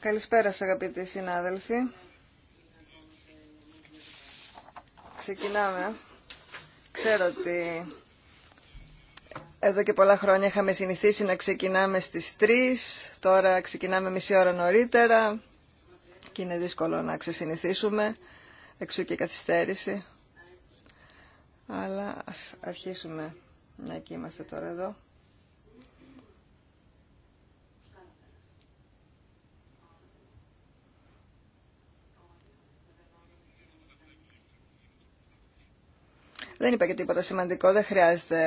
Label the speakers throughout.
Speaker 1: Καλησπέρα σας αγαπητοί συνάδελφοι. Ξεκινάμε. Ξέρω ότι εδώ και πολλά χρόνια είχαμε συνηθίσει να ξεκινάμε στις 3, τώρα ξεκινάμε μισή ώρα νωρίτερα και είναι δύσκολο να ξεσυνηθίσουμε, εξού και καθυστέρηση. Αλλά ας αρχίσουμε, να και είμαστε τώρα εδώ. Δεν είπα και τίποτα σημαντικό, δεν χρειάζεται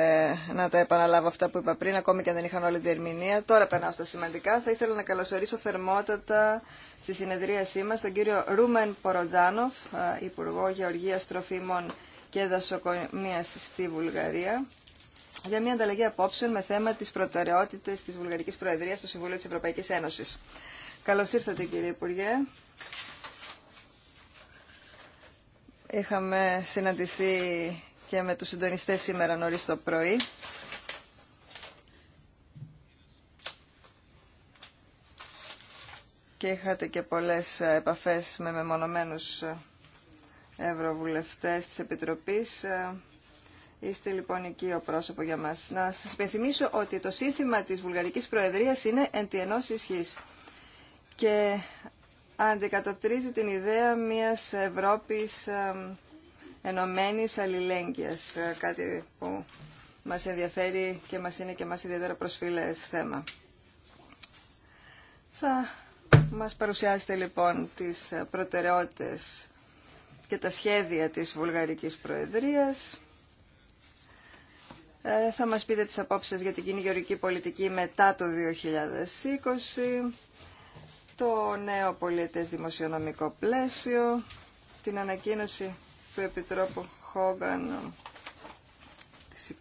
Speaker 1: να τα επαναλάβω αυτά που είπα πριν, ακόμη και αν δεν είχαν όλη τη ερμηνεία. Τώρα περνάω στα σημαντικά. Θα ήθελα να καλωσορίσω θερμότατα στη συνεδρίασή μας τον κύριο Ρούμεν Ποροτζάνοφ, ε, Υπουργό Γεωργία Τροφίμων και Δασοκομεία στη Βουλγαρία, για μια ανταλλαγή απόψεων με θέμα τις προτεραιότητε τη Βουλγαρικής Προεδρία στο Συμβούλιο τη Ευρωπαϊκή Ένωση. Καλώ ήρθατε κύριε Υπουργέ. Είχαμε συναντηθεί και με τους συντονιστές σήμερα νωρίς το πρωί. Και είχατε και πολλές ε, επαφές με μεμονωμένους ε, ευρωβουλευτές της Επιτροπής. Ε, είστε λοιπόν εκεί ο πρόσωπο για μας. Να σας υπενθυμίσω ότι το σύνθημα της Βουλγαρικής Προεδρίας είναι «Εν τη ισχύς» και αντικατοπτρίζει την ιδέα μιας Ευρώπης Ενωμένη αλληλέγγυα. Ε, κάτι που μας ενδιαφέρει και μας είναι και μα ιδιαίτερα προσφύλε θέμα. Θα μας παρουσιάσετε λοιπόν τις ε, προτεραιότητε και τα σχέδια της Βουλγαρικής Προεδρίας. Ε, θα μας πείτε τις απόψεις για την κοινή πολιτική μετά το 2020, το νέο πολιτές δημοσιονομικό πλαίσιο, την ανακοίνωση του Επιτρόπου Χόγκαν της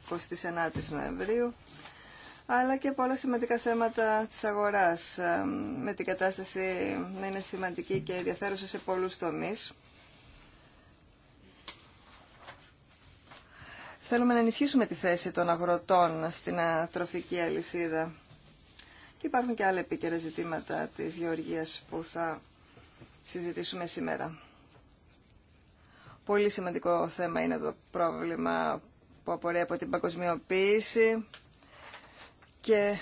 Speaker 1: 29ης Νοεμβρίου αλλά και πολλά σημαντικά θέματα της αγοράς ε, με την κατάσταση να είναι σημαντική και ενδιαφέρουσα σε πολλούς τομείς. Θέλουμε να ενισχύσουμε τη θέση των αγροτών στην τροφική αλυσίδα. Και υπάρχουν και άλλα επίκαιρα ζητήματα της γεωργίας που θα συζητήσουμε σήμερα. Πολύ σημαντικό θέμα είναι το πρόβλημα που απορρέει από την παγκοσμιοποίηση και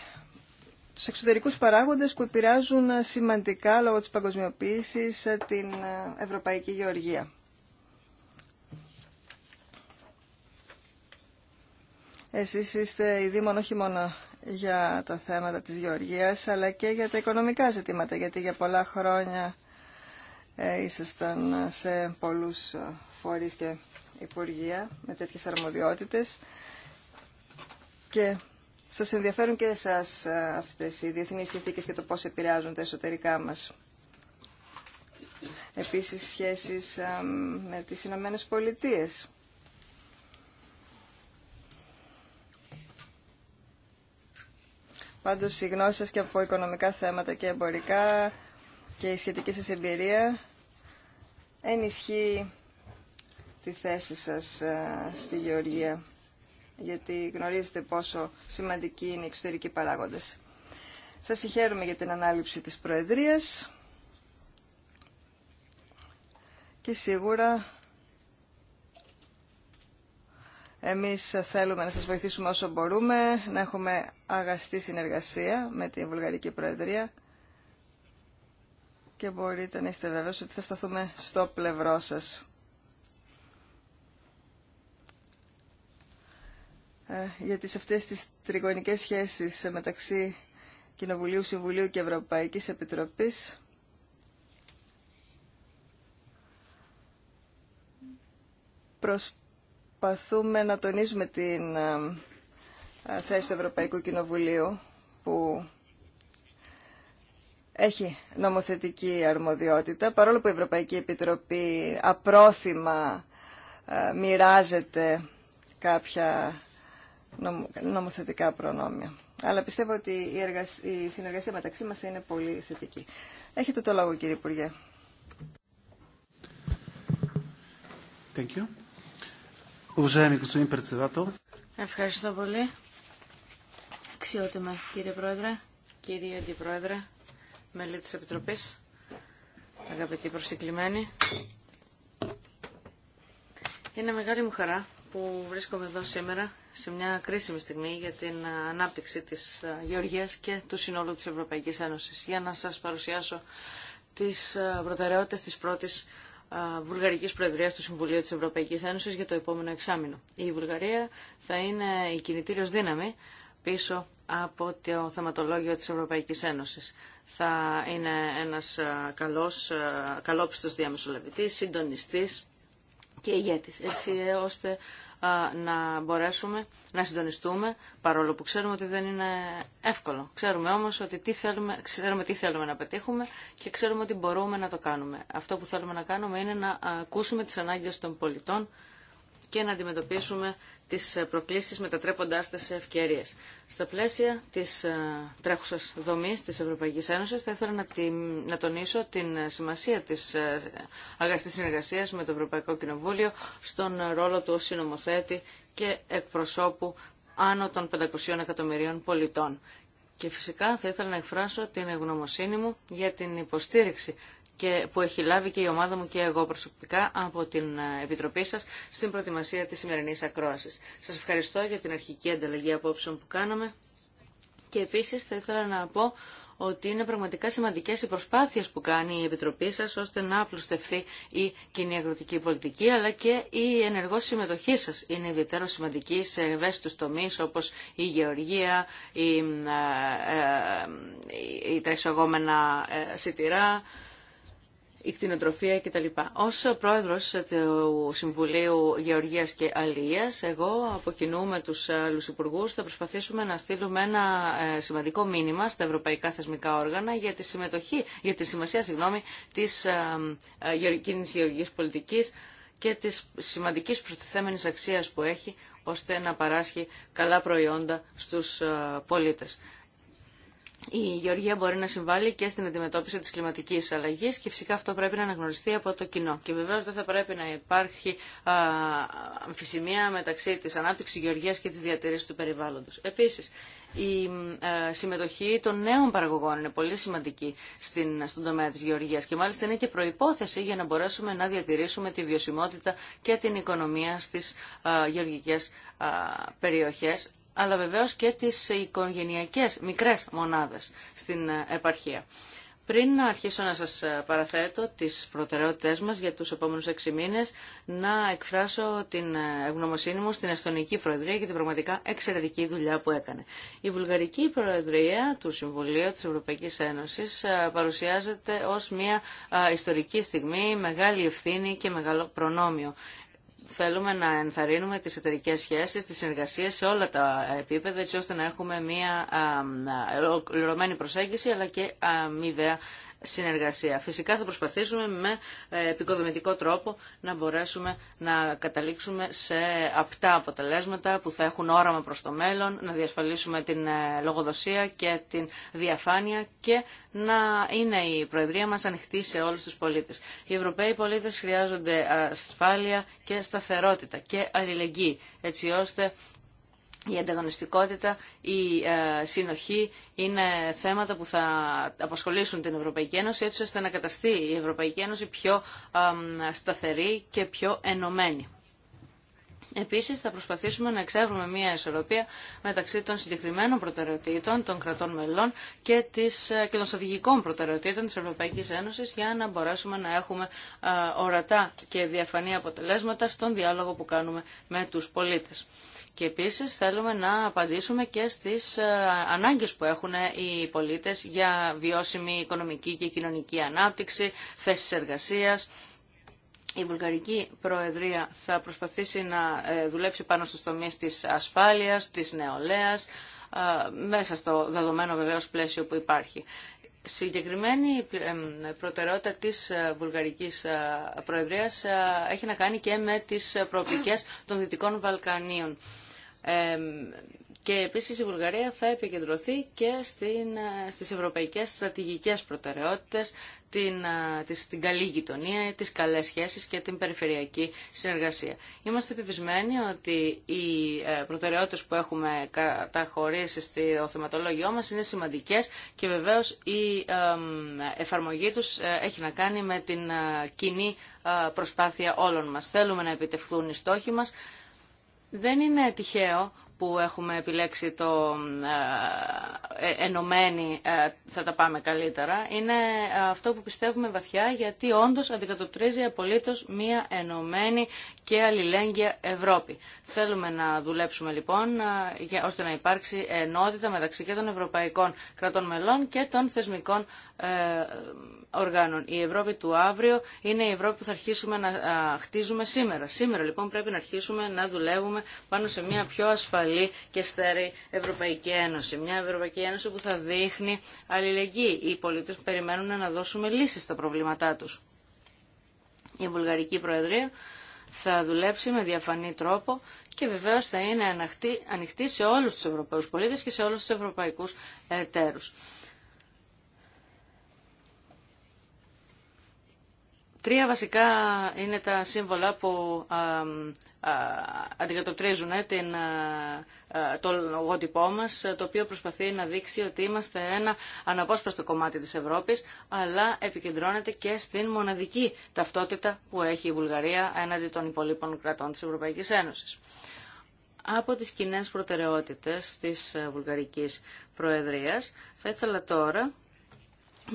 Speaker 1: τους εξωτερικούς παράγοντες που επηρεάζουν σημαντικά λόγω της παγκοσμιοποίησης την ευρωπαϊκή γεωργία. Εσείς είστε η Δήμον όχι μόνο για τα θέματα της γεωργίας αλλά και για τα οικονομικά ζητήματα γιατί για πολλά χρόνια ε, ήσασταν σε πολλούς ε, φορείς και υπουργεία με τέτοιες αρμοδιότητες και σα ενδιαφέρουν και σας ε, αυτές οι διεθνείς συνθήκε και το πώς επηρεάζουν τα εσωτερικά μας. Επίσης σχέσεις ε, με τις Ηνωμένε Πολιτείε. Πάντω η γνώση και από οικονομικά θέματα και εμπορικά και η σχετική σα εμπειρία ενισχύει τη θέση σας ε, στη Γεωργία, γιατί γνωρίζετε πόσο σημαντικοί είναι οι εξωτερικοί παράγοντες. Σας συγχαίρουμε για την ανάληψη της Προεδρίας και σίγουρα εμείς θέλουμε να σας βοηθήσουμε όσο μπορούμε, να έχουμε αγαστή συνεργασία με την Βουλγαρική Προεδρία και μπορείτε να είστε βέβαιος ότι θα σταθούμε στο πλευρό σας. Ε, για σε αυτές τις τριγωνικές σχέσεις μεταξύ Κοινοβουλίου, Συμβουλίου και Ευρωπαϊκής Επιτροπής. Προσπαθούμε να τονίζουμε την ε, ε, θέση του Ευρωπαϊκού Κοινοβουλίου που έχει νομοθετική αρμοδιότητα, παρόλο που η Ευρωπαϊκή Επιτροπή απρόθυμα μοιράζεται κάποια νομοθετικά προνόμια. Αλλά πιστεύω ότι η, συνεργασία μεταξύ μας θα είναι πολύ θετική. Έχετε το λόγο κύριε Υπουργέ.
Speaker 2: Ευχαριστώ πολύ. Αξιότιμα κύριε Πρόεδρε, κύριε Αντιπρόεδρε, μέλη της Επιτροπής, αγαπητοί προσκεκλημένοι. Είναι μεγάλη μου χαρά που βρίσκομαι εδώ σήμερα σε μια κρίσιμη στιγμή για την ανάπτυξη της ε, Γεωργίας και του συνόλου της Ευρωπαϊκής Ένωσης. Για να σας παρουσιάσω τις ε, προτεραιότητες της πρώτης ε, Βουλγαρικής Προεδρίας του Συμβουλίου της Ευρωπαϊκής Ένωσης για το επόμενο εξάμεινο. Η Βουλγαρία θα είναι η κινητήριος δύναμη πίσω από το θεματολόγιο της Ευρωπαϊκής Ένωσης. Θα είναι ένας καλός, καλόπιστος διαμεσολαβητής, συντονιστής και ηγέτης, έτσι ώστε να μπορέσουμε να συντονιστούμε, παρόλο που ξέρουμε ότι δεν είναι εύκολο. Ξέρουμε όμως ότι τι θέλουμε, ξέρουμε τι θέλουμε να πετύχουμε και ξέρουμε ότι μπορούμε να το κάνουμε. Αυτό που θέλουμε να κάνουμε είναι να ακούσουμε τις ανάγκες των πολιτών και να αντιμετωπίσουμε τις ε, προκλήσεις μετατρέποντάς τις σε ευκαιρίες. Στα πλαίσια της ε, τρέχουσας δομής της Ευρωπαϊκής Ένωσης θα ήθελα να, τονίσω την ε, σημασία της αγαστής συνεργασίας με το Ευρωπαϊκό Κοινοβούλιο στον ρόλο του ως συνομοθέτη και εκπροσώπου άνω των 500 εκατομμυρίων πολιτών. Και φυσικά θα ήθελα να εκφράσω την εγγνωμοσύνη μου για την υποστήριξη και που έχει λάβει και η ομάδα μου και εγώ προσωπικά από την ε, Επιτροπή σας στην προετοιμασία της σημερινής ακρόασης. Σας ευχαριστώ για την αρχική ανταλλαγή απόψεων που κάναμε και επίσης θα ήθελα να πω ότι είναι πραγματικά σημαντικέ οι προσπάθειε που κάνει η Επιτροπή σα ώστε να απλουστευτεί η κοινή αγροτική πολιτική αλλά και η ενεργό συμμετοχή σα είναι ιδιαίτερο σημαντική σε ευαίσθητου τομεί όπω η γεωργία, η, ε, ε, τα εισαγόμενα σιτηρά, η κτηνοτροφία κτλ. Ω πρόεδρο του Συμβουλίου Γεωργίας και Αλίας, εγώ από κοινού με τους άλλου θα προσπαθήσουμε να στείλουμε ένα ε, σημαντικό μήνυμα στα ευρωπαϊκά θεσμικά όργανα για τη, συμμετοχή, για τη σημασία συγγνώμη, της ε, ε, γεωργική πολιτική και της σημαντική προτιθέμενη αξία που έχει ώστε να παράσχει καλά προϊόντα στου πολίτες η Γεωργία μπορεί να συμβάλλει και στην αντιμετώπιση τη κλιματική αλλαγή και φυσικά αυτό πρέπει να αναγνωριστεί από το κοινό. Και βεβαίω δεν θα πρέπει να υπάρχει αμφισημία μεταξύ τη ανάπτυξη γεωργία και τη διατήρησης του περιβάλλοντο. Επίση, η ε, συμμετοχή των νέων παραγωγών είναι πολύ σημαντική στην, στον τομέα τη γεωργίας και μάλιστα είναι και προπόθεση για να μπορέσουμε να διατηρήσουμε τη βιωσιμότητα και την οικονομία στι γεωργικέ περιοχές αλλά βεβαίως και τις οικογενειακές μικρές μονάδες στην ε, επαρχία. Πριν να αρχίσω να σας ε, παραθέτω τις προτεραιότητες μας για τους επόμενους έξι μήνες, να εκφράσω την ε, ευγνωμοσύνη μου στην Εστονική Προεδρία για την πραγματικά εξαιρετική δουλειά που έκανε. Η Βουλγαρική Προεδρία του Συμβουλίου της Ευρωπαϊκής Ένωσης παρουσιάζεται ως μια ιστορική στιγμή, μεγάλη ευθύνη και μεγάλο προνόμιο θέλουμε να ενθαρρύνουμε τις εταιρικές σχέσεις, τις συνεργασίες σε όλα τα επίπεδα, έτσι ώστε να έχουμε μια ολοκληρωμένη προσέγγιση, αλλά και αμοιβαία συνεργασία. Φυσικά θα προσπαθήσουμε με ε, επικοδομητικό τρόπο να μπορέσουμε να καταλήξουμε σε απτά αποτελέσματα που θα έχουν όραμα προς το μέλλον, να διασφαλίσουμε την ε, λογοδοσία και την διαφάνεια και να είναι η Προεδρία μας ανοιχτή σε όλους τους πολίτες. Οι Ευρωπαίοι πολίτες χρειάζονται ασφάλεια και σταθερότητα και αλληλεγγύη, έτσι ώστε η ανταγωνιστικότητα, η ε, συνοχή είναι θέματα που θα απασχολήσουν την Ευρωπαϊκή Ένωση έτσι ώστε να καταστεί η Ευρωπαϊκή Ένωση πιο σταθερή και πιο ενωμένη. Επίσης θα προσπαθήσουμε να εξεύρουμε μια ισορροπία μεταξύ των συγκεκριμένων προτεραιοτήτων των κρατών μελών και, της, ε, και των στρατηγικών προτεραιοτήτων της Ευρωπαϊκής Ένωσης για να μπορέσουμε να έχουμε ε, ορατά και διαφανή αποτελέσματα στον διάλογο που κάνουμε με τους πολίτες. Και επίσης θέλουμε να απαντήσουμε και στις ε, ανάγκες που έχουν ε, οι πολίτες για βιώσιμη οικονομική και κοινωνική ανάπτυξη, θέσεις εργασίας. Η Βουλγαρική Προεδρία θα προσπαθήσει να ε, δουλέψει πάνω στους τομείς της ασφάλειας, της νεολαίας, μέσα στο δεδομένο βεβαίως πλαίσιο που υπάρχει συγκεκριμένη προτεραιότητα της ε, Βουλγαρικής ε, Προεδρίας ε, έχει να κάνει και με τις προοπτικές των Δυτικών Βαλκανίων. Και επίσης η Βουλγαρία θα επικεντρωθεί και στην, ε, στις ευρωπαϊκές στρατηγικές προτεραιότητες, την, ε, την καλή γειτονία, τις καλές σχέσεις και την περιφερειακή συνεργασία. Είμαστε επιβεβαιωμένοι ότι οι ε, προτεραιότητες που έχουμε καταχωρήσει στο θεματολόγιό μας είναι σημαντικές και βεβαίως η εφαρμογή τους έχει να κάνει με την κοινή προσπάθεια όλων μας. Θέλουμε να επιτευχθούν οι στόχοι μας. Δεν είναι τυχαίο που έχουμε επιλέξει το ε, ε, ενωμένοι ε, θα τα πάμε καλύτερα, είναι αυτό που πιστεύουμε βαθιά γιατί όντως αντικατοπτρίζει απολύτως μία ενωμένη και αλληλέγγυα Ευρώπη. Θέλουμε να δουλέψουμε λοιπόν ώστε να υπάρξει ενότητα μεταξύ και των ευρωπαϊκών κρατών μελών και των θεσμικών οργάνων. Η Ευρώπη του αύριο είναι η Ευρώπη που θα αρχίσουμε να χτίζουμε σήμερα. Σήμερα λοιπόν πρέπει να αρχίσουμε να δουλεύουμε πάνω σε μια πιο ασφαλή ασφαλή και στέρη Ευρωπαϊκή Ένωση. Μια Ευρωπαϊκή Ένωση που θα δείχνει αλληλεγγύη. Οι πολίτες περιμένουν να δώσουμε λύσεις στα προβλήματά τους. Η Βουλγαρική Προεδρία θα δουλέψει με διαφανή τρόπο και βεβαίως θα είναι ανοιχτή σε όλους τους Ευρωπαίους πολίτες και σε όλους τους ευρωπαϊκούς εταίρους. Τρία βασικά είναι τα σύμβολα που αντικατοπτρίζουν ε, την, το λογότυπό μας, το οποίο προσπαθεί να δείξει ότι είμαστε ένα αναπόσπαστο κομμάτι της Ευρώπης, αλλά επικεντρώνεται και στην μοναδική ταυτότητα που έχει η Βουλγαρία έναντι των υπολείπων κρατών της Ευρωπαϊκής Ένωσης. Από τις κοινέ προτεραιότητες της ε, Βουλγαρικής Προεδρίας, θα ήθελα τώρα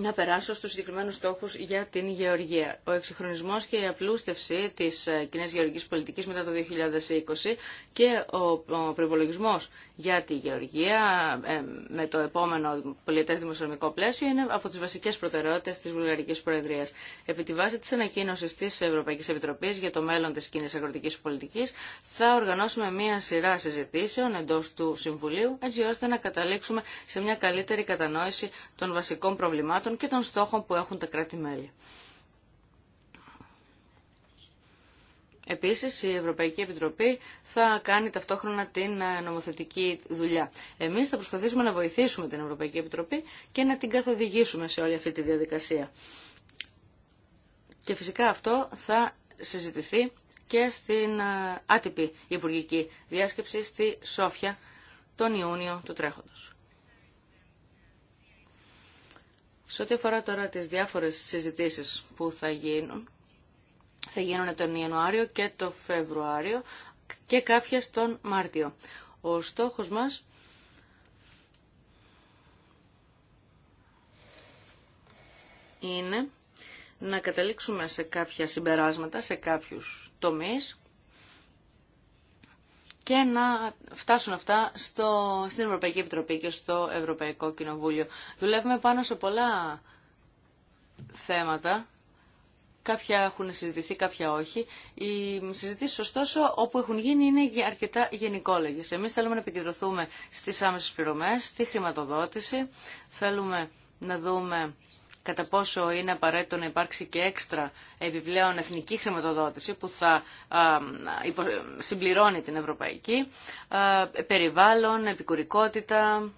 Speaker 2: να περάσω στους συγκεκριμένους στόχους για την γεωργία. Ο εξυγχρονισμός και η απλούστευση της ε, κοινή γεωργικής πολιτικής μετά το 2020 και ο προπολογισμό για τη γεωργία ε, με το επόμενο πολιτέ δημοσιονομικό πλαίσιο είναι από τι βασικέ προτεραιότητε τη Βουλγαρική Προεδρία. Επί τη βάση τη ανακοίνωση τη Ευρωπαϊκή Επιτροπή για το μέλλον τη κοινή αγροτική πολιτική, θα οργανώσουμε μία σειρά συζητήσεων εντό του Συμβουλίου έτσι ώστε να καταλήξουμε σε μια καλύτερη κατανόηση των βασικών προβλημάτων και των στόχων που έχουν τα κράτη-μέλη. Επίσης, η Ευρωπαϊκή Επιτροπή θα κάνει ταυτόχρονα την ε, νομοθετική δουλειά. Εμείς θα προσπαθήσουμε να βοηθήσουμε την Ευρωπαϊκή Επιτροπή και να την καθοδηγήσουμε σε όλη αυτή τη διαδικασία. Και φυσικά αυτό θα συζητηθεί και στην ε, άτυπη υπουργική διάσκεψη στη Σόφια τον Ιούνιο του τρέχοντος. Σε ό,τι αφορά τώρα τις διάφορες συζητήσεις που θα γίνουν, θα γίνουν τον Ιανουάριο και τον Φεβρουάριο και κάποια τον Μάρτιο. Ο στόχος μας είναι να καταλήξουμε σε κάποια συμπεράσματα, σε κάποιους τομείς και να φτάσουν αυτά στο, στην Ευρωπαϊκή Επιτροπή και στο Ευρωπαϊκό Κοινοβούλιο. Δουλεύουμε πάνω σε πολλά θέματα κάποια έχουν συζητηθεί, κάποια όχι. Οι συζητήσει, ωστόσο, όπου έχουν γίνει είναι αρκετά γενικόλογε. Εμεί θέλουμε να επικεντρωθούμε στι άμεσε πληρωμέ, στη χρηματοδότηση. Θέλουμε να δούμε κατά πόσο είναι απαραίτητο να υπάρξει και έξτρα επιπλέον εθνική χρηματοδότηση που θα συμπληρώνει την ευρωπαϊκή, περιβάλλον, επικουρικότητα,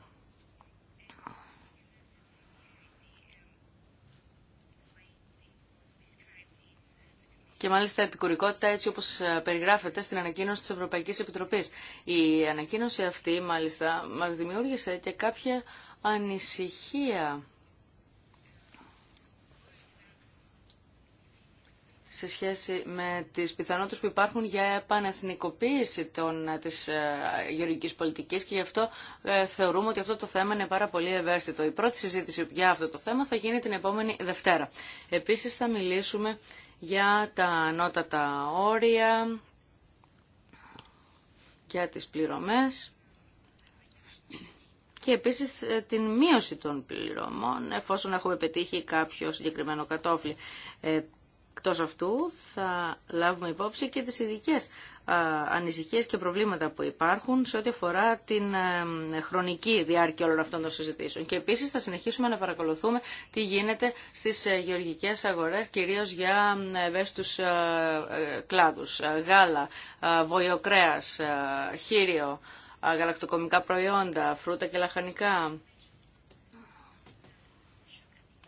Speaker 2: και μάλιστα επικουρικότητα έτσι όπως ε, περιγράφεται στην ανακοίνωση της Ευρωπαϊκής Επιτροπής. Η ανακοίνωση αυτή μάλιστα μας δημιούργησε και κάποια ανησυχία σε σχέση με τις πιθανότητες που υπάρχουν για επανεθνικοποίηση των, ε, της ε, γεωργικής πολιτικής και γι' αυτό θεωρούμε ότι αυτό το θέμα είναι πάρα πολύ ευαίσθητο. Η πρώτη συζήτηση για αυτό το θέμα θα γίνει την επόμενη Δευτέρα. Επίσης θα μιλήσουμε για τα ανώτατα όρια για τις πληρωμές και επίσης ε, την μείωση των πληρωμών εφόσον έχουμε πετύχει κάποιο συγκεκριμένο κατόφλι. Ε, εκτός αυτού θα λάβουμε υπόψη και τις ειδικέ ανησυχίες και προβλήματα που υπάρχουν σε ό,τι αφορά την χρονική διάρκεια όλων αυτών των συζητήσεων. Και επίσης θα συνεχίσουμε να παρακολουθούμε τι γίνεται στις ε, γεωργικές αγορές, κυρίως για ευαίσθητους ε, κλάδους, γάλα, βοιοκρέας, χείριο, γαλακτοκομικά προϊόντα, φρούτα και λαχανικά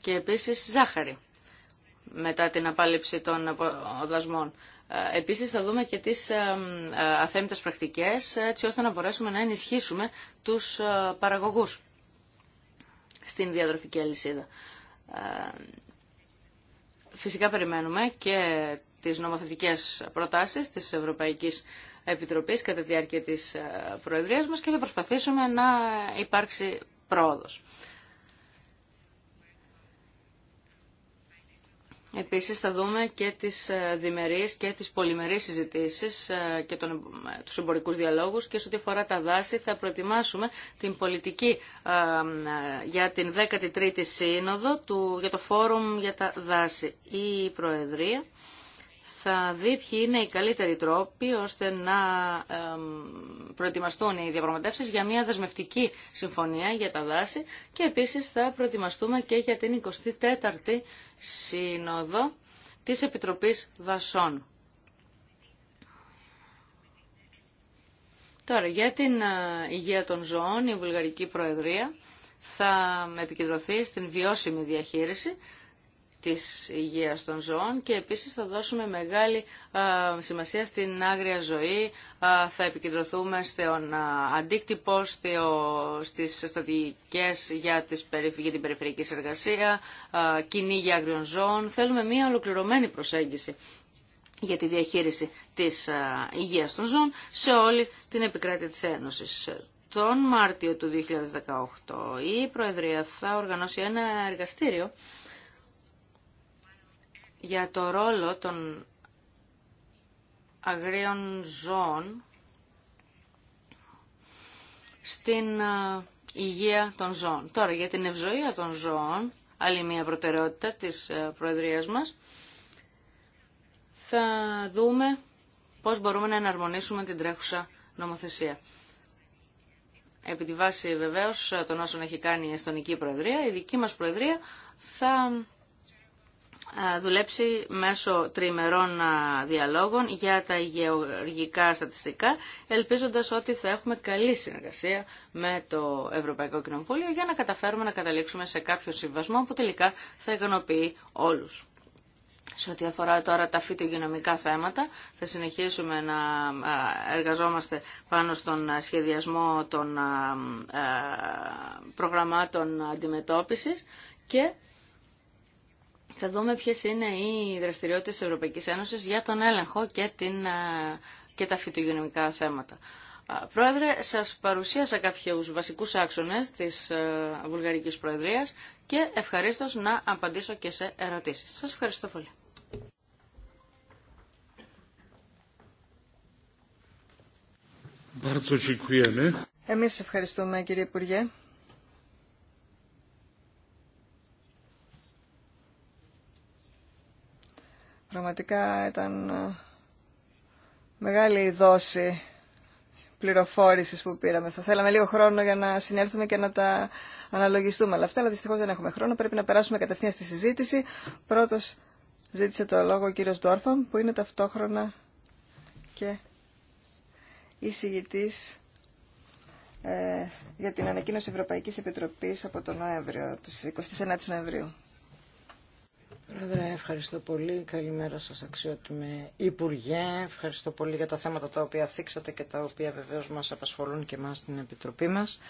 Speaker 2: και επίσης ζάχαρη μετά την απάλληψη των δασμών. Ε, επίσης θα δούμε και τις ε, ε, αθέμητες πρακτικές έτσι ώστε να μπορέσουμε να ενισχύσουμε τους παραγωγούς στην διατροφική αλυσίδα. Φυσικά περιμένουμε και τις νομοθετικές προτάσεις της Ευρωπαϊκής Επιτροπής κατά τη διάρκεια της Προεδρίας μας και θα προσπαθήσουμε να υπάρξει πρόοδος. Επίσης θα δούμε και τις ε, διμερείς και τις πολυμερείς συζητήσεις ε, και τον, ε, τους εμπορικούς διαλόγους και σε ό,τι αφορά τα δάση θα προετοιμάσουμε την πολιτική για την 13η Σύνοδο του, για το Φόρουμ για τα Δάση. Η Προεδρία θα δει ποιοι είναι οι καλύτεροι τρόποι ώστε να προετοιμαστούν οι διαπραγματεύσει για μια δεσμευτική συμφωνία για τα δάση και επίσης θα προετοιμαστούμε και για την 24η Σύνοδο της Επιτροπής Δασών. Τώρα, για την ε, υγεία των ζώων, η Βουλγαρική Προεδρία θα επικεντρωθεί στην βιώσιμη διαχείριση της υγείας των ζώων και επίσης θα δώσουμε μεγάλη σημασία στην άγρια ζωή. θα επικεντρωθούμε στον αντίκτυπο, στις στρατηγικές για, την περιφερειακή συνεργασία, κοινή για άγριων ζώων. Θέλουμε μια ολοκληρωμένη προσέγγιση για τη διαχείριση της υγείας των ζώων σε όλη την επικράτεια της Ένωσης. Τον Μάρτιο του 2018 η Προεδρία θα οργανώσει ένα εργαστήριο για το ρόλο των αγρίων ζώων στην ε, υγεία των ζώων. Τώρα, για την ευζοία των ζώων, άλλη μια προτεραιότητα της ε, Προεδρίας μας, θα δούμε πώς μπορούμε να εναρμονίσουμε την τρέχουσα νομοθεσία. Επί τη βάση βεβαίως των όσων έχει κάνει η Εστονική Προεδρία, η δική μας Προεδρία θα δουλέψει μέσω τριμερών διαλόγων για τα γεωργικά στατιστικά, ελπίζοντας ότι θα έχουμε καλή συνεργασία με το Ευρωπαϊκό Κοινοβούλιο για να καταφέρουμε να καταλήξουμε σε κάποιο συμβασμό που τελικά θα ικανοποιεί όλους. Σε ό,τι αφορά τώρα τα φυτογενομικά θέματα, θα συνεχίσουμε να εργαζόμαστε πάνω στον σχεδιασμό των προγραμμάτων αντιμετώπισης και θα δούμε ποιε είναι οι δραστηριότητε τη Ευρωπαϊκής Ένωση για τον έλεγχο και, την, ε, και τα φυτογενικά θέματα. Πρόεδρε, σας παρουσίασα κάποιου βασικούς άξονες της ε, Βουλγαρικής προεδρία και ευχαριστώ να απαντήσω και σε ερωτήσεις. Σας ευχαριστώ πολύ. Εμείς ευχαριστούμε
Speaker 1: κύριε Υπουργέ. Πραγματικά ήταν ε, μεγάλη δόση πληροφόρησης που πήραμε. Θα θέλαμε λίγο χρόνο για να συνέλθουμε και να τα αναλογιστούμε. Αλλά αυτά, αλλά δυστυχώς δεν έχουμε χρόνο. Πρέπει να περάσουμε κατευθείαν στη συζήτηση. Πρώτος ζήτησε το λόγο ο κύριος Ντόρφαμ, που είναι ταυτόχρονα και εισηγητή ε, για την ανακοίνωση Ευρωπαϊκής Επιτροπής από τον Νοέμβριο, του 29 Νοεμβρίου.
Speaker 3: Πρόεδρε, ευχαριστώ πολύ. Καλημέρα σας αξιότιμε Υπουργέ. Ευχαριστώ πολύ για τα θέματα τα οποία θίξατε και τα οποία βεβαίως μας απασχολούν και μας στην Επιτροπή μας.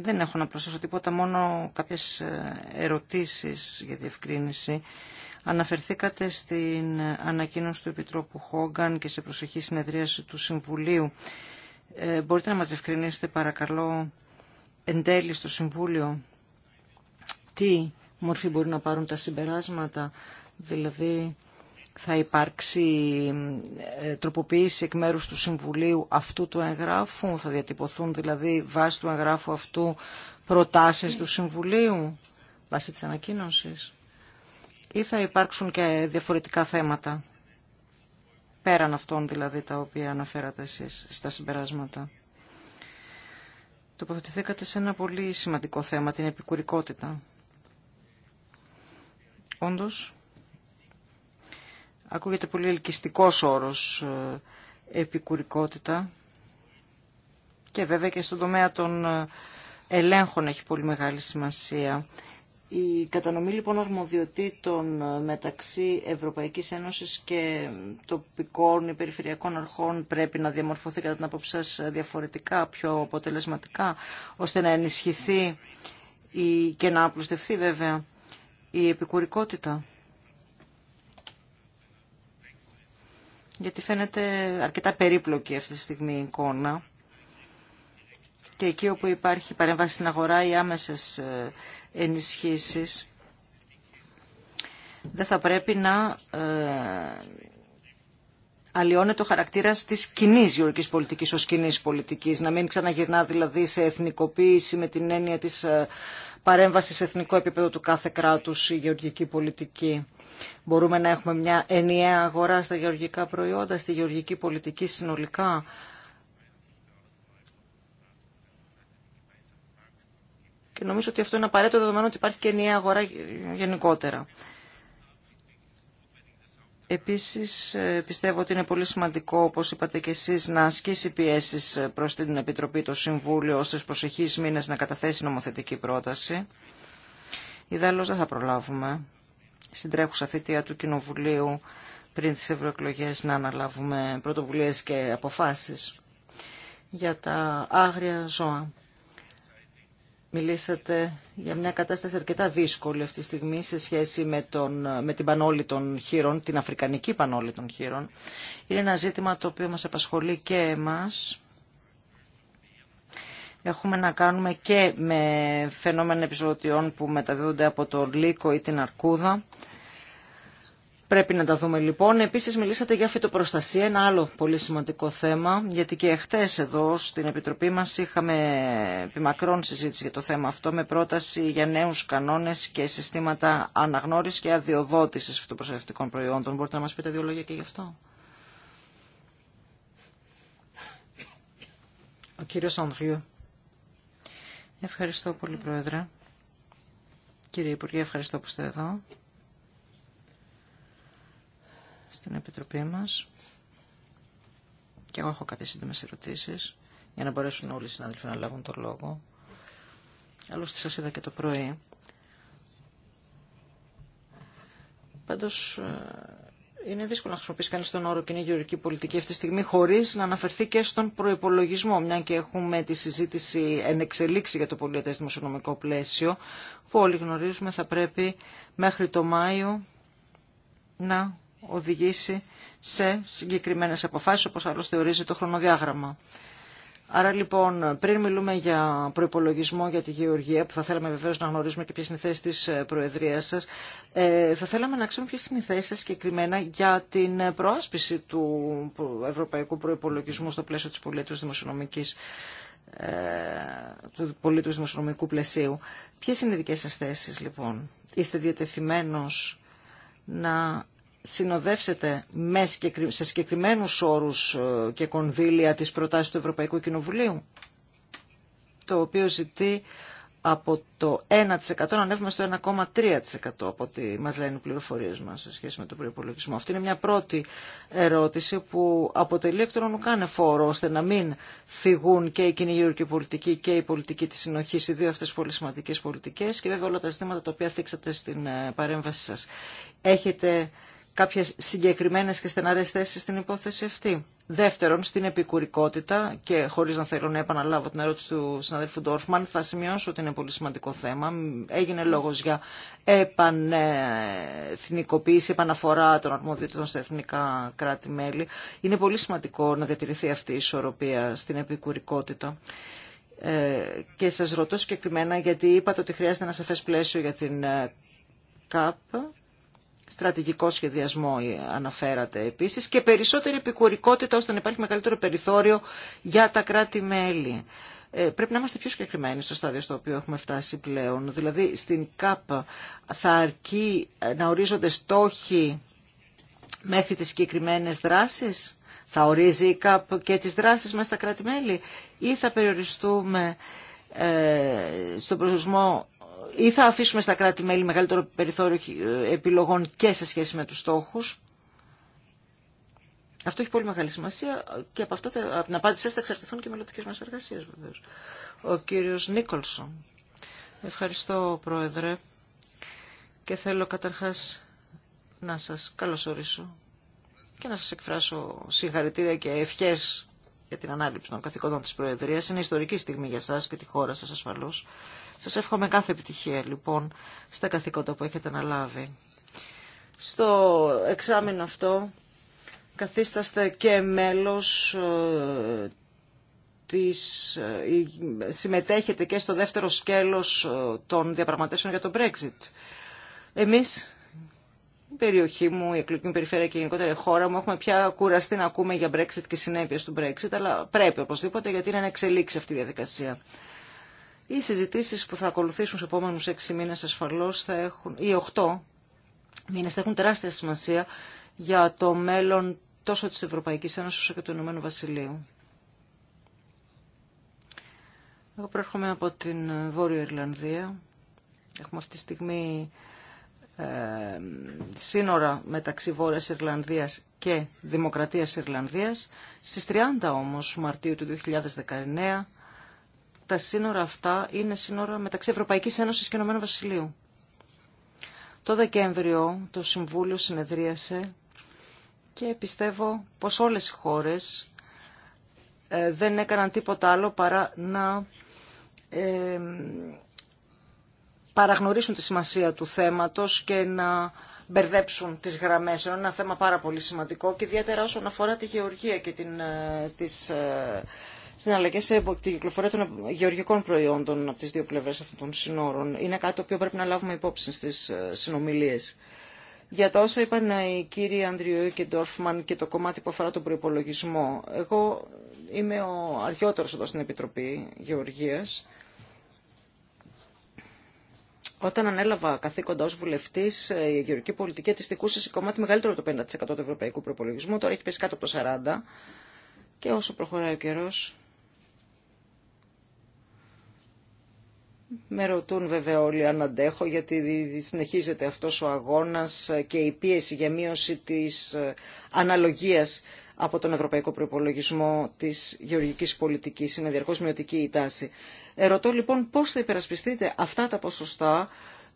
Speaker 3: Δεν έχω να προσθέσω τίποτα, μόνο κάποιες ε, ερωτήσεις για διευκρίνηση. Αναφερθήκατε στην ανακοίνωση του Επιτρόπου Χόγκαν και σε προσεχή συνεδρίαση του Συμβουλίου. Ε, μπορείτε να μας διευκρινίσετε παρακαλώ εν τέλει στο Συμβούλιο τι μορφή μπορεί να πάρουν τα συμπεράσματα, δηλαδή θα υπάρξει ε, τροποποίηση εκ μέρους του Συμβουλίου αυτού του εγγράφου, θα διατυπωθούν δηλαδή βάσει του εγγράφου αυτού προτάσεις του Συμβουλίου, βάσει της ανακοίνωσης, ή θα υπάρξουν και διαφορετικά θέματα, πέραν αυτών δηλαδή τα οποία αναφέρατε εσείς στα συμπεράσματα. Τοποθετηθήκατε σε ένα πολύ σημαντικό θέμα, την επικουρικότητα. Όντως, ακούγεται πολύ ελκυστικός όρος ε, επικουρικότητα και βέβαια και στον τομέα των ε, ελέγχων έχει πολύ μεγάλη σημασία. Η κατανομή λοιπόν αρμοδιοτήτων ε, μεταξύ Ευρωπαϊκής Ένωσης και τοπικών ή περιφερειακών αρχών πρέπει να διαμορφωθεί κατά την άποψή σας διαφορετικά, πιο αποτελεσματικά, ώστε να ενισχυθεί και να απλουστευτεί βέβαια η επικουρικότητα. Γιατί φαίνεται αρκετά περίπλοκη αυτή τη στιγμή η εικόνα. Και εκεί όπου υπάρχει παρέμβαση στην αγορά, οι άμεσες ε, ενισχύσεις, δεν θα πρέπει να ε, αλλοιώνεται ο χαρακτήρα τη κοινή γεωργική πολιτική ω κοινή πολιτική. Να μην ξαναγυρνά δηλαδή σε εθνικοποίηση με την έννοια τη ε, παρέμβαση σε εθνικό επίπεδο του κάθε κράτους η γεωργική πολιτική. Μπορούμε να έχουμε μια ενιαία αγορά στα γεωργικά προϊόντα, στη γεωργική πολιτική συνολικά. Και νομίζω ότι αυτό είναι απαραίτητο δεδομένου ότι υπάρχει και ενιαία αγορά γενικότερα. Επίσης ε, πιστεύω ότι είναι πολύ σημαντικό, όπως είπατε και εσείς, να ασκήσει πιέσεις ε, προς την Επιτροπή το Συμβούλιο ώστε στους προσεχείς μήνες να καταθέσει νομοθετική πρόταση. Ιδάλλως δεν θα προλάβουμε στην τρέχουσα θητεία του Κοινοβουλίου πριν τις ευρωεκλογέ να αναλάβουμε πρωτοβουλίες και αποφάσεις για τα άγρια ζώα. Μιλήσατε για μια κατάσταση αρκετά δύσκολη αυτή τη στιγμή σε σχέση με, τον, με την πανόλη των χείρων, την αφρικανική πανόλη των χείρων. Είναι ένα ζήτημα το οποίο μας απασχολεί και εμάς. Έχουμε να κάνουμε και με φαινόμενα επιζωτιών που μεταδίδονται από το λύκο ή την αρκούδα. Πρέπει να τα δούμε λοιπόν. Επίσης μιλήσατε για φυτοπροστασία, ένα άλλο πολύ σημαντικό θέμα, γιατί και χτες εδώ στην Επιτροπή μας είχαμε επιμακρών συζήτηση για το θέμα αυτό με πρόταση για νέους κανόνες και συστήματα αναγνώρισης και αδειοδότησης φυτοπροστατευτικών προϊόντων. Μπορείτε να μας πείτε δύο λόγια και γι' αυτό. Ο κύριος Ανδριού. Ευχαριστώ πολύ Πρόεδρε. Κύριε Υπουργέ, ευχαριστώ που είστε εδώ στην Επιτροπή μας και εγώ έχω κάποιες σύντομες ερωτήσεις για να μπορέσουν όλοι οι συνάδελφοι να λάβουν το λόγο. Άλλωστε σας είδα και το πρωί. Πάντως ε, είναι δύσκολο να χρησιμοποιήσει κανεί τον όρο κοινή γεωργική πολιτική αυτή τη στιγμή χωρί να αναφερθεί και στον προπολογισμό, μια και έχουμε τη συζήτηση εν εξελίξη για το πολιετέ δημοσιονομικό πλαίσιο, που όλοι γνωρίζουμε θα πρέπει μέχρι το Μάιο να οδηγήσει σε συγκεκριμένες αποφάσεις, όπως άλλως θεωρίζει το χρονοδιάγραμμα. Άρα λοιπόν, πριν μιλούμε για προπολογισμό για τη γεωργία, που θα θέλαμε βεβαίω να γνωρίζουμε και ποιε είναι οι θέσει τη ε, Προεδρία σα, ε, θα θέλαμε να ξέρουμε ποιε είναι οι θέσει σα συγκεκριμένα για την ε, προάσπιση του ευρωπαϊκού προπολογισμού στο πλαίσιο τη πολιτού δημοσιονομική του πολίτου δημοσιονομικού πλαισίου. Ποιες είναι οι δικές σας θέσεις λοιπόν. Είστε διατεθειμένος να συνοδεύσετε σε συγκεκριμένους όρους ε, και κονδύλια της προτάσεις του Ευρωπαϊκού Κοινοβουλίου, το οποίο ζητεί από το 1% να ανέβουμε στο 1,3% από ό,τι μας λένε οι πληροφορίες μας σε σχέση με τον προϋπολογισμό. Αυτή είναι μια πρώτη ερώτηση που αποτελεί εκ των ονουκάνε φόρο ώστε να μην θυγούν και η κοινή γεωργική πολιτική και η πολιτική της συνοχής, οι δύο αυτές πολύ σημαντικές πολιτικές και βέβαια όλα τα ζητήματα τα οποία θίξατε στην ε, παρέμβαση σας. Έχετε κάποιες συγκεκριμένες και στεναρές θέσεις στην υπόθεση αυτή. Δεύτερον, στην επικουρικότητα και χωρίς να θέλω να επαναλάβω την ερώτηση του συναδέλφου Ντόρφμαν, θα σημειώσω ότι είναι πολύ σημαντικό θέμα. Έγινε λόγος για επανεθνικοποίηση, επαναφορά των αρμοδιότητων στα εθνικά κράτη-μέλη. Είναι πολύ σημαντικό να διατηρηθεί αυτή η ισορροπία στην επικουρικότητα ε, και σας ρωτώ συγκεκριμένα γιατί είπατε ότι χρειάζεται ένα σαφές πλαίσιο για την ε, ΚΑΠ στρατηγικό σχεδιασμό ε, αναφέρατε επίσης και περισσότερη επικουρικότητα ώστε να υπάρχει μεγαλύτερο περιθώριο για τα κράτη-μέλη. Ε, πρέπει να είμαστε πιο συγκεκριμένοι στο στάδιο στο οποίο έχουμε φτάσει πλέον. Δηλαδή στην ΚΑΠ θα αρκεί ε, να ορίζονται στόχοι μέχρι τις συγκεκριμένε δράσεις. Θα ορίζει η ΚΑΠ και τις δράσεις μας στα κράτη-μέλη ή θα περιοριστούμε στον προσδοσμό ή θα αφήσουμε στα κράτη-μέλη μεγαλύτερο περιθώριο ε, επιλογών και σε σχέση με τους στόχους. Αυτό έχει πολύ μεγάλη σημασία και από, αυτό θα, από την απάντησή θα εξαρτηθούν και οι μελλοντικές μας εργασίες βεβαίως. Ο κύριος Νίκολσον. Ευχαριστώ Πρόεδρε και θέλω καταρχάς να σας καλωσορίσω και να σας εκφράσω συγχαρητήρια και ευχές για την ανάληψη των καθηκόντων της Προεδρίας. Είναι ιστορική στιγμή για σας και τη χώρα σας ασφαλώς. Σας εύχομαι κάθε επιτυχία λοιπόν στα καθήκοντα που έχετε αναλάβει. Στο εξάμεινο αυτό καθίσταστε και μέλος ε, της, ε, συμμετέχετε και στο δεύτερο σκέλος ε, των διαπραγματεύσεων για το Brexit. Εμείς, η περιοχή μου, η εκλογική περιφέρεια και η γενικότερη χώρα μου, έχουμε πια κουραστεί να ακούμε για Brexit και συνέπειες του Brexit, αλλά πρέπει οπωσδήποτε γιατί είναι ένα εξελίξει αυτή η διαδικασία. Οι συζητήσει που θα ακολουθήσουν στου επόμενου έξι μήνες ασφαλώς θα έχουν, ή 8 μήνες θα έχουν τεράστια σημασία για το μέλλον τόσο της Ευρωπαϊκής Ένωση όσο και του Ηνωμένου Βασιλείου. Εγώ προέρχομαι από την Βόρεια Ιρλανδία. Έχουμε αυτή τη στιγμή ε, σύνορα μεταξύ Βόρειας Ιρλανδίας και Δημοκρατίας Ιρλανδίας. Στις 30 όμως Μαρτίου του 2019 τα σύνορα αυτά είναι σύνορα μεταξύ Ευρωπαϊκής Ένωσης και Ηνωμένου Βασιλείου. Το Δεκέμβριο το Συμβούλιο συνεδρίασε και πιστεύω πως όλες οι χώρες ε, δεν έκαναν τίποτα άλλο παρά να ε, παραγνωρίσουν τη σημασία του θέματος και να μπερδέψουν τις γραμμές. Είναι ένα θέμα πάρα πολύ σημαντικό και ιδιαίτερα όσον αφορά τη γεωργία και την, ε, τις συναλλαγέ σε κυκλοφορία των γεωργικών προϊόντων από τι δύο πλευρές αυτών των συνόρων. Είναι κάτι το οποίο πρέπει να λάβουμε υπόψη στις ε, συνομιλίες. Για τα όσα είπαν ε, οι κύριοι Ανδριού και Ντόρφμαν και το κομμάτι που αφορά τον προπολογισμό, εγώ είμαι ο αργιότερο εδώ στην Επιτροπή Γεωργίας. Όταν ανέλαβα καθήκοντα ω βουλευτή, ε, η γεωργική πολιτική αντιστοιχούσε σε κομμάτι μεγαλύτερο από το 50% του ευρωπαϊκού προπολογισμού. Τώρα έχει πέσει κάτω από το 40%. Και όσο προχωράει ο καιρό, Με ρωτούν βέβαια όλοι αν αντέχω γιατί συνεχίζεται αυτός ο αγώνας και η πίεση για μείωση της ε, αναλογίας από τον Ευρωπαϊκό Προπολογισμό της γεωργικής πολιτικής. Είναι διαρκώς μειωτική η τάση. Ερωτώ λοιπόν πώς θα υπερασπιστείτε αυτά τα ποσοστά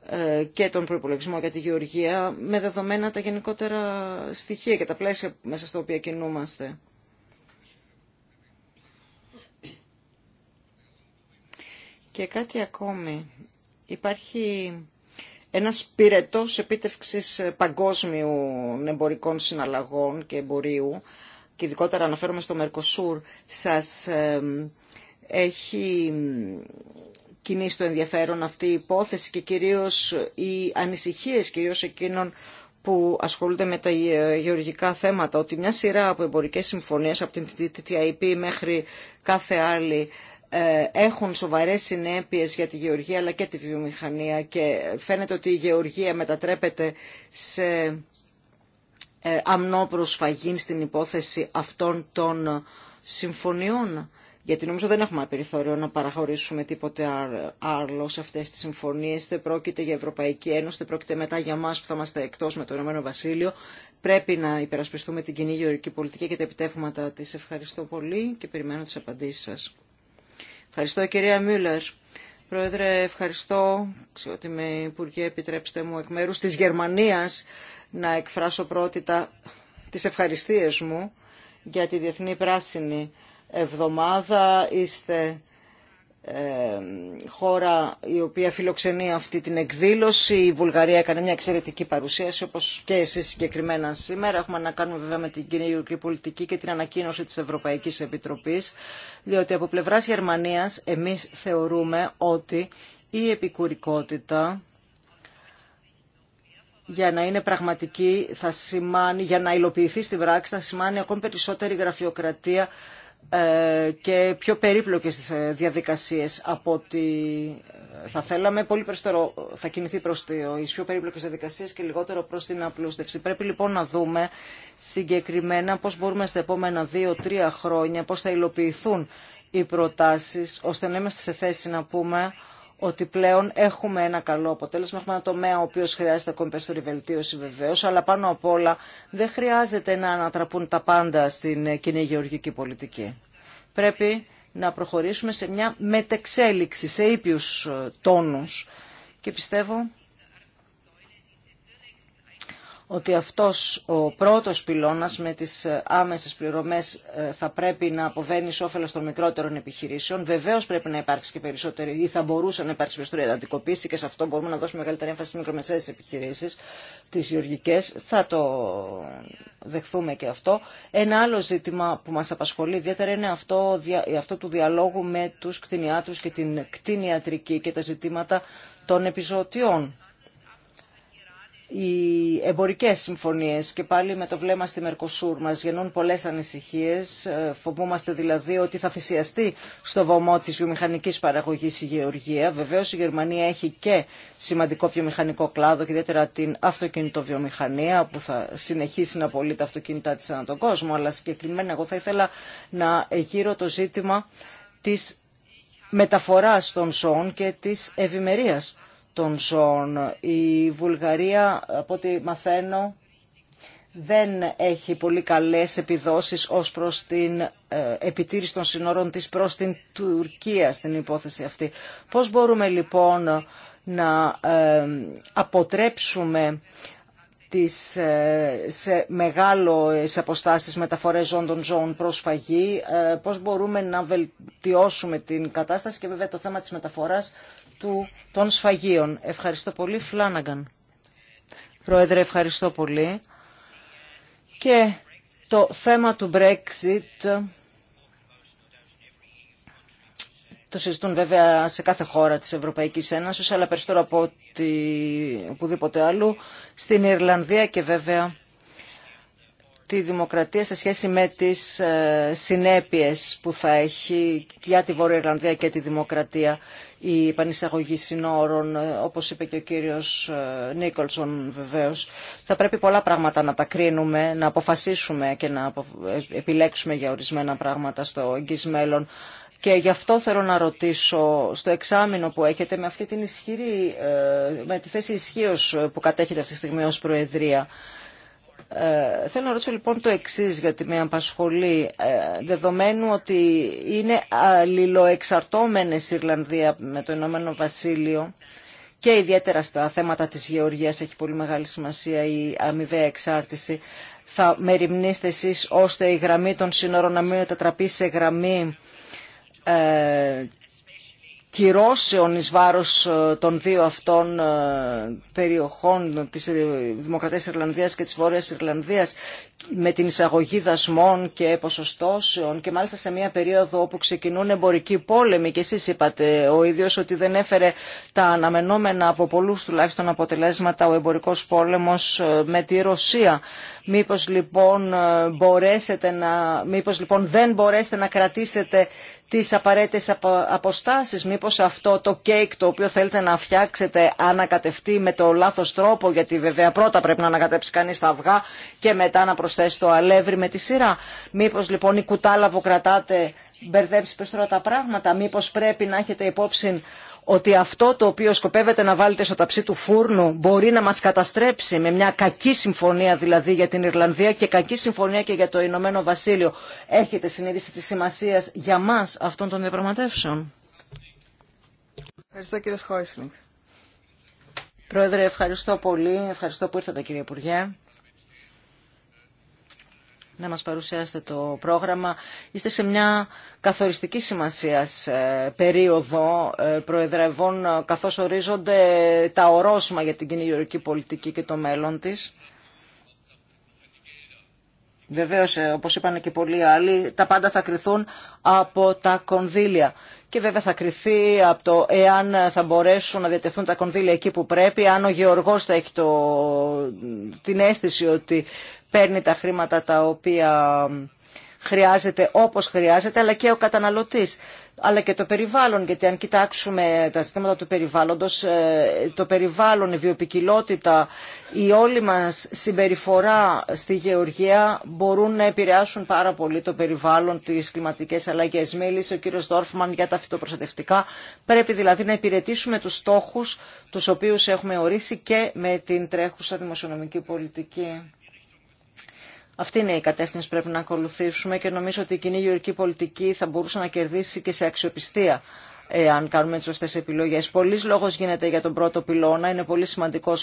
Speaker 3: ε, και τον προπολογισμό για τη γεωργία με δεδομένα τα γενικότερα στοιχεία και τα πλαίσια μέσα στα οποία κινούμαστε. Και κάτι ακόμη. Υπάρχει ένας πυρετός επίτευξης παγκόσμιου εμπορικών συναλλαγών και εμπορίου και ειδικότερα αναφέρομαι στο Μερκοσούρ σας έχει κινήσει το ενδιαφέρον αυτή η υπόθεση και κυρίως οι ανησυχίες κυρίως εκείνων που ασχολούνται με τα γεωργικά θέματα, ότι μια σειρά από εμπορικές συμφωνίες από την TTIP μέχρι κάθε άλλη ε, έχουν σοβαρές συνέπειες για τη γεωργία αλλά και τη βιομηχανία και φαίνεται ότι η γεωργία μετατρέπεται σε ε, αμνό προσφαγήν στην υπόθεση αυτών των συμφωνιών. Γιατί νομίζω δεν έχουμε περιθώριο να παραχωρήσουμε τίποτε άλλο σε αυτέ τι συμφωνίε. Δεν πρόκειται για Ευρωπαϊκή Ένωση, δεν πρόκειται μετά για εμά που θα είμαστε εκτό με το Ηνωμένο Βασίλειο. Πρέπει να υπερασπιστούμε την κοινή γεωργική πολιτική και τα επιτεύγματα τη. Ευχαριστώ πολύ και περιμένω τι απαντήσει σα. Ευχαριστώ κυρία Μιούλερ. Πρόεδρε, ευχαριστώ. ότι με Υπουργέ επιτρέψτε μου εκ μέρους της Γερμανίας να εκφράσω πρώτη τα... τις ευχαριστίες μου για τη Διεθνή Πράσινη Εβδομάδα. Είστε χώρα η οποία φιλοξενεί αυτή την εκδήλωση. Η Βουλγαρία έκανε μια εξαιρετική παρουσίαση όπως και εσείς συγκεκριμένα σήμερα. Έχουμε να κάνουμε βέβαια με την κοινωνική πολιτική και την ανακοίνωση της Ευρωπαϊκής Επιτροπής διότι από πλευράς Γερμανίας εμείς θεωρούμε ότι η επικουρικότητα για να είναι πραγματική θα σημάνει, για να υλοποιηθεί στην πράξη θα σημάνει ακόμη περισσότερη γραφειοκρατία ε, και πιο περίπλοκες ε, διαδικασίες από ότι ε, θα θέλαμε. Πολύ περισσότερο θα κινηθεί προς τις πιο περίπλοκες διαδικασίες και λιγότερο προς την απλούστευση. Πρέπει λοιπόν να δούμε συγκεκριμένα πώς μπορούμε στα επόμενα δύο-τρία χρόνια, πώς θα υλοποιηθούν οι προτάσεις, ώστε να είμαστε σε θέση να πούμε ότι πλέον έχουμε ένα καλό αποτέλεσμα. Έχουμε ένα τομέα ο οποίο χρειάζεται ακόμη περισσότερη βελτίωση βεβαίω, αλλά πάνω απ' όλα δεν χρειάζεται να ανατραπούν τα πάντα στην κοινή γεωργική πολιτική. Πρέπει να προχωρήσουμε σε μια μετεξέλιξη, σε ήπιου τόνου. Και πιστεύω ότι αυτός ο πρώτος πυλώνας με τις άμεσες πληρωμές ε, θα πρέπει να αποβαίνει σε όφελος των μικρότερων επιχειρήσεων. Βεβαίως πρέπει να υπάρξει και περισσότερη ή θα μπορούσε να υπάρξει περισσότερη αντικοποίηση και σε αυτό μπορούμε να δώσουμε μεγαλύτερη έμφαση στις μικρομεσαίες επιχειρήσεις, τις γεωργικές. Θα το δεχθούμε και αυτό. Ένα άλλο ζήτημα που μας απασχολεί ιδιαίτερα είναι αυτό, αυτό του διαλόγου με τους κτηνιάτρους και την κτηνιατρική και τα ζητήματα των επιζωτιών οι εμπορικές συμφωνίες και πάλι με το βλέμμα στη Μερκοσούρ μας γεννούν πολλές ανησυχίες. Ε, φοβούμαστε δηλαδή ότι θα θυσιαστεί στο βωμό της βιομηχανικής παραγωγής η γεωργία. Βεβαίως η Γερμανία έχει και σημαντικό βιομηχανικό κλάδο και ιδιαίτερα την αυτοκινητοβιομηχανία που θα συνεχίσει να πωλεί τα αυτοκίνητά της ανά τον κόσμο. Αλλά συγκεκριμένα εγώ θα ήθελα να γύρω το ζήτημα της μεταφοράς των ζώων και της ευημερίας των ζώων. Η Βουλγαρία, από ό,τι μαθαίνω, δεν έχει πολύ καλές επιδόσεις ως προς την ε, επιτήρηση των συνόρων της προς την Τουρκία στην υπόθεση αυτή. Πώς μπορούμε λοιπόν να ε, αποτρέψουμε τις, ε, σε μεγάλες αποστάσεις μεταφορές ζών των ζώων προς φαγή, πώς μπορούμε να βελτιώσουμε την κατάσταση και βέβαια το θέμα της μεταφοράς του, των σφαγίων. Ευχαριστώ πολύ, Φλάναγκαν. Πρόεδρε, ευχαριστώ πολύ. Και το θέμα του Brexit το συζητούν βέβαια σε κάθε χώρα της Ευρωπαϊκής Ένωσης, αλλά περισσότερο από οπουδήποτε άλλου, στην Ιρλανδία και βέβαια τη δημοκρατία σε σχέση με τις ε, συνέπειες που θα έχει για τη Βόρεια Ιρλανδία και τη δημοκρατία η επανεισαγωγή συνόρων, ε, όπως είπε και ο κύριος ε, Νίκολσον βεβαίως. Θα πρέπει πολλά πράγματα να τα κρίνουμε, να αποφασίσουμε και να επιλέξουμε για ορισμένα πράγματα στο εγγύς μέλλον. Και γι' αυτό θέλω να ρωτήσω στο εξάμεινο που έχετε με αυτή την ισχυρή, με τη θέση ισχύω που κατέχετε αυτή τη στιγμή ως Προεδρία. Ε, θέλω να ρωτήσω λοιπόν το εξή γιατί με απασχολεί ε, δεδομένου ότι είναι αλληλοεξαρτώμενες η Ιρλανδία με το Ηνωμένο Βασίλειο και ιδιαίτερα στα θέματα της γεωργίας έχει πολύ μεγάλη σημασία η αμοιβαία εξάρτηση. Θα μεριμνήσετε εσείς ώστε η γραμμή των σύνορων να μην μετατραπεί σε γραμμή ε, κυρώσεων εις βάρος ε, των δύο αυτών ε, περιοχών της ε, Δημοκρατίας Ιρλανδίας και της Βόρειας Ιρλανδίας με την εισαγωγή δασμών και ποσοστώσεων και μάλιστα σε μια περίοδο όπου ξεκινούν εμπορικοί πόλεμοι και εσείς είπατε ο ίδιος ότι δεν έφερε τα αναμενόμενα από πολλούς τουλάχιστον αποτελέσματα ο εμπορικός πόλεμος με τη Ρωσία. Μήπως λοιπόν, ε, μπορέσετε να, μήπως λοιπόν δεν μπορέσετε να κρατήσετε τις απαραίτητες αποστάσεις. Μήπως αυτό το κέικ το οποίο θέλετε να φτιάξετε ανακατευτεί με το λάθος τρόπο, γιατί βέβαια πρώτα πρέπει να ανακατέψει κανείς τα αυγά και μετά να προσθέσει το αλεύρι με τη σειρά. Μήπως λοιπόν η κουτάλα που κρατάτε μπερδέψει τα πράγματα. Μήπως πρέπει να έχετε υπόψη ότι αυτό το οποίο σκοπεύετε να βάλετε στο ταψί του φούρνου μπορεί να μας καταστρέψει με μια κακή συμφωνία δηλαδή για την Ιρλανδία και κακή συμφωνία και για το Ηνωμένο Βασίλειο. Έχετε συνείδηση της σημασίας για μας αυτών των διαπραγματεύσεων.
Speaker 1: Ευχαριστώ κύριε Σχόισλινγκ.
Speaker 3: Πρόεδρε, ευχαριστώ πολύ. Ευχαριστώ που ήρθατε κύριε Υπουργέ να μας παρουσιάσετε το πρόγραμμα. Είστε σε μια καθοριστική σημασία ε, περίοδο ε, προεδρευών ε, καθώς ορίζονται τα ορόσημα για την κοινή πολιτική και το μέλλον της. Βεβαίω, ε, όπως είπαν και πολλοί άλλοι, τα πάντα θα κρυθούν από τα κονδύλια. Και βέβαια θα κρυθεί από το εάν θα μπορέσουν να διατεθούν τα κονδύλια εκεί που πρέπει, αν ο Γεωργός θα έχει την αίσθηση ότι παίρνει τα χρήματα τα οποία χρειάζεται όπως χρειάζεται, αλλά και ο καταναλωτής αλλά και το περιβάλλον, γιατί αν κοιτάξουμε τα ζητήματα του περιβάλλοντος, ε, το περιβάλλον, η βιοπικιλότητα, η όλη μας συμπεριφορά στη γεωργία μπορούν να επηρεάσουν πάρα πολύ το περιβάλλον, τις κλιματικές αλλαγές. Μίλησε ο κύριος Δόρφμαν για τα φυτοπροστατευτικά. Πρέπει δηλαδή να υπηρετήσουμε τους στόχους τους οποίους έχουμε ορίσει και με την τρέχουσα δημοσιονομική πολιτική. Αυτή είναι η κατεύθυνση που πρέπει να ακολουθήσουμε και νομίζω ότι η κοινή γεωρική πολιτική θα μπορούσε να κερδίσει και σε αξιοπιστία αν κάνουμε τι σωστέ επιλογέ. Πολλή λόγο γίνεται για τον πρώτο πυλώνα. Είναι πολύ σημαντικό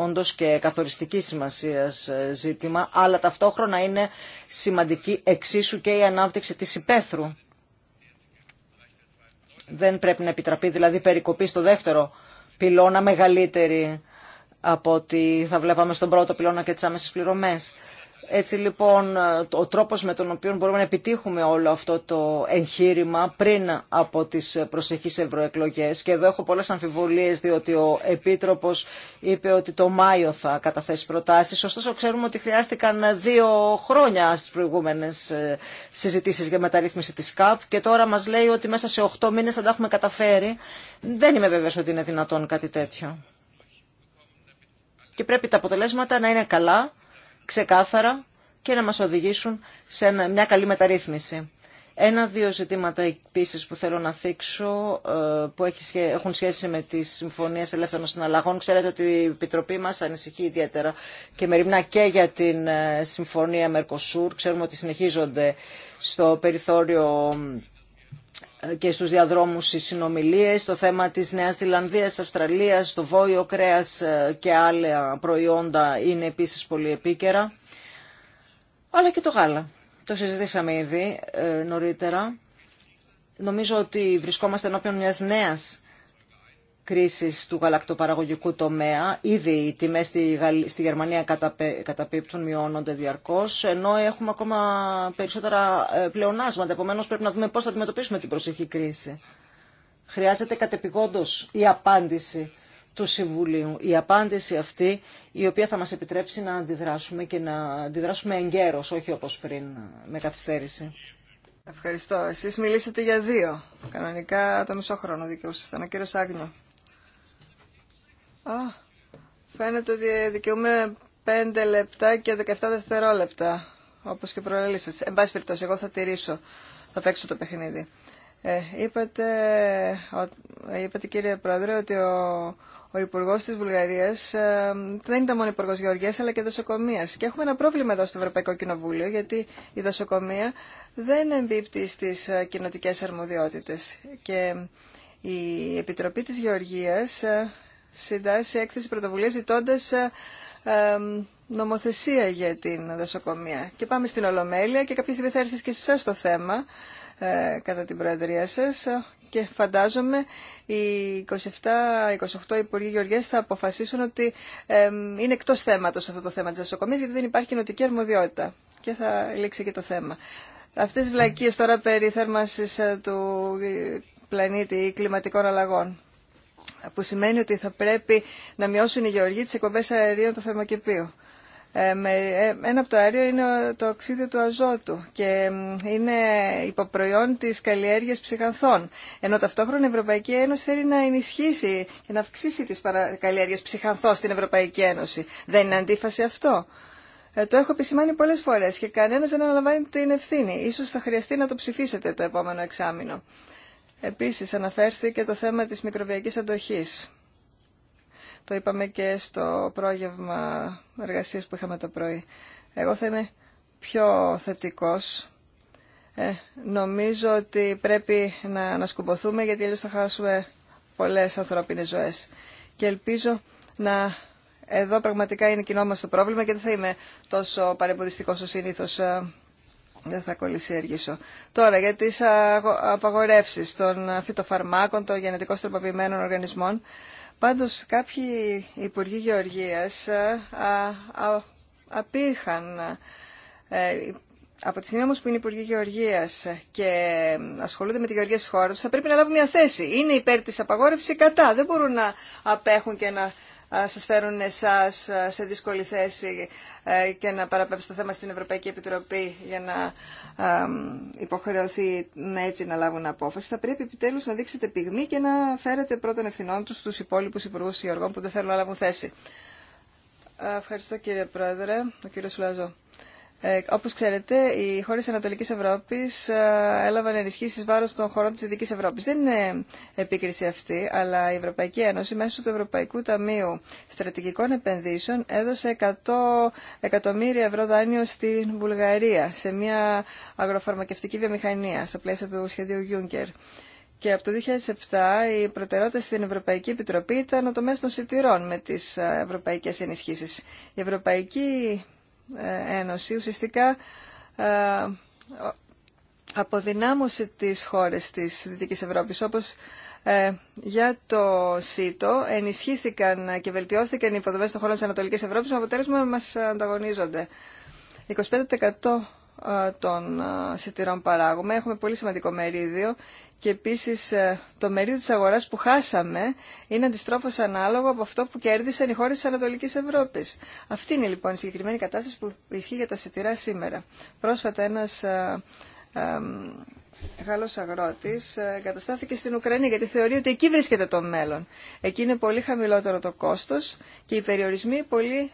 Speaker 3: όντω και καθοριστική σημασία ε, ζήτημα. Αλλά ταυτόχρονα είναι σημαντική εξίσου και η ανάπτυξη τη υπαίθρου. Δεν πρέπει να επιτραπεί δηλαδή περικοπή στο δεύτερο πυλώνα μεγαλύτερη από ότι θα βλέπαμε στον πρώτο πυλώνα και τι άμεσε πληρωμέ. Έτσι λοιπόν ο τρόπος με τον οποίο μπορούμε να επιτύχουμε όλο αυτό το εγχείρημα πριν από τις προσεχείς ευρωεκλογέ. και εδώ έχω πολλές αμφιβολίες διότι ο Επίτροπος είπε ότι το Μάιο θα καταθέσει προτάσεις ωστόσο ξέρουμε ότι χρειάστηκαν δύο χρόνια στις προηγούμενες ε, συζητήσεις για μεταρρύθμιση της ΚΑΠ και τώρα μας λέει ότι μέσα σε 8 μήνες θα τα έχουμε καταφέρει. Δεν είμαι βέβαιος ότι είναι δυνατόν κάτι τέτοιο. Και πρέπει τα αποτελέσματα να είναι καλά ξεκάθαρα και να μας οδηγήσουν σε μια καλή μεταρρύθμιση. Ένα-δύο ζητήματα επίσης που θέλω να θίξω ε, που έχουν σχέση με τις συμφωνίες ελεύθερων συναλλαγών. Ξέρετε ότι η Επιτροπή μας ανησυχεί ιδιαίτερα και μεριμνά και για την ε, συμφωνία Μερκοσούρ. Ξέρουμε ότι συνεχίζονται στο περιθώριο και στους διαδρόμους οι συνομιλίες, το θέμα της Νέας Ζηλανδίας, Αυστραλίας, το βόλιο κρέας ε, και άλλα προϊόντα είναι επίσης πολύ επίκαιρα. Αλλά και το γάλα. Το συζητήσαμε ήδη ε, νωρίτερα. Νομίζω ότι βρισκόμαστε ενώπιον μιας νέας κρίσης του γαλακτοπαραγωγικού τομέα. Ήδη οι τιμές στη Γερμανία καταπίπτουν, μειώνονται διαρκώς, ενώ έχουμε ακόμα περισσότερα ε, πλεονάσματα. Επομένως πρέπει να δούμε πώς θα αντιμετωπίσουμε την προσεχή κρίση. Χρειάζεται κατεπηγόντως η απάντηση του Συμβουλίου. Η απάντηση αυτή η οποία θα μας επιτρέψει να αντιδράσουμε και να αντιδράσουμε εγκαίρως, όχι όπως πριν, με καθυστέρηση.
Speaker 1: Ευχαριστώ. Εσείς μιλήσατε για δύο. Κανονικά το μισό χρόνο δικαιούσασταν. Ο Άγνιο. Α, φαίνεται ότι δικαιούμαι 5 λεπτά και 17 δευτερόλεπτα, όπως και προελήσατε. Εν πάση περιπτώσει, εγώ θα τηρήσω, θα παίξω το παιχνίδι. Ε, είπατε, ο, είπατε κύριε Πρόεδρε ότι ο, ο Υπουργό τη Βουλγαρία ε, δεν ήταν μόνο Υπουργό Γεωργία αλλά και Δασοκομεία. Και έχουμε ένα πρόβλημα εδώ στο Ευρωπαϊκό Κοινοβούλιο γιατί η δασοκομεία δεν εμπίπτει στι ε, κοινοτικέ αρμοδιότητε. Και η Επιτροπή τη Γεωργία ε, συντάσσει έκθεση πρωτοβουλία ζητώντα ε, ε, νομοθεσία για την δασοκομεία. Και πάμε στην Ολομέλεια και κάποια στιγμή θα έρθει και σε εσά το θέμα ε, κατά την Προεδρία σα. και φαντάζομαι οι 27-28 Υπουργοί Γεωργία θα αποφασίσουν ότι είναι εκτός θέματος αυτό το θέμα της δασοκομεία γιατί δεν υπάρχει κοινοτική αρμοδιότητα και θα λήξει και το θέμα. Αυτές οι βλακίες τώρα περί θέρμανσης του πλανήτη ή κλιματικών αλλαγών που σημαίνει ότι θα πρέπει να μειώσουν οι γεωργοί τις εκπομπές αερίων του θερμοκηπίου. Ε, ε, ένα από το αέριο είναι το οξύδιο του αζότου και είναι υποπροϊόν της καλλιέργειας ψυχανθών. Ενώ ταυτόχρονα η Ευρωπαϊκή Ένωση θέλει να ενισχύσει και να αυξήσει τις παρα... καλλιέργειες ψυχανθών στην Ευρωπαϊκή Ένωση. Δεν είναι αντίφαση αυτό. Ε, το έχω επισημάνει πολλέ φορέ και κανένα δεν αναλαμβάνει την ευθύνη. σω θα χρειαστεί να το ψηφίσετε το επόμενο εξάμεινο. Επίσης αναφέρθηκε το θέμα της μικροβιακής αντοχής. Το είπαμε και στο πρόγευμα εργασίας που είχαμε το πρωί. Εγώ θα είμαι πιο θετικός. Ε, νομίζω ότι πρέπει να ανασκουμποθούμε γιατί αλλιώς θα χάσουμε πολλές ανθρώπινες ζωές. Και ελπίζω να... Εδώ πραγματικά είναι κοινό μας το πρόβλημα και δεν θα είμαι τόσο παρεμποδιστικός ο συνήθως ε, δεν θα κολλησιεργήσω. Τώρα για τις απαγορεύσεις των φυτοφαρμάκων, των γενετικώς τροποποιημένων οργανισμών. Πάντως κάποιοι υπουργοί γεωργίας ε, απήχαν ε, από τη στιγμή όμω που είναι Υπουργοί γεωργίας και ασχολούνται με τη γεωργία τη χώρα θα πρέπει να λάβουν μια θέση. Είναι υπέρ της απαγόρευση ή κατά. Δεν μπορούν να απέχουν και να σας φέρουν εσάς σε δύσκολη θέση ε, και να παραπέμψει το θέμα στην Ευρωπαϊκή Επιτροπή για να υποχρεωθεί να έτσι να λάβουν απόφαση. Θα πρέπει επιτέλους να δείξετε πυγμή και να φέρετε πρώτον ευθυνών τους στους υπόλοιπους υπουργούς Υιοργών που δεν θέλουν να λάβουν θέση. Ευχαριστώ κύριε Πρόεδρε, ο κύριος Λαζό ε, όπως ξέρετε, οι χώρες Ανατολικής Ευρώπης ε, έλαβαν ενισχύσεις βάρος των χωρών της Δυτικής Ευρώπης. Δεν είναι επίκριση αυτή, αλλά η Ευρωπαϊκή Ένωση μέσω του Ευρωπαϊκού Ταμείου Στρατηγικών Επενδύσεων έδωσε 100 εκατομμύρια ευρώ δάνειο στην Βουλγαρία σε μια αγροφαρμακευτική βιομηχανία στα πλαίσια του σχεδίου Juncker. Και από το 2007 η προτεραιότητα στην Ευρωπαϊκή Επιτροπή ήταν ο τομέας των σιτηρών με τις ε, ευρωπαϊκές ενισχύσεις. Η Ευρωπαϊκή ε, ένωση ουσιαστικά ε, αποδυνάμωσε τις χώρες της Δυτικής Ευρώπης όπως ε, για το ΣΥΤΟ ενισχύθηκαν και βελτιώθηκαν οι υποδομές των χωρών της Ανατολικής Ευρώπης με αποτέλεσμα να μας ανταγωνίζονται. 25% των σιτηρών παράγουμε. Έχουμε πολύ σημαντικό μερίδιο και επίσης ε, το μερίδιο της αγοράς που χάσαμε είναι αντιστρόφως ανάλογο από αυτό που κέρδισαν οι χώρες της Ανατολικής Ευρώπης. Αυτή είναι λοιπόν η συγκεκριμένη κατάσταση που ισχύει για τα σιτηρά σήμερα. Πρόσφατα ένας α, ε, α, ε, Γάλλος αγρότης εγκαταστάθηκε στην Ουκρανία γιατί θεωρεί ότι εκεί βρίσκεται το μέλλον. Εκεί είναι πολύ χαμηλότερο το κόστος και οι περιορισμοί πολύ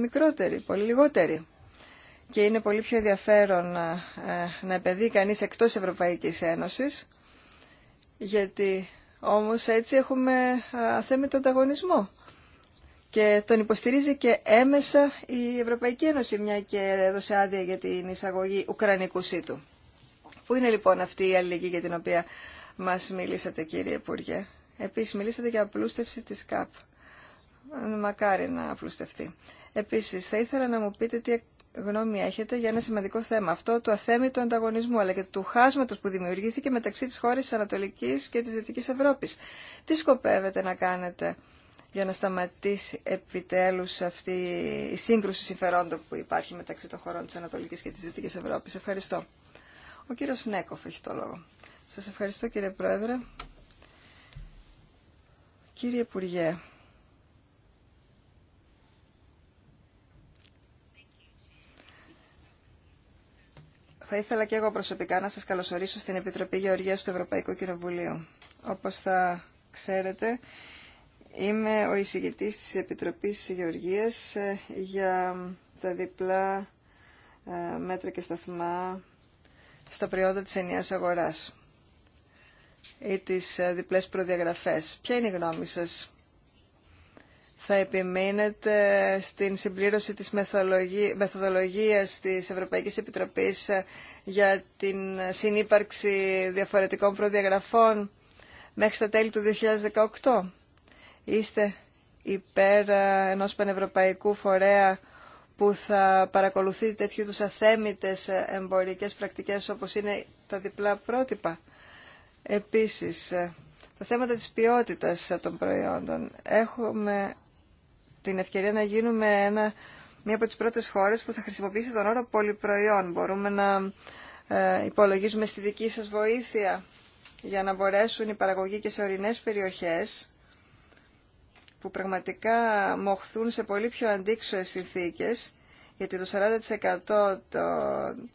Speaker 1: μικρότεροι, πολύ λιγότεροι και είναι πολύ πιο ενδιαφέρον να επενδύει κανείς εκτός Ευρωπαϊκής Ένωσης γιατί όμως έτσι έχουμε τον ανταγωνισμό. Και τον υποστηρίζει και έμεσα η Ευρωπαϊκή Ένωση, μια και έδωσε άδεια για την εισαγωγή Ουκρανικού ΣΥΤΟΥ. Πού είναι λοιπόν αυτή η αλληλεγγύη για την οποία μας μιλήσατε κύριε Υπουργέ. Επίσης μιλήσατε για απλούστευση της ΚΑΠ. Μακάρι να απλουστευτεί. Επίσης θα ήθελα να μου πείτε τι γνώμη έχετε για ένα σημαντικό θέμα, αυτό του αθέμητου ανταγωνισμού, αλλά και του χάσματο που δημιουργήθηκε μεταξύ της Χώρα τη Ανατολικής και της Δυτικής Ευρώπης. Τι σκοπεύετε να κάνετε για να σταματήσει επιτέλους αυτή η σύγκρουση συμφερόντων που υπάρχει μεταξύ των χωρών τη Ανατολικής και της Δυτικής Ευρώπη. Ευχαριστώ. Ο κύριο Νέκοφ έχει το λόγο. Σα ευχαριστώ κύριε Πρόεδρε. Κύριε Υπουργέ, Θα ήθελα και εγώ προσωπικά να σας καλωσορίσω στην Επιτροπή Γεωργίας του Ευρωπαϊκού Κοινοβουλίου. Όπως θα ξέρετε, είμαι ο εισηγητής της Επιτροπής Γεωργίας ε, για τα διπλά ε, μέτρα και σταθμά στα προϊόντα της ενιαίας αγοράς ή τις ε, διπλές προδιαγραφές. Ποια είναι η γνώμη σας θα επιμείνετε στην συμπλήρωση της μεθοδολογίας της Ευρωπαϊκής Επιτροπής ε, για την συνύπαρξη διαφορετικών προδιαγραφών μέχρι τα τέλη του 2018. Είστε υπέρ ε, ενός πανευρωπαϊκού φορέα που θα παρακολουθεί τέτοιου τους αθέμητες ε, εμπορικές πρακτικές όπως είναι τα διπλά πρότυπα. Επίσης, τα θέματα της ποιότητας των προϊόντων. Έχουμε την ευκαιρία να γίνουμε ένα, μία από τις πρώτες χώρες που θα χρησιμοποιήσει τον όρο πολυπροϊόν. Μπορούμε να ε, υπολογίζουμε στη δική σας βοήθεια για να μπορέσουν οι παραγωγοί και σε ορεινές περιοχές που πραγματικά μοχθούν σε πολύ πιο αντίξωες συνθήκες γιατί το 40% των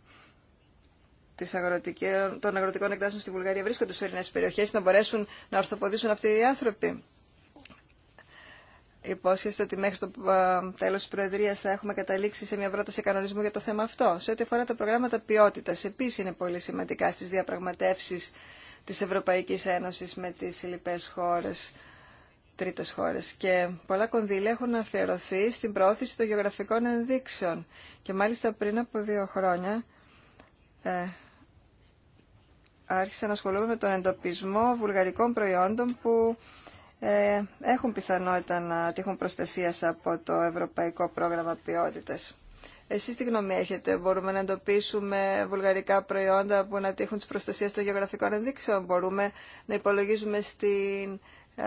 Speaker 1: της αγροτικών, των αγροτικών εκτάσεων στη Βουλγαρία βρίσκονται σε ορεινές περιοχές να μπορέσουν να ορθοποδήσουν αυτοί οι άνθρωποι υπόσχεστε ότι μέχρι το ε, τέλο τη Προεδρία θα έχουμε καταλήξει σε μια πρόταση κανονισμού για το θέμα αυτό. Σε ό,τι αφορά τα προγράμματα ποιότητα, επίση είναι πολύ σημαντικά στι διαπραγματεύσει τη Ευρωπαϊκή Ένωση με τι λοιπέ χώρε, τρίτε χώρε. Και πολλά κονδύλια έχουν αφιερωθεί στην προώθηση των γεωγραφικών ενδείξεων. Και μάλιστα πριν από δύο χρόνια. Ε, Άρχισα να ασχολούμαι με τον εντοπισμό βουλγαρικών προϊόντων που ε, έχουν πιθανότητα να τύχουν προστασίας από το Ευρωπαϊκό Πρόγραμμα Ποιότητας. Εσείς τι γνώμη έχετε, μπορούμε να εντοπίσουμε βουλγαρικά προϊόντα που να τύχουν τις προστασίες των γεωγραφικών ενδείξεων, μπορούμε να υπολογίζουμε στην ε,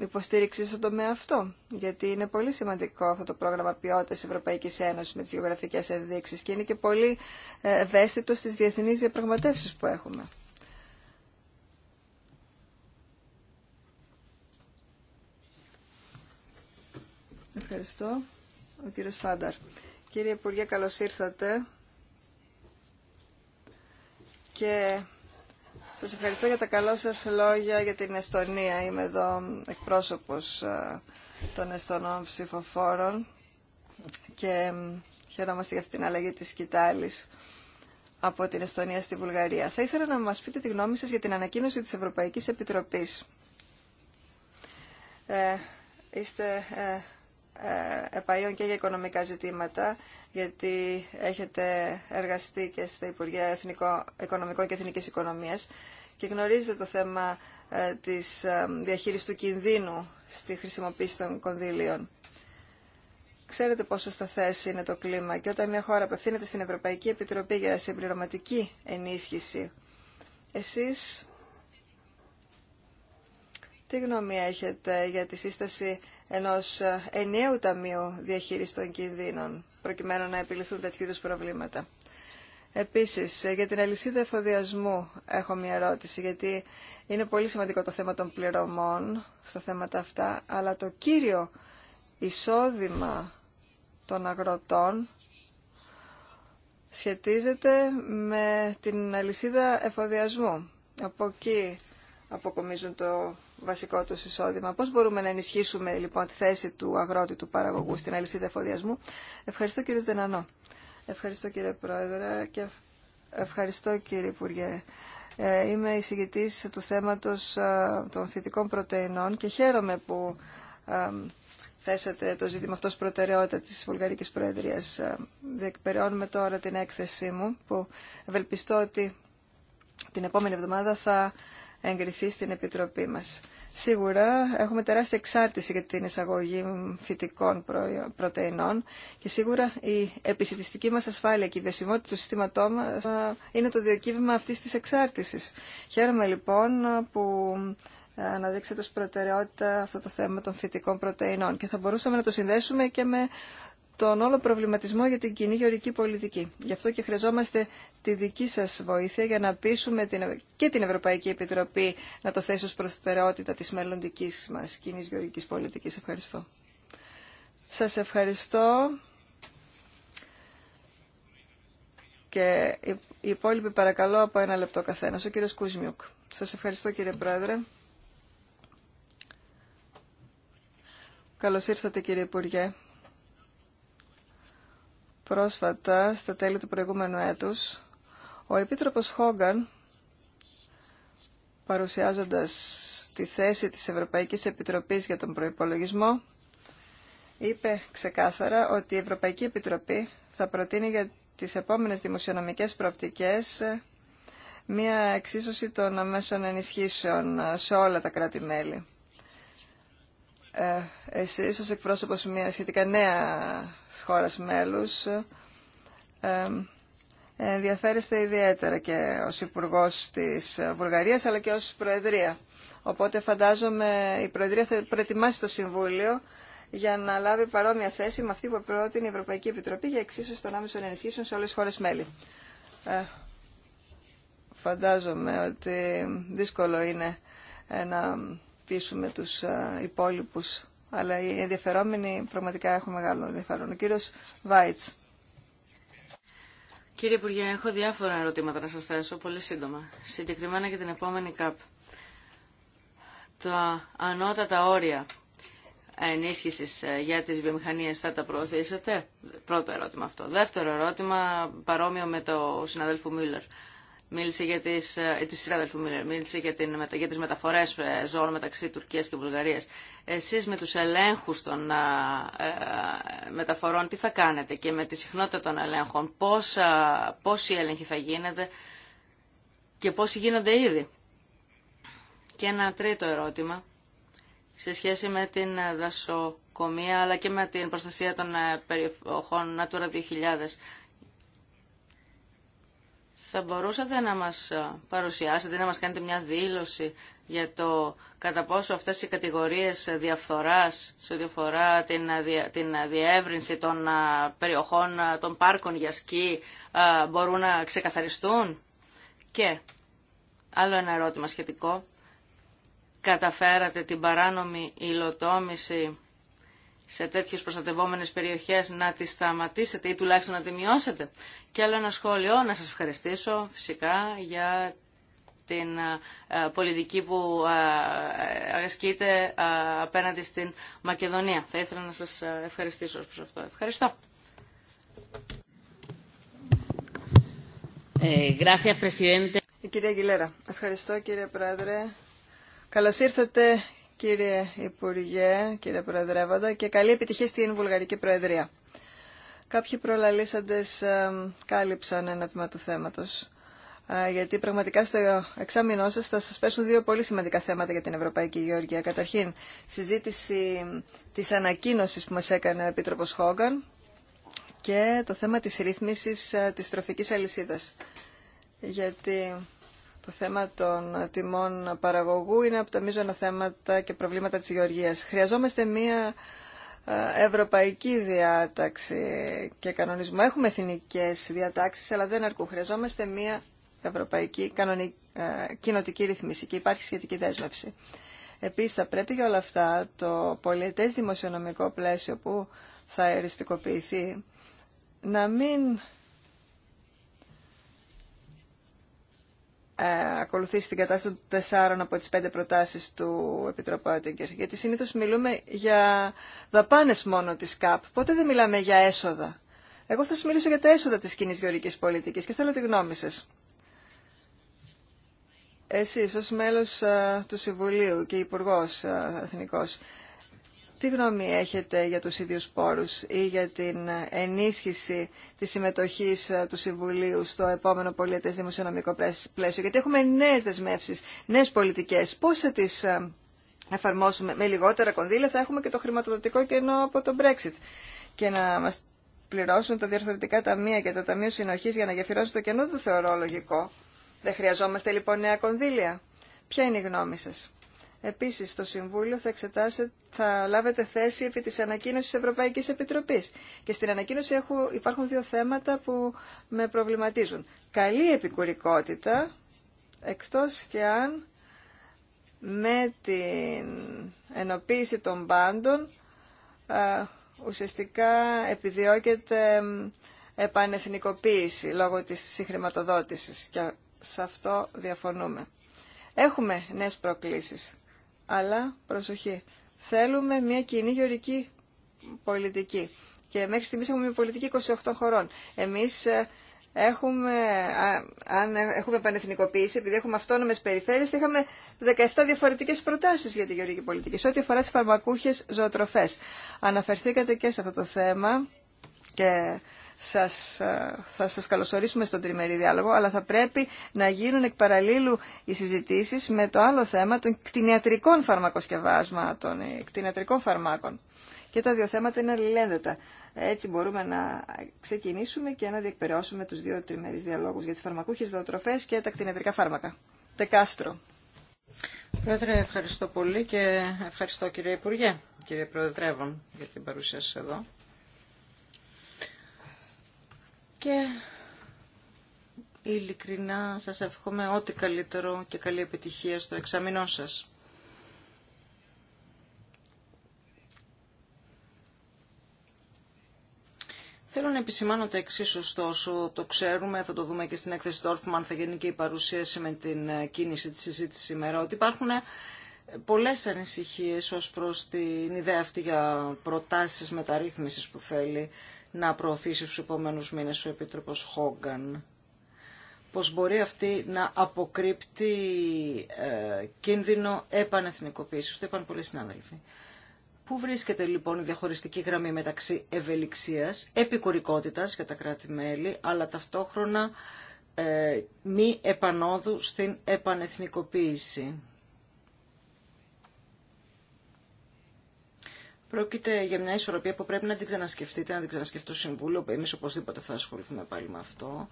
Speaker 1: υποστήριξη στον τομέα αυτό. Γιατί είναι πολύ σημαντικό αυτό το πρόγραμμα ποιότητα Ευρωπαϊκής Ένωσης με τις γεωγραφικές ενδείξεις και είναι και πολύ ε, ευαίσθητο στις διεθνείς διαπραγματεύσει που έχουμε. Ευχαριστώ. Ο κύριος Φάνταρ. Κύριε Υπουργέ, καλώς ήρθατε. Και σας ευχαριστώ για τα καλά σας λόγια για την Εστονία. Είμαι εδώ εκπρόσωπος ε, των Εστονών ψηφοφόρων και χαιρόμαστε για αυτήν την αλλαγή της Κιτάλης από την Εστονία στη Βουλγαρία. Θα ήθελα να μας πείτε τη γνώμη σας για την ανακοίνωση της Ευρωπαϊκής Επιτροπής. Ε, είστε ε, ε, επαϊόν και για οικονομικά ζητήματα, γιατί έχετε εργαστεί και στα Υπουργεία Εθνικό, Οικονομικών και Εθνικής Οικονομίας και γνωρίζετε το θέμα ε, της ε, διαχείρισης του κινδύνου στη χρησιμοποίηση των κονδύλιων. Ξέρετε πόσο σταθές είναι το κλίμα και όταν μια χώρα απευθύνεται στην Ευρωπαϊκή Επιτροπή για συμπληρωματική ενίσχυση, εσείς τι γνώμη έχετε για τη σύσταση ενός ε, ενιαίου ταμείου διαχείρισης των κινδύνων, προκειμένου να επιληθούν τέτοιου είδους προβλήματα. Επίσης, ε, για την αλυσίδα εφοδιασμού έχω μια ερώτηση, γιατί είναι πολύ σημαντικό το θέμα των πληρωμών στα θέματα αυτά, αλλά το κύριο εισόδημα των αγροτών σχετίζεται με την αλυσίδα εφοδιασμού. Από εκεί αποκομίζουν το βασικό του εισόδημα. Πώς μπορούμε να ενισχύσουμε λοιπόν τη θέση του αγρότη, του παραγωγού στην αλυσίδα εφοδιασμού. Ευχαριστώ κύριε δενανό, Ευχαριστώ κύριε Πρόεδρε και ευχαριστώ κύριε Υπουργέ. Ε, είμαι εισηγητής του θέματος ε, των φυτικών πρωτεϊνών και χαίρομαι που ε, θέσατε το ζήτημα αυτός προτεραιότητα της Βουλγαρικής Προεδρίας. Διεκπεραιώνουμε τώρα την έκθεσή μου που ευελπιστώ ότι την επόμενη εβδομάδα θα εγκριθεί στην Επιτροπή μας. Σίγουρα έχουμε τεράστια εξάρτηση για την εισαγωγή φυτικών πρωτεϊνών και σίγουρα η επισητιστική μας ασφάλεια και η βιωσιμότητα του συστήματό μας είναι το διοκύβημα αυτής της εξάρτησης. Χαίρομαι λοιπόν που ε, αναδείξετε ως προτεραιότητα αυτό το θέμα των φυτικών πρωτεϊνών και θα μπορούσαμε να το συνδέσουμε και με τον όλο προβληματισμό για την κοινή γεωρική πολιτική. Γι' αυτό και χρειαζόμαστε τη δική σας βοήθεια για να πείσουμε και την Ευρωπαϊκή Επιτροπή να το θέσει ως προτεραιότητα της μελλοντική μας κοινή γεωρική πολιτικής. Ευχαριστώ. Σας ευχαριστώ. Και οι υπόλοιποι παρακαλώ από ένα λεπτό καθένας. Ο κύριος Κουσμιούκ. Σας ευχαριστώ κύριε Πρόεδρε. Καλώς ήρθατε κύριε Υπουργέ. Πρόσφατα, στα τέλη του προηγούμενου έτους, ο Επίτροπος Χόγκαν, παρουσιάζοντας τη θέση της Ευρωπαϊκής Επιτροπής για τον προϋπολογισμό, είπε ξεκάθαρα ότι η Ευρωπαϊκή Επιτροπή θα προτείνει για τις επόμενες δημοσιονομικές προοπτικές μια εξίσωση των αμέσων ενισχύσεων σε όλα τα κράτη-μέλη. Ε, εσείς ως εκπρόσωπος μια σχετικά νέα χώρας μέλους ε, ενδιαφέρεστε ιδιαίτερα και ως υπουργό της Βουλγαρίας αλλά και ως Προεδρία. Οπότε φαντάζομαι η Προεδρία θα προετοιμάσει το Συμβούλιο για να λάβει παρόμοια θέση με αυτή που πρότεινε η Ευρωπαϊκή Επιτροπή για εξίσωση των άμεσων ενισχύσεων σε όλες τις χώρες μέλη. Ε, φαντάζομαι ότι δύσκολο είναι να αποκτήσουμε τους υπόλοιπους. Αλλά οι ενδιαφερόμενοι πραγματικά έχουν μεγάλο ενδιαφέρον. Ο κύριος Βάιτς.
Speaker 2: Κύριε Υπουργέ, έχω διάφορα ερωτήματα να σας θέσω, πολύ σύντομα. Συγκεκριμένα για την επόμενη ΚΑΠ. Τα ανώτατα όρια ενίσχυσης ε, για τις βιομηχανίες θα τα προωθήσετε. Πρώτο ερώτημα αυτό. Δεύτερο ερώτημα, παρόμοιο με το συναδέλφο Μίλλερ μίλησε για τις, ε, τις μίλησε για, την, για τις μεταφορές ε, ζώων μεταξύ Τουρκίας και Βουλγαρίας. Εσείς με τους ελέγχους των ε, μεταφορών τι θα κάνετε και με τη συχνότητα των ελέγχων, πώς πόσοι έλεγχοι θα γίνεται και πόσοι γίνονται ήδη. Και ένα τρίτο ερώτημα σε σχέση με την δασοκομεία αλλά και με την προστασία των περιοχών Natura 2000. Θα μπορούσατε να μας ε, παρουσιάσετε, να μας κάνετε μια δήλωση για το κατά πόσο αυτές οι κατηγορίες διαφθοράς σε ό,τι αφορά την, ε, την ε, διεύρυνση των περιοχών των πάρκων για σκι μπορούν να ξεκαθαριστούν. Και άλλο ένα ερώτημα σχετικό. Καταφέρατε την παράνομη υλοτόμηση σε τέτοιες προστατευόμενες περιοχές να τις σταματήσετε ή τουλάχιστον να τη μειώσετε. Και άλλο ένα σχόλιο, να σας ευχαριστήσω φυσικά για την ε, πολιτική που ε, ασκείται ε, απέναντι στην Μακεδονία. Θα ήθελα να σας ευχαριστήσω προς αυτό. Ευχαριστώ. κυρία ευχαριστώ κύριε Πρόεδρε.
Speaker 1: Καλώς ήρθατε κύριε Υπουργέ, κύριε Προεδρεύοντα και καλή επιτυχία στην Βουλγαρική Προεδρία. Κάποιοι προλαλήσαντες ε, κάλυψαν ένα τμήμα του θέματος, ε, γιατί πραγματικά στο εξάμεινό σας θα σας πέσουν δύο πολύ σημαντικά θέματα για την Ευρωπαϊκή Γεωργία. Καταρχήν, συζήτηση της ανακοίνωσης που μας έκανε ο Επίτροπος Χόγκαν και το θέμα της ρύθμισης ε, της τροφικής αλυσίδας. Γιατί το θέμα των τιμών παραγωγού είναι από τα μείζωνα θέματα και προβλήματα της γεωργίας. Χρειαζόμαστε μία ε, ευρωπαϊκή διάταξη και κανονισμό. Έχουμε εθνικές διατάξεις, αλλά δεν αρκούν. Χρειαζόμαστε μία ευρωπαϊκή κανονική, ε, κοινοτική ρυθμίση και υπάρχει σχετική δέσμευση. Επίσης θα πρέπει για όλα αυτά το πολιετές δημοσιονομικό πλαίσιο που θα εριστικοποιηθεί να μην Ε, ακολουθήσει την κατάσταση των τεσσάρων από τις πέντε προτάσεις του Επιτροπού Γιατί συνήθως μιλούμε για δαπάνες μόνο της ΚΑΠ. Πότε δεν μιλάμε για έσοδα. Εγώ θα σας μιλήσω για τα έσοδα της κοινή γεωρικής πολιτικής και θέλω τη γνώμη σας. Εσείς ως μέλος ε, του Συμβουλίου και υπουργό ε, Εθνικός, τι γνώμη έχετε για τους ίδιους πόρους ή για την ενίσχυση της συμμετοχής ε, του Συμβουλίου στο επόμενο πολίτες δημοσιονομικό πλαίσιο. Γιατί έχουμε νέες δεσμεύσεις, νέες πολιτικές. Πώς θα τις ε, εφαρμόσουμε με λιγότερα κονδύλια θα έχουμε και το χρηματοδοτικό κενό από το Brexit. Και να μας πληρώσουν τα διορθωτικά ταμεία και τα Ταμείο Συνοχής για να γεφυρώσουν το κενό δεν θεωρώ Δεν χρειαζόμαστε λοιπόν νέα κονδύλια. Ποια είναι η γνώμη σας. Επίσης, το Συμβούλιο θα, θα λάβετε θέση επί της ανακοίνωσης της Ευρωπαϊκής Επιτροπής. Και στην ανακοίνωση έχω, υπάρχουν δύο θέματα που με προβληματίζουν. Καλή επικουρικότητα, εκτός και αν με την ενοποίηση των πάντων ουσιαστικά επιδιώκεται επανεθνικοποίηση λόγω της συγχρηματοδότησης και σε αυτό διαφωνούμε. Έχουμε νέες προκλήσεις αλλά προσοχή. Θέλουμε μια κοινή γεωρική πολιτική. Και μέχρι στιγμής έχουμε μια πολιτική 28 χωρών. Εμείς ε, έχουμε, αν ε, έχουμε πανεθνικοποίηση, επειδή έχουμε αυτόνομες περιφέρειες, είχαμε 17 διαφορετικές προτάσεις για τη γεωρική πολιτική. Σε ό,τι αφορά τις φαρμακούχες ζωοτροφές. Αναφερθήκατε και σε αυτό το θέμα και σας, ε, θα σας καλωσορίσουμε στον τριμερή διάλογο, αλλά θα πρέπει να γίνουν εκ παραλίλου οι συζητήσεις με το άλλο θέμα των κτηνιατρικών φαρμακοσκευάσματων, κτηνιατρικών φαρμάκων. Και τα δύο θέματα είναι αλληλένδετα. Έτσι μπορούμε να ξεκινήσουμε και να διεκπαιρεώσουμε τους δύο τριμερείς διαλόγους για τις φαρμακούχες δοτροφές και τα κτηνιατρικά φάρμακα. Τεκάστρο.
Speaker 3: Πρόεδρε, ευχαριστώ πολύ και ευχαριστώ κύριε Υπουργέ, κύριε Προεδρεύον, για την παρουσία σας εδώ. Και ειλικρινά σας εύχομαι ό,τι καλύτερο και καλή επιτυχία στο εξαμεινό σας. Θέλω να επισημάνω τα εξή, ωστόσο, το ξέρουμε, θα το δούμε και στην έκθεση του αν θα γίνει και η παρουσίαση με την ε, κίνηση της συζήτηση σήμερα, ότι υπάρχουν ε, πολλές ανησυχίες ως προς την ιδέα αυτή για προτάσεις μεταρρύθμισης που θέλει να προωθήσει στους επόμενους μήνες ο Επίτροπος Χόγκαν. Πως μπορεί αυτή να αποκρύπτει ε, κίνδυνο επανεθνικοποίηση. Το είπαν πολλοί συνάδελφοι. Πού βρίσκεται λοιπόν η διαχωριστική γραμμή μεταξύ ευελιξίας, επικουρικότητας για τα κράτη-μέλη, αλλά ταυτόχρονα ε, μη επανόδου στην επανεθνικοποίηση. Πρόκειται για μια ισορροπία που πρέπει να την ξανασκεφτείτε, να την ξανασκεφτεί το Συμβούλιο, που εμείς οπωσδήποτε θα ασχοληθούμε πάλι με αυτό.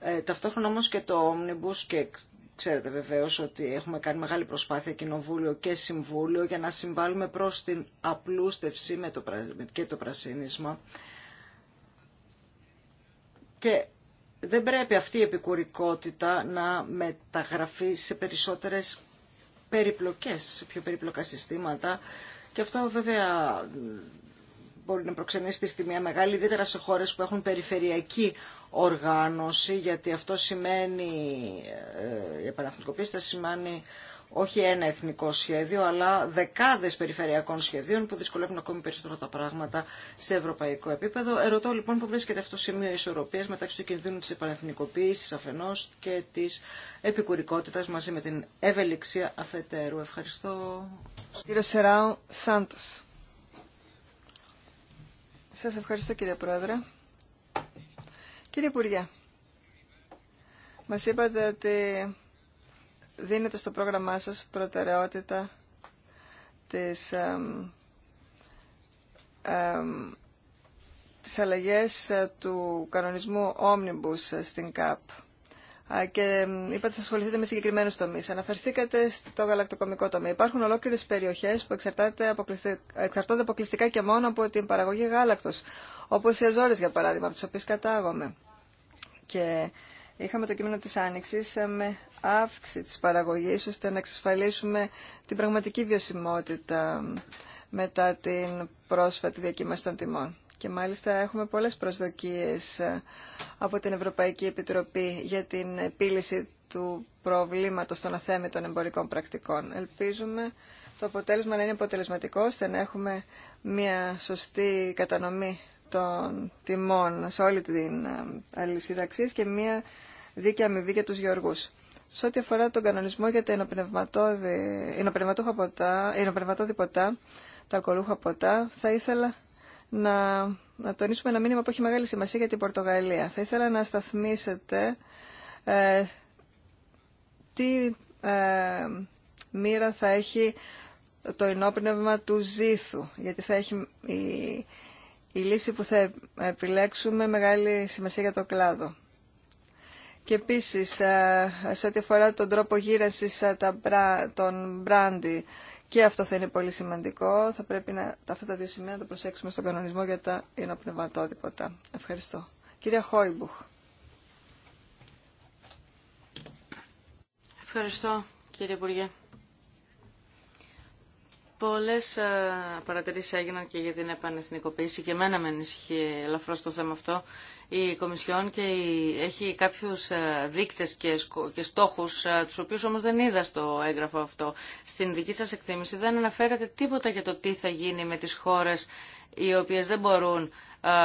Speaker 3: Ε, ταυτόχρονα όμως και το Omnibus και ξέρετε βεβαίως ότι έχουμε κάνει μεγάλη προσπάθεια Κοινοβούλιο και Συμβούλιο για να συμβάλλουμε προς την απλούστευση με το, και το πρασίνισμα. Και δεν πρέπει αυτή η επικουρικότητα να μεταγραφεί σε περισσότερες περιπλοκές, σε πιο περιπλοκά συστήματα, και αυτό βέβαια μπορεί να προξενήσει τη μια μεγάλη, ιδιαίτερα σε χώρες που έχουν περιφερειακή οργάνωση, γιατί αυτό σημαίνει, ε, η επαναθνικοποίηση θα σημαίνει όχι ένα εθνικό σχέδιο, αλλά δεκάδες περιφερειακών σχεδίων που δυσκολεύουν ακόμη περισσότερο τα πράγματα σε ευρωπαϊκό επίπεδο. Ερωτώ λοιπόν που βρίσκεται αυτό το σημείο ισορροπία μεταξύ του κινδύνου τη επανεθνικοποίηση, αφενός και τη επικουρικότητας μαζί με την ευελιξία αφετέρου. Ευχαριστώ. Κύριε Σεράου Σάντο.
Speaker 1: Σας ευχαριστώ κύριε Πρόεδρε. Κύριε Υπουργέ, μα είπατε ότι δίνετε στο πρόγραμμά σας προτεραιότητα της, ε, τις αλλαγές ε, του κανονισμού Omnibus ε, στην ΚΑΠ και είπατε θα ασχοληθείτε με συγκεκριμένου τομεί. Αναφερθήκατε στο γαλακτοκομικό τομέα. Υπάρχουν ολόκληρε περιοχέ που εξαρτώνται αποκλειστικά και μόνο από την παραγωγή γάλακτο. Όπω οι Αζόρε, για παράδειγμα, από τι οποίε κατάγομαι. Και είχαμε το κείμενο τη Άνοιξη ε, με αύξηση της παραγωγής ώστε να εξασφαλίσουμε την πραγματική βιωσιμότητα μετά την πρόσφατη διακύμαση των τιμών. Και μάλιστα έχουμε πολλές προσδοκίες ε, από την Ευρωπαϊκή Επιτροπή για την επίλυση του προβλήματος των αθέμητων εμπορικών πρακτικών. Ελπίζουμε το αποτέλεσμα να είναι αποτελεσματικό ώστε να έχουμε μια σωστή κατανομή των τιμών σε όλη την ε, αλυσίδα και μια δίκαια αμοιβή για τους γεωργούς. Σε ό,τι αφορά τον κανονισμό για τα ενοπνευματόδη ποτά, τα αλκοολούχα ποτά, θα ήθελα να, να τονίσουμε ένα μήνυμα που έχει μεγάλη σημασία για την Πορτογαλία. Θα ήθελα να σταθμίσετε ε, τι ε, μοίρα θα έχει το ενόπνευμα του ζήθου, γιατί θα έχει η, η λύση που θα επιλέξουμε μεγάλη σημασία για το κλάδο. Και επίση, ε, σε ό,τι αφορά τον τρόπο γύρασης ε, των μπράντι, και αυτό θα είναι πολύ σημαντικό. Θα πρέπει να, αυτά τα δύο σημεία να τα προσέξουμε στον κανονισμό για τα ενοπνευματότυπα. Ευχαριστώ. Κυρία Χόιμπουχ.
Speaker 2: Ευχαριστώ, κύριε Υπουργέ. Πολλέ ε, παρατηρήσει έγιναν και για την επανεθνικοποίηση και εμένα με ενισχύει ελαφρώ το θέμα αυτό η Κομισιόν και έχει κάποιους ε, δείκτες και στόχους, ε, τους οποίους όμως δεν είδα στο έγγραφο αυτό. Στην δική σας εκτίμηση δεν αναφέρεται τίποτα για το τι θα γίνει με τις χώρες οι οποίες δεν μπορούν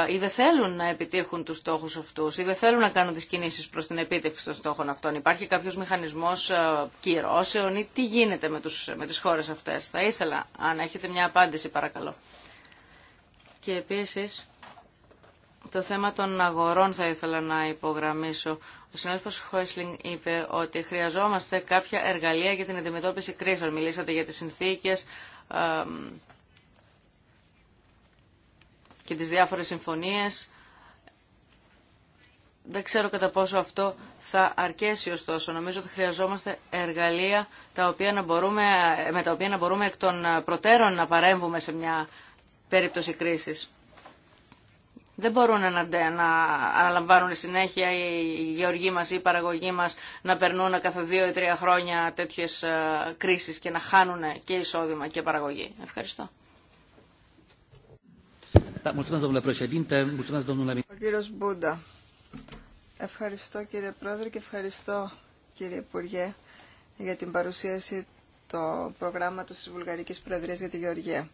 Speaker 2: ε, ή δεν θέλουν να επιτύχουν τους στόχους αυτούς ή δεν θέλουν να κάνουν τις κινήσεις προς την επίτευξη των στόχων αυτών. Υπάρχει κάποιος μηχανισμός κυρώσεων ή τι γίνεται με, τους, με τις χώρες αυτές. Θα ήθελα αν έχετε μια απάντηση παρακαλώ. Και επίσης το θέμα των αγορών θα ήθελα να υπογραμμίσω. Ο συνάδελφος Χόισλινγκ είπε ότι χρειαζόμαστε κάποια εργαλεία για την αντιμετώπιση κρίσεων. Μιλήσατε για τις συνθήκες και τις διάφορες συμφωνίες. Δεν ξέρω κατά πόσο αυτό θα αρκέσει ωστόσο. Νομίζω ότι χρειαζόμαστε εργαλεία τα οποία να μπορούμε, με τα οποία να μπορούμε εκ των προτέρων να παρέμβουμε σε μια περίπτωση κρίσης. Δεν μπορούν να, να αναλαμβάνουν συνέχεια οι γεωργοί μας ή οι παραγωγοί μας να περνούν κάθε δύο ή τρία χρόνια τέτοιες ε, κρίσεις και να χάνουν και εισόδημα και παραγωγή. Ευχαριστώ. κύριος Μπούντα. Ευχαριστώ
Speaker 1: κύριε Πρόεδρε και ευχαριστώ κύριε Υπουργέ για την παρουσίαση του προγράμματος της Βουλγαρικής Προεδρίας για τη Γεωργία.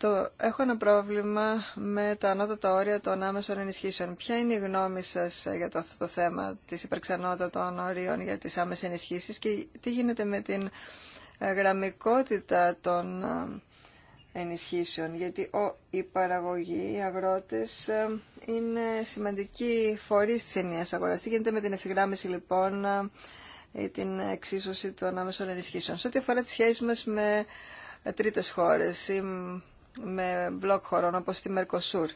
Speaker 1: Το, έχω ένα πρόβλημα με τα ανώτατα όρια των άμεσων ενισχύσεων. Ποια είναι η γνώμη σα ε, για το, αυτό το θέμα τη υπερξανότητα των ορίων για τι άμεσε ενισχύσει και τι γίνεται με την ε, γραμμικότητα των ε, ενισχύσεων, γιατί ο, η παραγωγή, οι αγρότες είναι σημαντική φορή τη ενιαία αγορά. Τι γίνεται με την ευθυγράμμιση λοιπόν ή την εξίσωση των άμεσων ενισχύσεων. Σε ό,τι αφορά τι σχέσει μα με τρίτες χώρες με μπλοκ χωρών όπως τη Μερκοσούρ.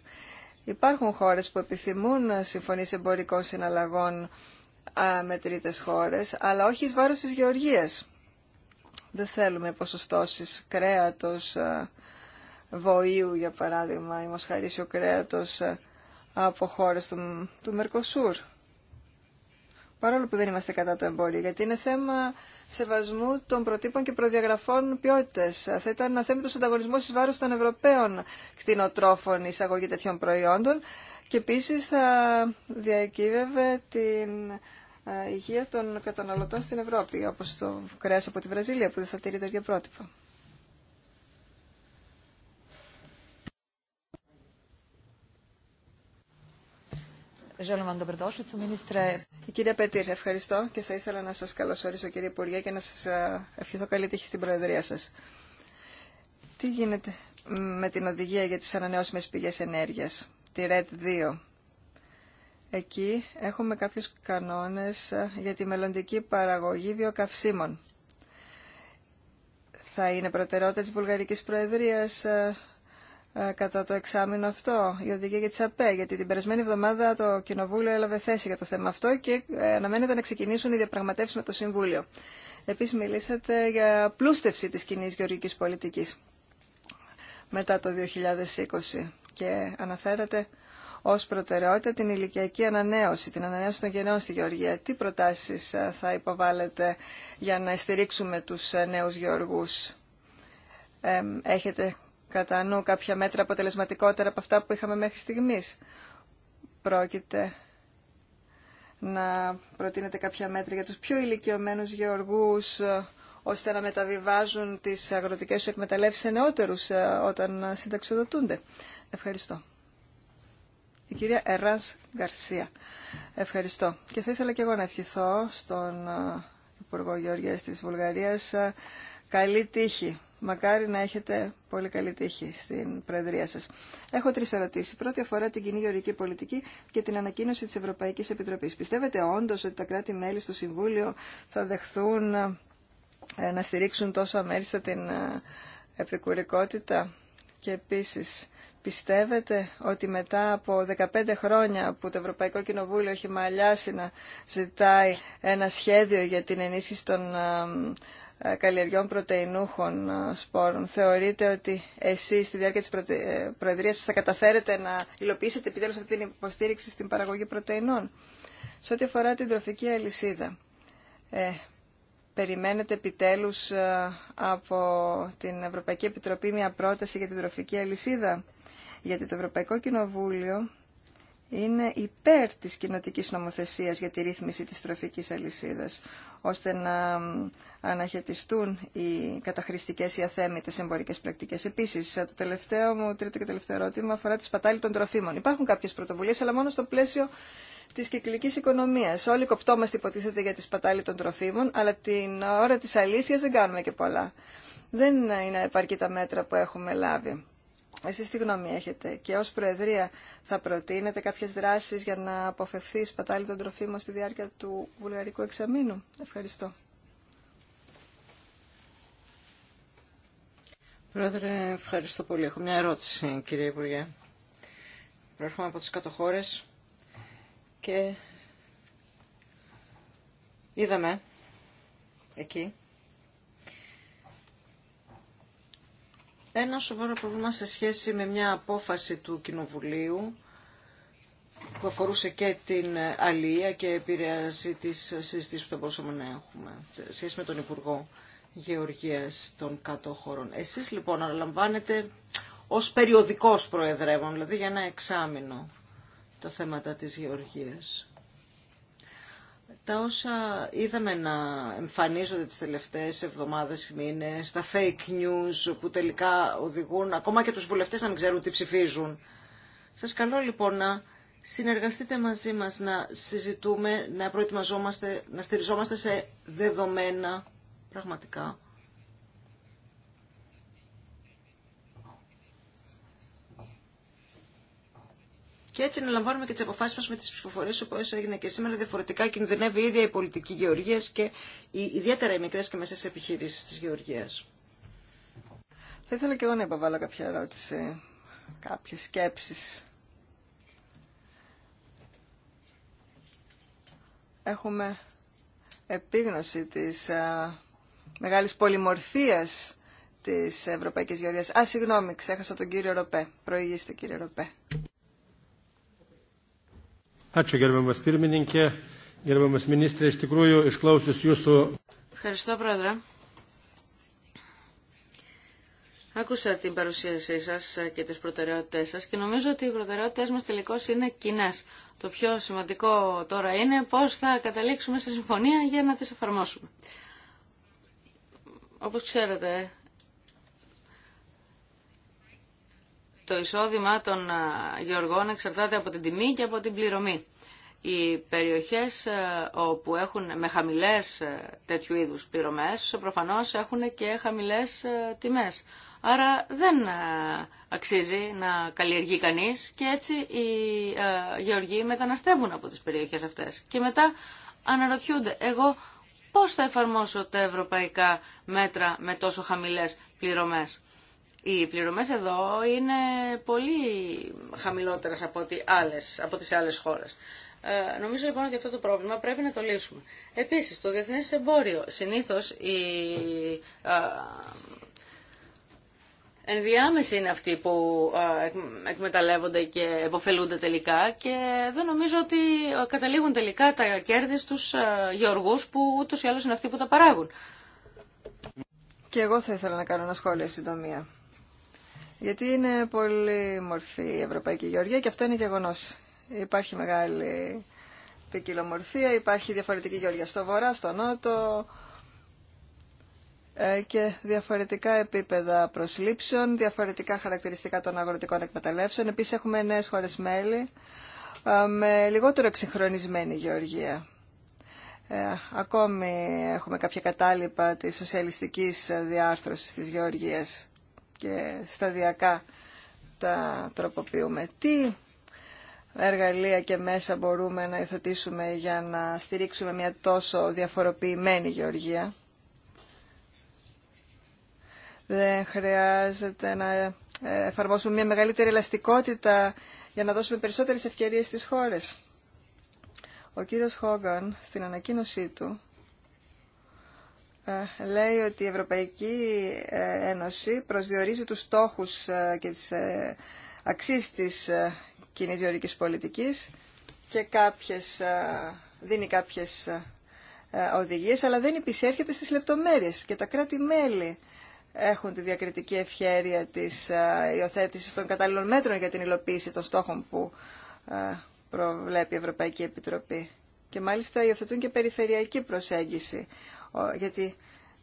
Speaker 1: Υπάρχουν χώρες που επιθυμούν συμφωνίες εμπορικών συναλλαγών με τρίτες χώρες, αλλά όχι εις βάρος της γεωργίας. Δεν θέλουμε ποσοστώσεις κρέατος, βοήου για παράδειγμα, ή μοσχαρίσιο κρέατος από χώρες του, του Μερκοσούρ. Παρόλο που δεν είμαστε κατά το εμπόριο, γιατί είναι θέμα σεβασμού των προτύπων και προδιαγραφών ποιότητα. Θα ήταν αθέμητο ανταγωνισμό ει βάρο των Ευρωπαίων κτηνοτρόφων εισαγωγή τέτοιων προϊόντων και επίση θα διακύβευε την ε, υγεία των καταναλωτών στην Ευρώπη, όπω το κρέα από τη Βραζίλια που δεν θα τηρεί τέτοια πρότυπα. Κύριε κυρία Πετήρ, ευχαριστώ και θα ήθελα να σας καλωσορίσω κύριε Υπουργέ και να σας ε, ευχηθώ καλή τύχη στην Προεδρία σας. Τι γίνεται με την οδηγία για τις ανανεώσιμες πηγές ενέργειας, τη RED 2. Εκεί έχουμε κάποιους κανόνες ε, για τη μελλοντική παραγωγή βιοκαυσίμων. Θα είναι προτεραιότητα της Βουλγαρικής Προεδρίας ε, ε, κατά το εξάμεινο αυτό, η οδηγία για τι ΑΠΕ, γιατί την περασμένη εβδομάδα το Κοινοβούλιο έλαβε θέση για το θέμα αυτό και ε, αναμένεται να ξεκινήσουν οι διαπραγματεύσεις με το Συμβούλιο. Επίσης μιλήσατε για πλούστευση της κοινή γεωργικής πολιτικής μετά το 2020 και αναφέρατε ως προτεραιότητα την ηλικιακή ανανέωση, την ανανέωση των γενναιών στη Γεωργία. Τι προτάσεις ε, θα υποβάλλετε για να στηρίξουμε τους νέους γεωργούς. Έχετε κατά νου κάποια μέτρα αποτελεσματικότερα από αυτά που είχαμε μέχρι στιγμής. Πρόκειται να προτείνετε κάποια μέτρα για τους πιο ηλικιωμένους γεωργούς ώστε να μεταβιβάζουν τις αγροτικές τους εκμεταλλεύσεις σε νεότερους ε, όταν συνταξιοδοτούνται. Ευχαριστώ. Η κυρία Εράς Γκαρσία. Ευχαριστώ. Και θα ήθελα και εγώ να ευχηθώ στον ε, Υπουργό Γεωργίας της Βουλγαρίας ε, καλή τύχη Μακάρι να έχετε πολύ καλή τύχη στην Προεδρία σα. Έχω τρεις ερωτήσεις. Πρώτη αφορά την κοινή γεωργική πολιτική και την ανακοίνωση τη Ευρωπαϊκή Επιτροπή. Πιστεύετε όντω ότι τα κράτη-μέλη στο Συμβούλιο θα δεχθούν ε, να στηρίξουν τόσο αμέριστα την ε, επικουρικότητα και επίση, πιστεύετε ότι μετά από 15 χρόνια που το Ευρωπαϊκό Κοινοβούλιο έχει μαλλιάσει να ζητάει ένα σχέδιο για την ενίσχυση των ε, ε, καλλιεργιών πρωτεϊνούχων ε, σπόρων. Θεωρείτε ότι εσεί στη διάρκεια της ε, Προεδρία σα θα καταφέρετε να υλοποιήσετε επιτέλου αυτή την υποστήριξη στην παραγωγή πρωτεϊνών. Σε ό,τι αφορά την τροφική αλυσίδα, ε, περιμένετε επιτέλους από την Ευρωπαϊκή Επιτροπή μια πρόταση για την τροφική αλυσίδα, γιατί το Ευρωπαϊκό Κοινοβούλιο είναι υπέρ της κοινοτικής νομοθεσίας για τη ρύθμιση της τροφικής αλυσίδας, ώστε να αναχαιτιστούν οι καταχρηστικές ή αθέμητες εμπορικές πρακτικές. Επίσης, το τελευταίο μου, τρίτο και τελευταίο ερώτημα αφορά τη σπατάλη των τροφίμων. Υπάρχουν κάποιες πρωτοβουλίες, αλλά μόνο στο πλαίσιο τη κυκλική οικονομία. Όλοι κοπτόμαστε, υποτίθεται, για τη σπατάλη των τροφίμων, αλλά την ώρα τη αλήθεια δεν κάνουμε και πολλά. Δεν είναι επαρκή τα μέτρα που έχουμε λάβει. Εσείς τι γνώμη έχετε και ως Προεδρία θα προτείνετε κάποιες δράσεις για να αποφευθεί η σπατάλη των τροφίμων στη διάρκεια του βουλγαρικού εξαμήνου. Ευχαριστώ.
Speaker 3: Πρόεδρε, ευχαριστώ πολύ. Έχω μια ερώτηση, κύριε Υπουργέ. Προέρχομαι από τις κατοχώρες και είδαμε εκεί ένα σοβαρό πρόβλημα σε σχέση με μια απόφαση του Κοινοβουλίου που αφορούσε και την αλληλεία και επηρεάζει τις συζητήσεις που θα μπορούσαμε να έχουμε σε σχέση με τον Υπουργό Γεωργίας των Κατοχωρών. Εσεί, Εσείς λοιπόν αναλαμβάνετε ως περιοδικός προεδρεύων, δηλαδή για ένα εξάμεινο τα θέματα της Γεωργίας τα όσα είδαμε να εμφανίζονται τις τελευταίες εβδομάδες, μήνες, τα fake news που τελικά οδηγούν ακόμα και τους βουλευτές να μην ξέρουν τι ψηφίζουν. Σας καλώ λοιπόν να συνεργαστείτε μαζί μας, να συζητούμε, να προετοιμαζόμαστε, να στηριζόμαστε σε δεδομένα πραγματικά και έτσι να και τι αποφάσει μα με τι ψηφοφορίε όπω έγινε και σήμερα. Διαφορετικά κινδυνεύει η ίδια η πολιτική γεωργία και ιδιαίτερα οι μικρέ και μεσαίε επιχειρήσει τη γεωργία. Θα ήθελα και εγώ να υποβάλω κάποια ερώτηση, κάποιες
Speaker 1: σκέψεις. Έχουμε επίγνωση της μεγάλη μεγάλης πολυμορφίας της Ευρωπαϊκής Γεωργίας. Α, συγγνώμη, ξέχασα τον κύριο Ροπέ. Προηγήστε κύριε
Speaker 2: Ροπέ. Ačiū gerbiamas pirmininkė, gerbiamas ministrė, iš tikrųjų išklausius jūsų. Ευχαριστώ, Πρόεδρε. Άκουσα την παρουσίασή σας και τις προτεραιότητες σας και νομίζω ότι οι προτεραιότητες μας τελικώς είναι κοινέ. Το πιο σημαντικό τώρα είναι πώς θα καταλήξουμε σε συμφωνία για να τις εφαρμόσουμε. Όπως ξέρετε, το εισόδημα των γεωργών εξαρτάται από την τιμή και από την πληρωμή. Οι περιοχές όπου έχουν με χαμηλές τέτοιου είδους πληρωμές προφανώς έχουν και χαμηλές τιμές. Άρα δεν αξίζει να καλλιεργεί κανείς και έτσι οι γεωργοί μεταναστεύουν από τις περιοχές αυτές. Και μετά αναρωτιούνται εγώ πώς θα εφαρμόσω τα ευρωπαϊκά μέτρα με τόσο χαμηλές πληρωμές. Οι πληρωμές εδώ είναι πολύ χαμηλότερε από, ό,τι άλλες, από τις άλλες χώρες. Ε, νομίζω λοιπόν ότι αυτό το πρόβλημα πρέπει να το λύσουμε. Επίσης, το διεθνέ εμπόριο. Συνήθως η, ε, ενδιάμεση είναι αυτοί που ε, εκμεταλλεύονται και εποφελούνται τελικά και δεν νομίζω ότι ε, καταλήγουν τελικά τα κέρδη στους γεωργούς που ούτως ή άλλως είναι αυτοί που τα παράγουν.
Speaker 1: Και εγώ θα ήθελα να κάνω ένα σχόλιο συντομία. Γιατί είναι πολύ μορφή η Ευρωπαϊκή Γεωργία και αυτό είναι γεγονό. Υπάρχει μεγάλη ποικιλομορφία, υπάρχει διαφορετική γεωργία στο βορρά, στο νότο ε, και διαφορετικά επίπεδα προσλήψεων, διαφορετικά χαρακτηριστικά των αγροτικών εκμεταλλεύσεων. Επίσης έχουμε νέε χώρε μέλη ε, με λιγότερο εξυγχρονισμένη γεωργία. Ε, ακόμη έχουμε κάποια κατάλοιπα της σοσιαλιστικής διάρθρωσης της γεωργίας και σταδιακά τα τροποποιούμε. Τι εργαλεία και μέσα μπορούμε να υιοθετήσουμε για να στηρίξουμε μια τόσο διαφοροποιημένη γεωργία. Δεν χρειάζεται να ε, εφαρμόσουμε μια μεγαλύτερη ελαστικότητα για να δώσουμε περισσότερες ευκαιρίες στις χώρες. Ο κύριος Χόγκαν στην ανακοίνωσή του ε, λέει ότι η Ευρωπαϊκή ε, Ένωση προσδιορίζει τους στόχους ε, και τις αξίες της κοινής διορικής πολιτικής και κάποιες, δίνει κάποιες οδηγίες, αλλά δεν υπησέρχεται στις λεπτομέρειες και τα κράτη-μέλη έχουν τη διακριτική ευχέρεια της υιοθέτηση των κατάλληλων μέτρων για την υλοποίηση των στόχων που προβλέπει η Ευρωπαϊκή Επιτροπή. Και μάλιστα υιοθετούν και περιφερειακή προσέγγιση, γιατί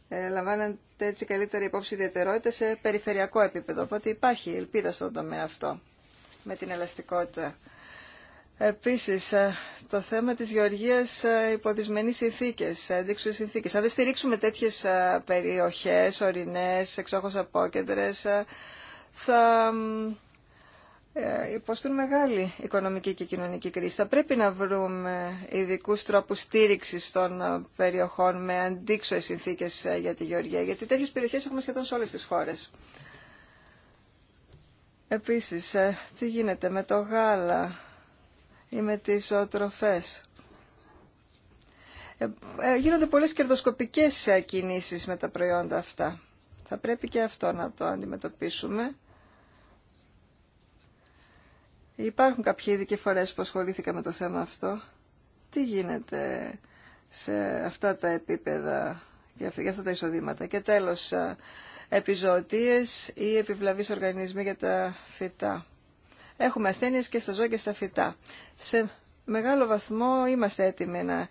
Speaker 1: ε, λαμβάνεται έτσι καλύτερη υπόψη ιδιαιτερότητα σε περιφερειακό επίπεδο. Οπότε υπάρχει ελπίδα στον τομέα αυτό με την ελαστικότητα. Επίσης, ε, το θέμα της γεωργίας ε, υποδεισμένης συνθήκες, ένδειξης συνθήκες. Αν δεν στηρίξουμε τέτοιες περιοχές, ορεινές, εξόχως απόκεντρες, θα ε, υποστούν μεγάλη οικονομική και κοινωνική κρίση. Θα πρέπει να βρούμε ειδικού τρόπου στήριξη των ε, περιοχών με αντίξωε συνθήκε ε, για τη γεωργία, γιατί τέτοιε περιοχέ έχουμε σχεδόν σε όλε τι χώρε. Επίση, τι γίνεται με το γάλα ή με τι ζωοτροφέ. Γίνονται πολλές κερδοσκοπικές κινήσεις με τα προϊόντα αυτά. Θα πρέπει και αυτό να το αντιμετωπίσουμε Υπάρχουν κάποιοι ειδικοί φορές που ασχολήθηκα με το θέμα αυτό. Τι γίνεται σε αυτά τα επίπεδα για αυτά τα εισοδήματα. Και τέλος, επιζωτίες ή επιβλαβείς οργανισμοί για τα φυτά. Έχουμε ασθένειες και στα ζώα και στα φυτά. Σε μεγάλο βαθμό είμαστε έτοιμοι να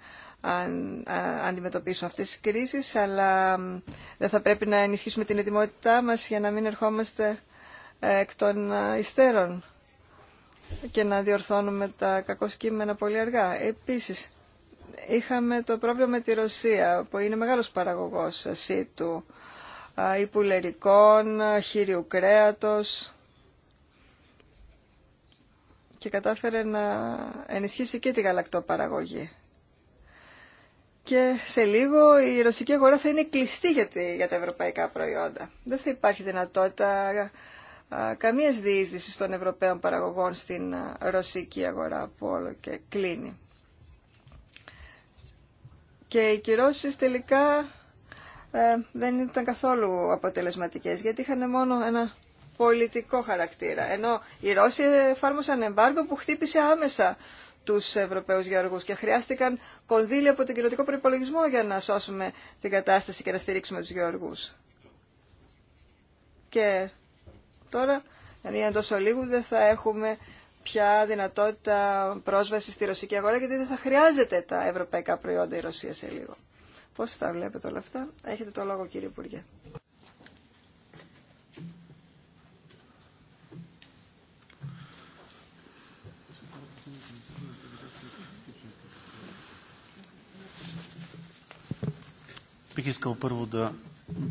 Speaker 1: αντιμετωπίσουμε αυτές τις κρίσεις, αλλά δεν θα πρέπει να ενισχύσουμε την ετοιμότητά μας για να μην ερχόμαστε ε, εκ των υστέρων και να διορθώνουμε τα κακοσκήμενα πολύ αργά. Επίσης, είχαμε το πρόβλημα με τη Ρωσία, που είναι μεγάλος παραγωγός του υπουλερικών, χείριου κρέατος και κατάφερε να ενισχύσει και τη γαλακτοπαραγωγή. Και σε λίγο η ρωσική αγορά θα είναι κλειστή για τα ευρωπαϊκά προϊόντα. Δεν θα υπάρχει δυνατότητα καμίας διείσδυσης των Ευρωπαίων παραγωγών στην ρωσική αγορά που όλο και κλείνει. Και οι κυρώσεις τελικά ε, δεν ήταν καθόλου αποτελεσματικές γιατί είχαν μόνο ένα πολιτικό χαρακτήρα. Ενώ οι Ρώσοι εφάρμοσαν εμπάργο που χτύπησε άμεσα τους Ευρωπαίους γεωργούς και χρειάστηκαν κονδύλια από τον κοινωτικό προπολογισμό για να σώσουμε την κατάσταση και να στηρίξουμε τους γεωργούς. Και Τώρα, αν είναι τόσο λίγο, δεν θα έχουμε πια δυνατότητα πρόσβαση στη ρωσική αγορά, γιατί δεν θα χρειάζεται τα ευρωπαϊκά προϊόντα η Ρωσία σε λίγο. Πώς τα βλέπετε όλα αυτά. Έχετε το λόγο, κύριε Υπουργέ.
Speaker 2: Бих искал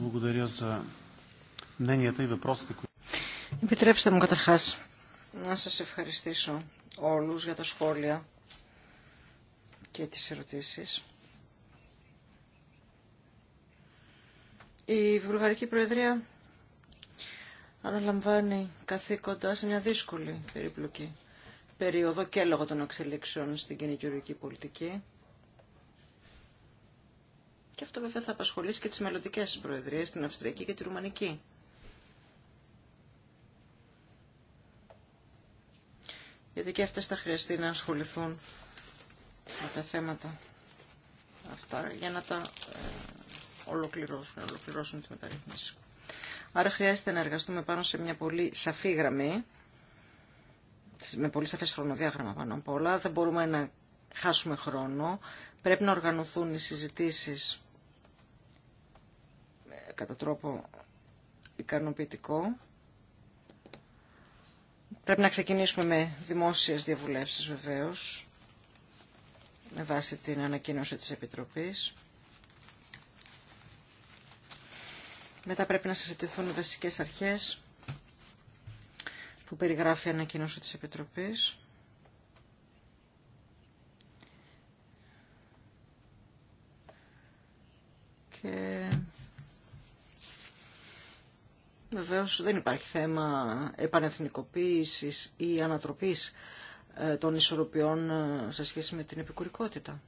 Speaker 2: благодаря за
Speaker 3: Επιτρέψτε μου καταρχάς να σας ευχαριστήσω όλους για τα σχόλια και τις ερωτήσεις. Η Βουλγαρική Προεδρία αναλαμβάνει καθήκοντα σε μια δύσκολη περίπλοκη περίοδο και λόγω των εξελίξεων στην κοινωνική πολιτική. Και αυτό βέβαια θα απασχολήσει και τις μελλοντικέ προεδρίες, την Αυστριακή και τη Ρουμανική. γιατί και αυτές θα χρειαστεί να ασχοληθούν με τα θέματα αυτά για να τα ε, ολοκληρώσουν, να ολοκληρώσουν τη μεταρρύθμιση. Άρα χρειάζεται να εργαστούμε πάνω σε μια πολύ σαφή γραμμή, με πολύ σαφές χρονοδιάγραμμα πάνω απ' όλα. Δεν μπορούμε να χάσουμε χρόνο. Πρέπει να οργανωθούν οι συζητήσεις ε, κατά τρόπο ικανοποιητικό Πρέπει να ξεκινήσουμε με δημόσιες διαβουλεύσεις βεβαίως, με βάση την ανακοίνωση της Επιτροπής. Μετά πρέπει να συζητηθούν οι βασικές αρχές που περιγράφει η ανακοίνωση της Επιτροπής. Και Βεβαίως δεν υπάρχει θέμα επανεθνικοποίησης ή ανατροπής ε, των ισορροπιών ε, σε σχέση με την επικουρικότητα.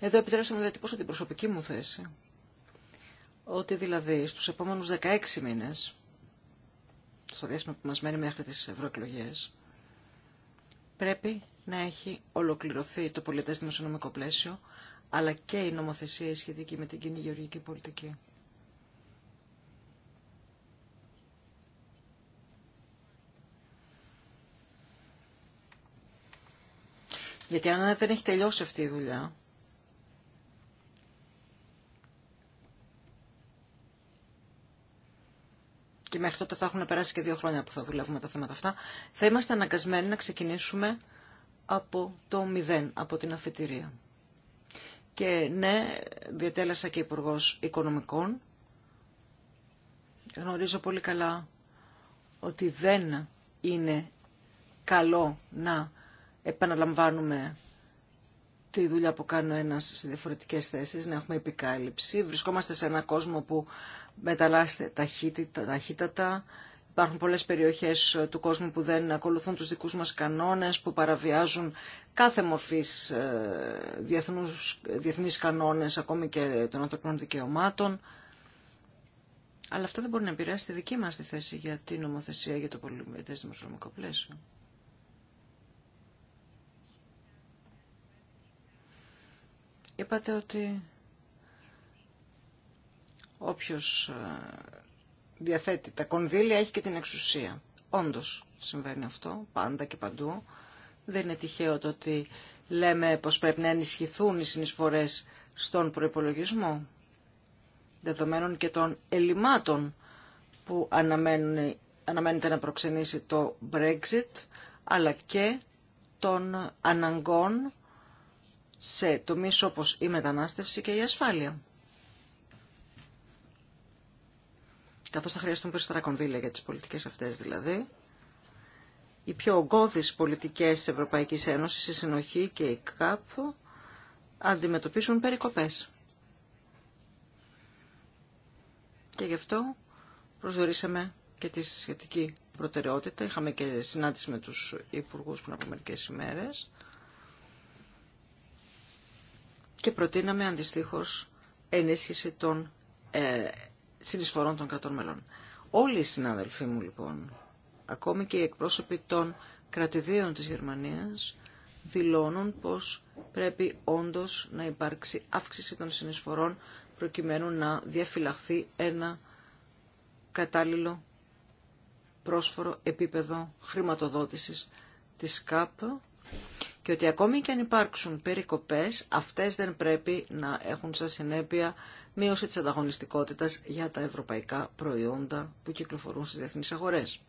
Speaker 3: Εδώ επιτρέψτε μου να διατυπώσω την προσωπική μου θέση. Ότι δηλαδή στους επόμενους 16 μήνες, στο διάστημα που μας μένει μέχρι τις ευρωεκλογέ, πρέπει να έχει ολοκληρωθεί το πολιτές δημοσιονομικό πλαίσιο, αλλά και η νομοθεσία σχετική με την κοινή γεωργική πολιτική. Γιατί αν δεν έχει τελειώσει αυτή η δουλειά, και μέχρι τότε θα έχουν περάσει και δύο χρόνια που θα δουλεύουμε τα θέματα αυτά, θα είμαστε αναγκασμένοι να ξεκινήσουμε από το μηδέν, από την αφετηρία. Και ναι, διατέλεσα και υπουργό Οικονομικών. Γνωρίζω πολύ καλά ότι δεν είναι καλό να επαναλαμβάνουμε τη δουλειά που κάνω ένας σε διαφορετικές θέσεις, να έχουμε επικάλυψη. Βρισκόμαστε σε έναν κόσμο που μεταλλάσσεται ταχύτητα, ταχύτατα, Υπάρχουν πολλές περιοχές ε, του κόσμου που δεν ακολουθούν τους δικούς μας κανόνες, που παραβιάζουν κάθε μορφής ε, διεθνούς, διεθνείς κανόνες, ακόμη και των ανθρωπινών δικαιωμάτων. Αλλά αυτό δεν μπορεί να επηρεάσει τη δική μας τη θέση για την νομοθεσία για το πολυμετές δημοσιονομικό πλαίσιο. Είπατε ότι όποιος ε, διαθέτει τα κονδύλια έχει και την εξουσία. Όντω συμβαίνει αυτό πάντα και παντού. Δεν είναι τυχαίο το ότι λέμε πως πρέπει να ενισχυθούν οι συνεισφορέ στον προπολογισμό δεδομένων και των ελλημάτων που αναμένεται να προξενήσει το Brexit αλλά και των αναγκών σε τομείς όπως η μετανάστευση και η ασφάλεια. καθώς θα χρειαστούν περισσότερα κονδύλια για τις πολιτικές αυτές δηλαδή. Οι πιο ογκώδεις πολιτικές της Ευρωπαϊκής Ένωσης, η Συνοχή και η ΚΑΠ, αντιμετωπίζουν περικοπές. Και γι' αυτό προσδιορίσαμε και τη σχετική προτεραιότητα. Είχαμε και συνάντηση με τους υπουργούς πριν από μερικές ημέρες και προτείναμε αντιστοίχως ενίσχυση των ε, συνεισφορών των κρατών Όλοι οι συνάδελφοί μου λοιπόν, ακόμη και οι εκπρόσωποι των κρατηδίων της Γερμανίας, δηλώνουν πως πρέπει όντως να υπάρξει αύξηση των συνεισφορών προκειμένου να διαφυλαχθεί ένα κατάλληλο πρόσφορο επίπεδο χρηματοδότησης της ΚΑΠ και ότι ακόμη και αν υπάρξουν περικοπές, αυτές δεν πρέπει να έχουν σαν συνέπεια μείωση της ανταγωνιστικότητας για τα ευρωπαϊκά προϊόντα που κυκλοφορούν στις διεθνείς αγορές.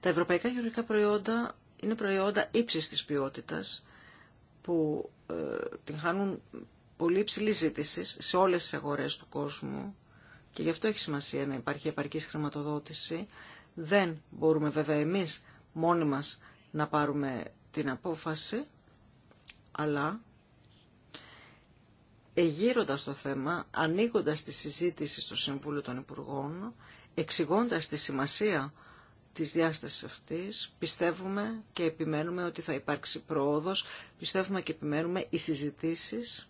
Speaker 3: Τα ευρωπαϊκά γεωργικά προϊόντα είναι προϊόντα ύψης της ποιότητας που ε, την χάνουν πολύ υψηλή ζήτηση σε όλες τις αγορές του κόσμου και γι' αυτό έχει σημασία να υπάρχει επαρκής χρηματοδότηση. Δεν μπορούμε βέβαια εμείς μόνοι μας να πάρουμε την απόφαση, αλλά εγείροντας το θέμα, ανοίγοντας τη συζήτηση στο Συμβούλιο των Υπουργών, εξηγώντας τη σημασία της διάστασης αυτής, πιστεύουμε και επιμένουμε ότι θα υπάρξει πρόοδος, πιστεύουμε και επιμένουμε οι συζητήσεις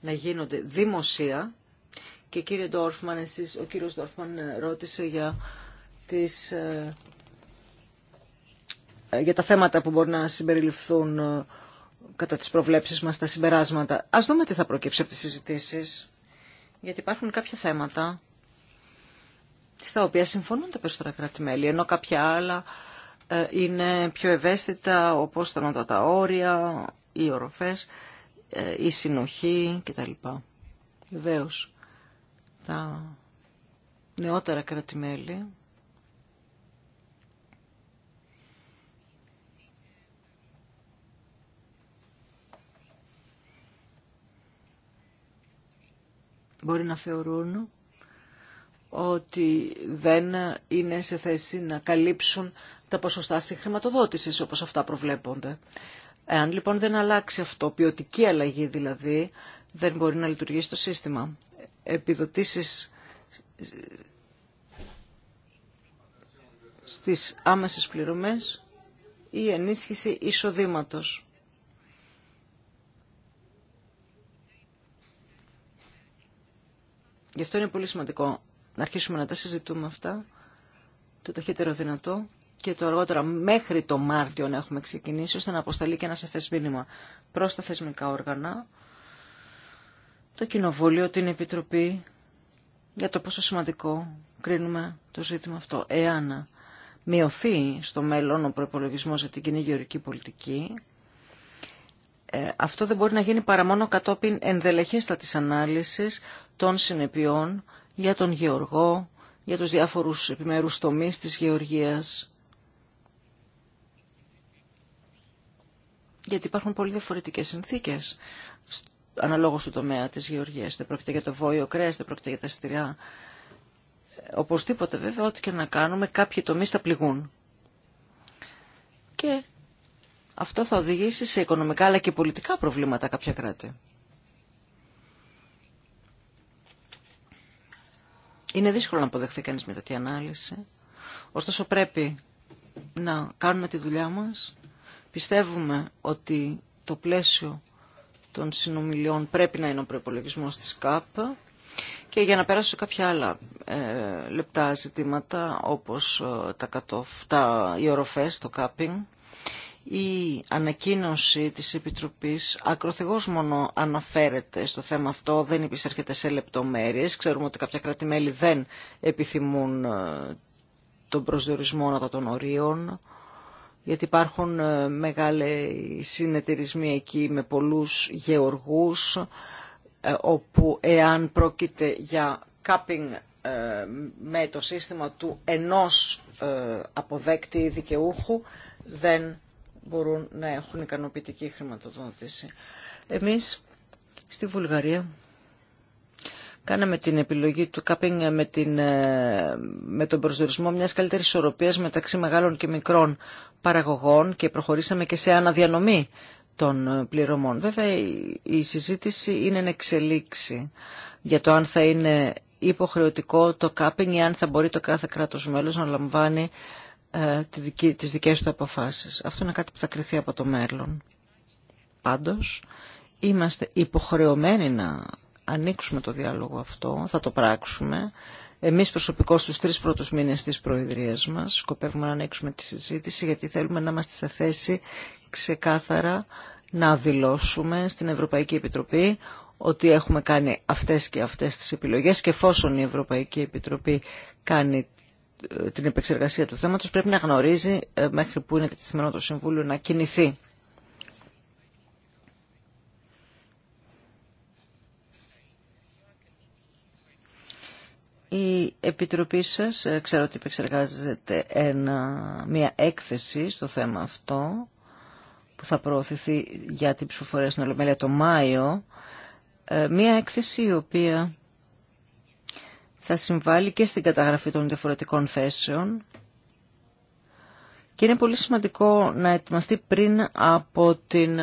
Speaker 3: να γίνονται δημοσία, και κύριε εσείς, ο κύριος Ντόρφμαν ε, ρώτησε για, τις, ε, ε, για τα θέματα που μπορεί να συμπεριληφθούν κατά τις προβλέψεις μας τα συμπεράσματα. Ας δούμε τι θα προκύψει από τις συζητήσεις. Γιατί υπάρχουν κάποια θέματα στα οποία συμφωνούν τα περισσότερα κράτη-μέλη, ενώ κάποια άλλα είναι πιο ευαίσθητα, όπως τα τα όρια, οι οροφές, η συνοχή κτλ. Βεβαίω τα νεότερα κρατημέλη μπορεί να θεωρούν ότι δεν είναι σε θέση να καλύψουν τα ποσοστά συγχρηματοδότησης όπως αυτά προβλέπονται. Εάν λοιπόν δεν αλλάξει αυτό, ποιοτική αλλαγή δηλαδή, δεν μπορεί να λειτουργήσει το σύστημα επιδοτήσεις στις άμεσες πληρωμές ή ενίσχυση εισοδήματος. Γι' αυτό είναι πολύ σημαντικό να αρχίσουμε να τα συζητούμε αυτά το ταχύτερο δυνατό και το αργότερα μέχρι το Μάρτιο να έχουμε ξεκινήσει ώστε να αποσταλεί και ένα σεφες μήνυμα προς τα θεσμικά όργανα το Κοινοβούλιο, την Επιτροπή για το πόσο σημαντικό κρίνουμε το ζήτημα αυτό. Εάν μειωθεί στο μέλλον ο προπολογισμό για την κοινή γεωρική πολιτική, ε, αυτό δεν μπορεί να γίνει παρά μόνο κατόπιν ενδελεχέστατης της ανάλυσης των συνεπειών για τον γεωργό, για τους διάφορους επιμέρους τομείς της γεωργίας. Γιατί υπάρχουν πολύ διαφορετικές συνθήκες αναλόγως του τομέα τη γεωργία. Δεν πρόκειται για το βόλιο κρέα, δεν πρόκειται για τα στηριά. Ε, οπωσδήποτε βέβαια, ό,τι και να κάνουμε, κάποιοι τομεί θα πληγούν. Και αυτό θα οδηγήσει σε οικονομικά αλλά και πολιτικά προβλήματα κάποια κράτη. Είναι δύσκολο να αποδεχθεί κανείς με τέτοια ανάλυση. Ωστόσο πρέπει να κάνουμε τη δουλειά μας. Πιστεύουμε ότι το πλαίσιο των συνομιλιών πρέπει να είναι ο προπολογισμό τη ΚΑΠ και για να περάσω σε κάποια άλλα ε, λεπτά ζητήματα όπως ε, τα, οι οροφές, το κάπινγκ, η ανακοίνωση της Επιτροπής ακροθυγώς μόνο αναφέρεται στο θέμα αυτό, δεν υπησέρχεται σε λεπτομέρειες. Ξέρουμε ότι κάποια κράτη-μέλη δεν επιθυμούν ε, τον προσδιορισμό των ορίων γιατί υπάρχουν ε, μεγάλοι συνεταιρισμοί εκεί με πολλούς γεωργούς, ε, όπου εάν πρόκειται για κάπινγκ ε, με το σύστημα του ενός αποδέκτη δικαιούχου, δεν μπορούν να έχουν ικανοποιητική χρηματοδότηση. Εμείς στη Βουλγαρία κάναμε την επιλογή του κάπινγκ με, την, ε, με τον προσδιορισμό μιας καλύτερης ισορροπίας μεταξύ μεγάλων και μικρών παραγωγών και προχωρήσαμε και σε αναδιανομή των ε, πληρωμών. Βέβαια η συζήτηση είναι εν εξελίξη για το αν θα είναι υποχρεωτικό το κάπινγκ ή αν θα μπορεί το κάθε κράτος μέλος να λαμβάνει ε, τις δικές του αποφάσεις. Αυτό είναι κάτι που θα κριθεί από το μέλλον. Πάντως, είμαστε υποχρεωμένοι να ανοίξουμε το διάλογο αυτό, θα το πράξουμε. Εμείς προσωπικώς στους τρεις πρώτους μήνες της Προεδρίας μας σκοπεύουμε να ανοίξουμε τη συζήτηση γιατί θέλουμε να είμαστε σε θέση ξεκάθαρα να δηλώσουμε στην Ευρωπαϊκή Επιτροπή ότι έχουμε κάνει αυτές και αυτές τις επιλογές και εφόσον η Ευρωπαϊκή Επιτροπή κάνει ε, την επεξεργασία του θέματος πρέπει να γνωρίζει ε, μέχρι που είναι το Συμβούλιο να κινηθεί. Η Επιτροπή σας, ε, ξέρω ότι επεξεργάζεται μια έκθεση στο θέμα αυτό, που θα προωθηθεί για την ψηφοφορία στην Ολομέλεια το Μάιο, ε, μια έκθεση η οποία θα συμβάλλει και στην καταγραφή των διαφορετικών θέσεων και είναι πολύ σημαντικό να ετοιμαστεί πριν από την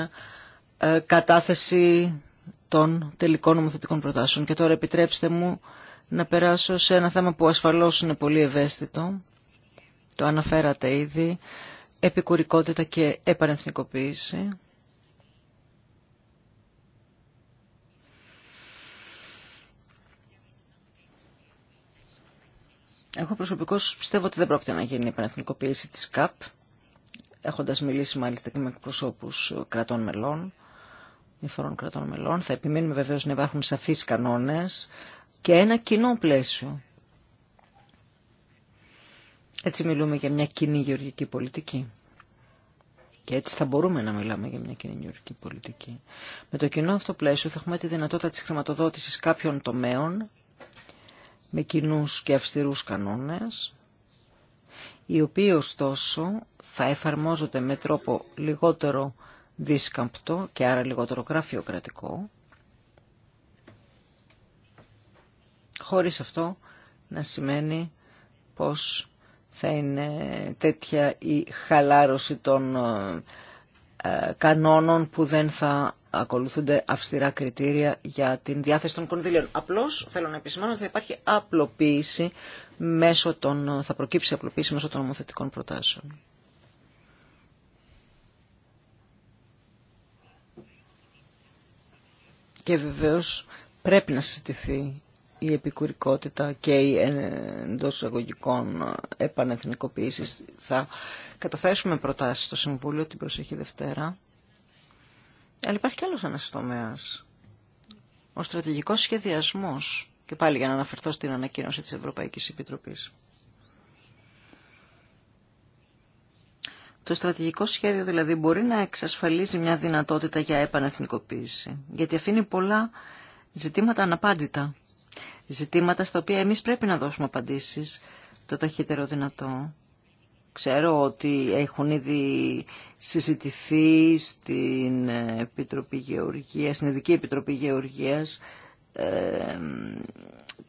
Speaker 3: ε, κατάθεση των τελικών νομοθετικών προτάσεων. Και τώρα επιτρέψτε μου να περάσω σε ένα θέμα που ασφαλώς είναι πολύ ευαίσθητο. Το αναφέρατε ήδη. Επικουρικότητα και επανεθνικοποίηση. Εγώ προσωπικώς πιστεύω ότι δεν πρόκειται να γίνει η επανεθνικοποίηση της ΚΑΠ, έχοντας μιλήσει μάλιστα και με εκπροσώπους κρατών μελών, διαφορών κρατών μελών. Θα επιμείνουμε βεβαίως να υπάρχουν σαφείς κανόνες και ένα κοινό πλαίσιο. Έτσι μιλούμε για μια κοινή γεωργική πολιτική. Και έτσι θα μπορούμε να μιλάμε για μια κοινή γεωργική πολιτική. Με το κοινό αυτό πλαίσιο θα έχουμε τη δυνατότητα της χρηματοδότησης κάποιων τομέων με κοινού και αυστηρούς κανόνες, οι οποίοι ωστόσο θα εφαρμόζονται με τρόπο λιγότερο δίσκαμπτο και άρα λιγότερο γραφειοκρατικό χωρίς αυτό να σημαίνει πως θα είναι τέτοια η χαλάρωση των ε, ε, κανόνων που δεν θα ακολουθούνται αυστηρά κριτήρια για την διάθεση των κονδύλιων. Απλώς θέλω να επισημάνω ότι θα υπάρχει απλοποίηση μέσω των, θα προκύψει απλοποίηση μέσω των νομοθετικών προτάσεων. Και βεβαίως πρέπει να συζητηθεί η επικουρικότητα και η εντό εισαγωγικών επανεθνικοποίηση. Θα καταθέσουμε προτάσεις στο Συμβούλιο την προσεχή Δευτέρα. Αλλά υπάρχει κι άλλος ένας τομέας. Ο στρατηγικός σχεδιασμός. Και πάλι για να αναφερθώ στην ανακοίνωση της Ευρωπαϊκής Επιτροπής. Το στρατηγικό σχέδιο δηλαδή μπορεί να εξασφαλίζει μια δυνατότητα για επανεθνικοποίηση. Γιατί αφήνει πολλά ζητήματα αναπάντητα ζητήματα στα οποία εμείς πρέπει να δώσουμε απαντήσεις το ταχύτερο δυνατό. Ξέρω ότι έχουν ήδη συζητηθεί στην, Επιτροπή Γεωργίας, στην Ειδική Επιτροπή Γεωργίας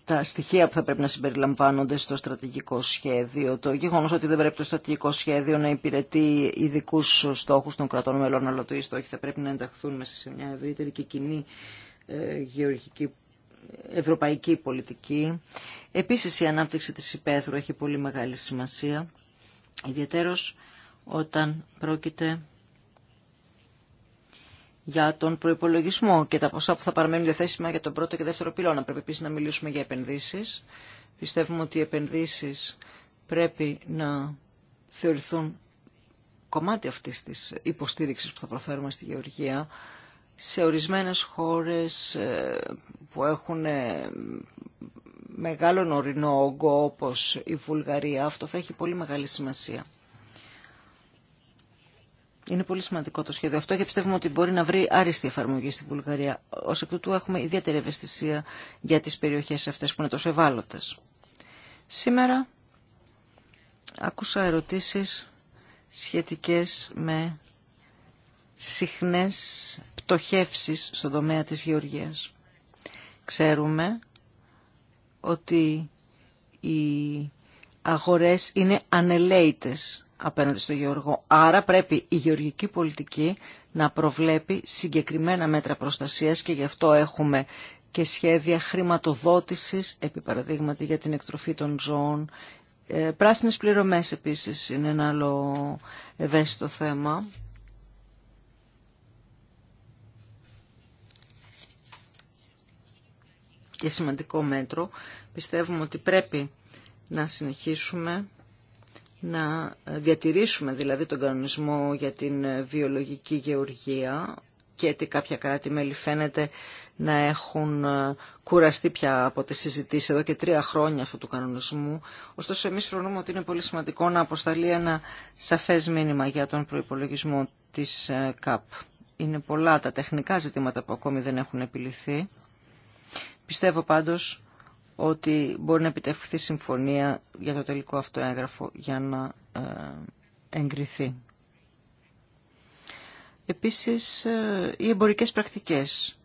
Speaker 3: τα στοιχεία που θα πρέπει να συμπεριλαμβάνονται στο στρατηγικό σχέδιο. Το γεγονό ότι δεν πρέπει το στρατηγικό σχέδιο να υπηρετεί ειδικού στόχου των κρατών μελών, αλλά το ίστο όχι, θα πρέπει να ενταχθούν μέσα σε μια ευρύτερη και κοινή ε, γεωργική ευρωπαϊκή πολιτική. Επίσης η ανάπτυξη της υπαίθρου έχει πολύ μεγάλη σημασία, ιδιαίτερος όταν πρόκειται για τον προϋπολογισμό και τα ποσά που θα παραμένουν διαθέσιμα για τον πρώτο και δεύτερο πυλώνα. Πρέπει επίσης να μιλήσουμε για επενδύσεις. Πιστεύουμε ότι οι επενδύσεις πρέπει να θεωρηθούν κομμάτι αυτής της υποστήριξης που θα προφέρουμε στη Γεωργία σε ορισμένες χώρες ε, που έχουν ε, μεγάλο ορεινό όγκο όπως η Βουλγαρία, αυτό θα έχει πολύ μεγάλη σημασία. Είναι πολύ σημαντικό το σχέδιο αυτό και πιστεύουμε ότι μπορεί να βρει άριστη εφαρμογή στη Βουλγαρία. Ω εκ τούτου έχουμε ιδιαίτερη ευαισθησία για τις περιοχές αυτές που είναι τόσο ευάλωτε. Σήμερα άκουσα ερωτήσεις σχετικές με συχνές πτωχεύσεις στον τομέα της γεωργίας. Ξέρουμε ότι οι αγορές είναι ανελέητες απέναντι στο γεωργό. Άρα πρέπει η γεωργική πολιτική να προβλέπει συγκεκριμένα μέτρα προστασίας και γι' αυτό έχουμε και σχέδια χρηματοδότησης, επί παραδείγματι για την εκτροφή των ζώων. Ε, πράσινες πληρωμές επίσης είναι ένα άλλο ευαίσθητο θέμα. και σημαντικό μέτρο. Πιστεύουμε ότι πρέπει να συνεχίσουμε να διατηρήσουμε δηλαδή τον κανονισμό για την βιολογική γεωργία και ότι κάποια κράτη-μέλη φαίνεται να έχουν ε, κουραστεί πια από τις συζητήσεις εδώ και τρία χρόνια αυτού του κανονισμού. Ωστόσο εμείς φρονούμε ότι είναι πολύ σημαντικό να αποσταλεί ένα σαφές μήνυμα για τον προϋπολογισμό της ε, ΚΑΠ. Είναι πολλά τα τεχνικά ζητήματα που ακόμη δεν έχουν επιληθεί Πιστεύω πάντως ότι μπορεί να επιτευχθεί συμφωνία για το τελικό αυτό έγγραφο για να ε, εγκριθεί. Επίσης, ε, οι εμπορικές πρακτικές.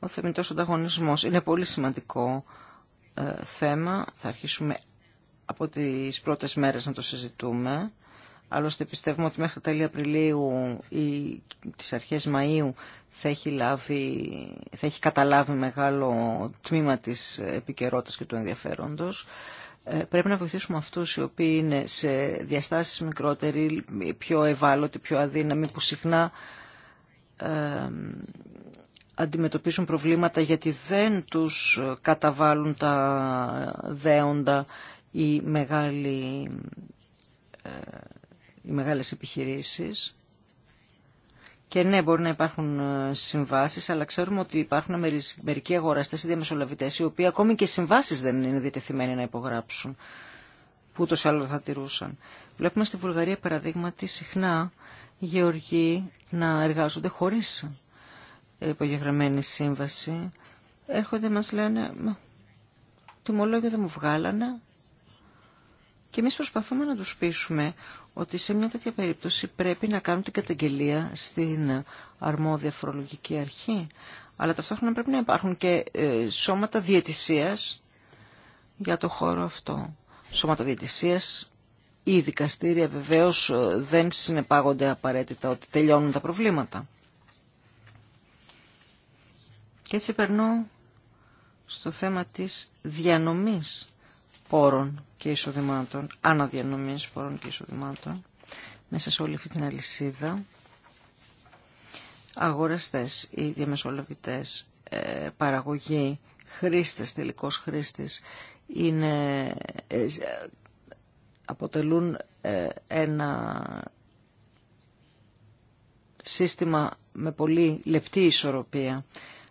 Speaker 3: Ο θεμητός ανταγωνισμός είναι πολύ σημαντικό ε, θέμα. Θα αρχίσουμε από τις πρώτες μέρες να το συζητούμε. Άλλωστε πιστεύουμε ότι μέχρι τέλη Απριλίου ή τις αρχές Μαΐου θα έχει, λάβει, θα καταλάβει μεγάλο τμήμα της επικαιρότητα και του ενδιαφέροντος. Ε, πρέπει να βοηθήσουμε αυτούς οι οποίοι είναι σε διαστάσεις μικρότεροι, πιο ευάλωτοι, πιο αδύναμοι, που συχνά ε, αντιμετωπίζουν προβλήματα γιατί δεν τους καταβάλουν τα δέοντα ή μεγάλη... Ε, οι μεγάλες επιχειρήσεις. Και ναι, μπορεί να υπάρχουν ε, συμβάσει, αλλά ξέρουμε ότι υπάρχουν μερικοί αγοραστέ ή διαμεσολαβητέ, οι οποίοι ακόμη και συμβάσει δεν είναι διατεθειμένοι να υπογράψουν, που ούτω ή άλλω θα τηρούσαν. Βλέπουμε στη Βουλγαρία, παραδείγματι, συχνά γεωργοί να εργάζονται χωρί υπογεγραμμένη σύμβαση. Έρχονται, μα λένε, το δεν μου βγάλανε, και εμείς προσπαθούμε να τους πείσουμε ότι σε μια τέτοια περίπτωση πρέπει να κάνουν την καταγγελία στην αρμόδια φορολογική αρχή. Αλλά ταυτόχρονα πρέπει να υπάρχουν και ε, σώματα διαιτησίας για το χώρο αυτό. Σώματα διαιτησίας ή δικαστήρια βεβαίως ε, δεν συνεπάγονται απαραίτητα ότι τελειώνουν τα προβλήματα. Και έτσι περνώ στο θέμα της διανομής πόρων και εισοδημάτων, αναδιανομής πόρων και εισοδημάτων, μέσα σε όλη αυτή την αλυσίδα, αγοραστές ή διαμεσολαβητές, ε, παραγωγή, χρήστες, τελικός χρήστης, είναι, ε, ε, αποτελούν ένα σύστημα με πολύ λεπτή ισορροπία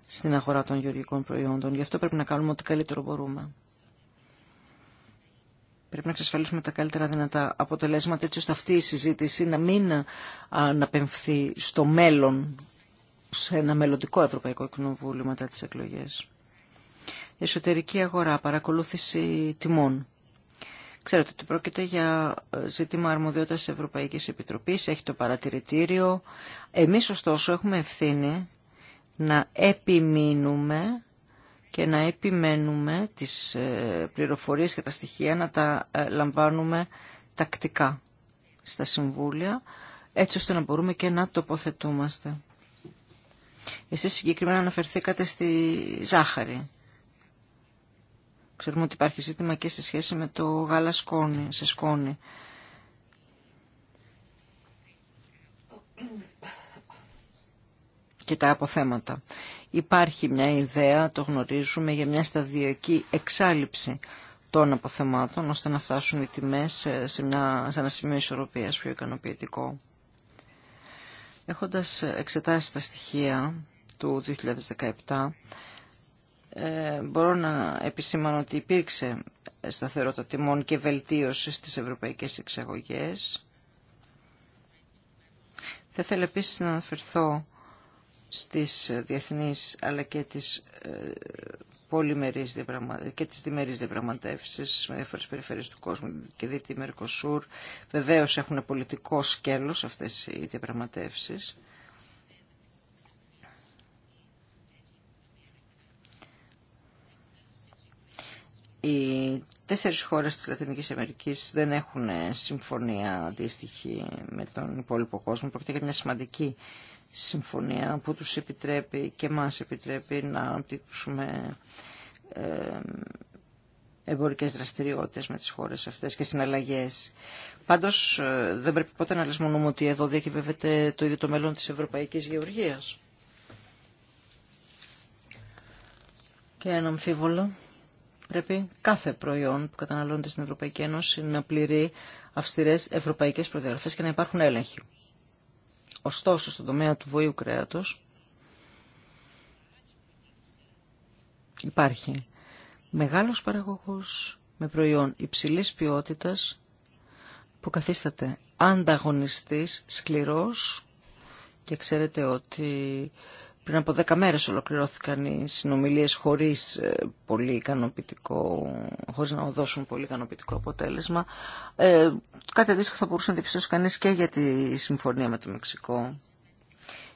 Speaker 3: στην αγορά των γεωργικών προϊόντων. Γι' αυτό πρέπει να κάνουμε ό,τι καλύτερο μπορούμε. Πρέπει να εξασφαλίσουμε τα καλύτερα δυνατά αποτελέσματα έτσι ώστε αυτή η συζήτηση να μην αναπαιμφθεί στο μέλλον, σε ένα μελλοντικό Ευρωπαϊκό Κοινοβούλιο μετά τις εκλογές. Εσωτερική αγορά, παρακολούθηση τιμών. Ξέρετε ότι πρόκειται για ε, ζήτημα αρμοδιότητας Ευρωπαϊκής Επιτροπής, έχει το παρατηρητήριο. Εμείς ωστόσο έχουμε ευθύνη να επιμείνουμε και να επιμένουμε τις ε, πληροφορίες και τα στοιχεία να τα ε, λαμβάνουμε τακτικά στα συμβούλια, έτσι ώστε να μπορούμε και να τοποθετούμαστε. Εσείς συγκεκριμένα αναφερθήκατε στη ζάχαρη. Ξέρουμε ότι υπάρχει ζήτημα και σε σχέση με το γάλα σκόνη, σε σκόνη. Και τα αποθέματα. Υπάρχει μια ιδέα, το γνωρίζουμε, για μια σταδιακή εξάλληψη των αποθεμάτων, ώστε να φτάσουν οι τιμές σε, μια, σε ένα σημείο ισορροπίας πιο ικανοποιητικό. Έχοντας εξετάσει τα στοιχεία του 2017, ε, μπορώ να επισήμανω ότι υπήρξε σταθερότητα τιμών και βελτίωση στις ευρωπαϊκές εξαγωγές. Θα ήθελα επίσης να αναφερθώ στις ε, διεθνείς αλλά και τις ε, πολυμερείς και τις διμερείς διαπραγματεύσεις με διάφορες περιφέρειες του κόσμου και δίτη Μερκοσούρ. Βεβαίως έχουν πολιτικό σκέλος αυτές οι διαπραγματεύσεις. Οι τέσσερις χώρες της Λατινικής Αμερικής δεν έχουν συμφωνία αντίστοιχη με τον υπόλοιπο κόσμο. Πρόκειται για μια σημαντική συμφωνία που τους επιτρέπει και μας επιτρέπει να αναπτύξουμε εμπορικές δραστηριότητες με τις χώρες αυτές και συναλλαγές. Πάντως ε, δεν πρέπει ποτέ να μου ότι εδώ διακυβεύεται το ίδιο το μέλλον της Ευρωπαϊκής Γεωργίας. Και ένα αμφίβολο. Πρέπει κάθε προϊόν που καταναλώνεται στην Ευρωπαϊκή Ένωση να πληρεί αυστηρές ευρωπαϊκές προδιαγραφές και να υπάρχουν έλεγχοι. Ωστόσο, στον τομέα του βοήου κρέατος υπάρχει μεγάλος παραγωγός με προϊόν υψηλής ποιότητας που καθίσταται ανταγωνιστής, σκληρός και ξέρετε ότι πριν από δέκα μέρες ολοκληρώθηκαν οι συνομιλίες χωρίς, ε, πολύ ικανοποιητικό, χωρίς να δώσουν πολύ ικανοποιητικό αποτέλεσμα. Ε, κάτι αντίστοιχο θα μπορούσε να αντιπιστώσει κανεί και για τη συμφωνία με το Μεξικό.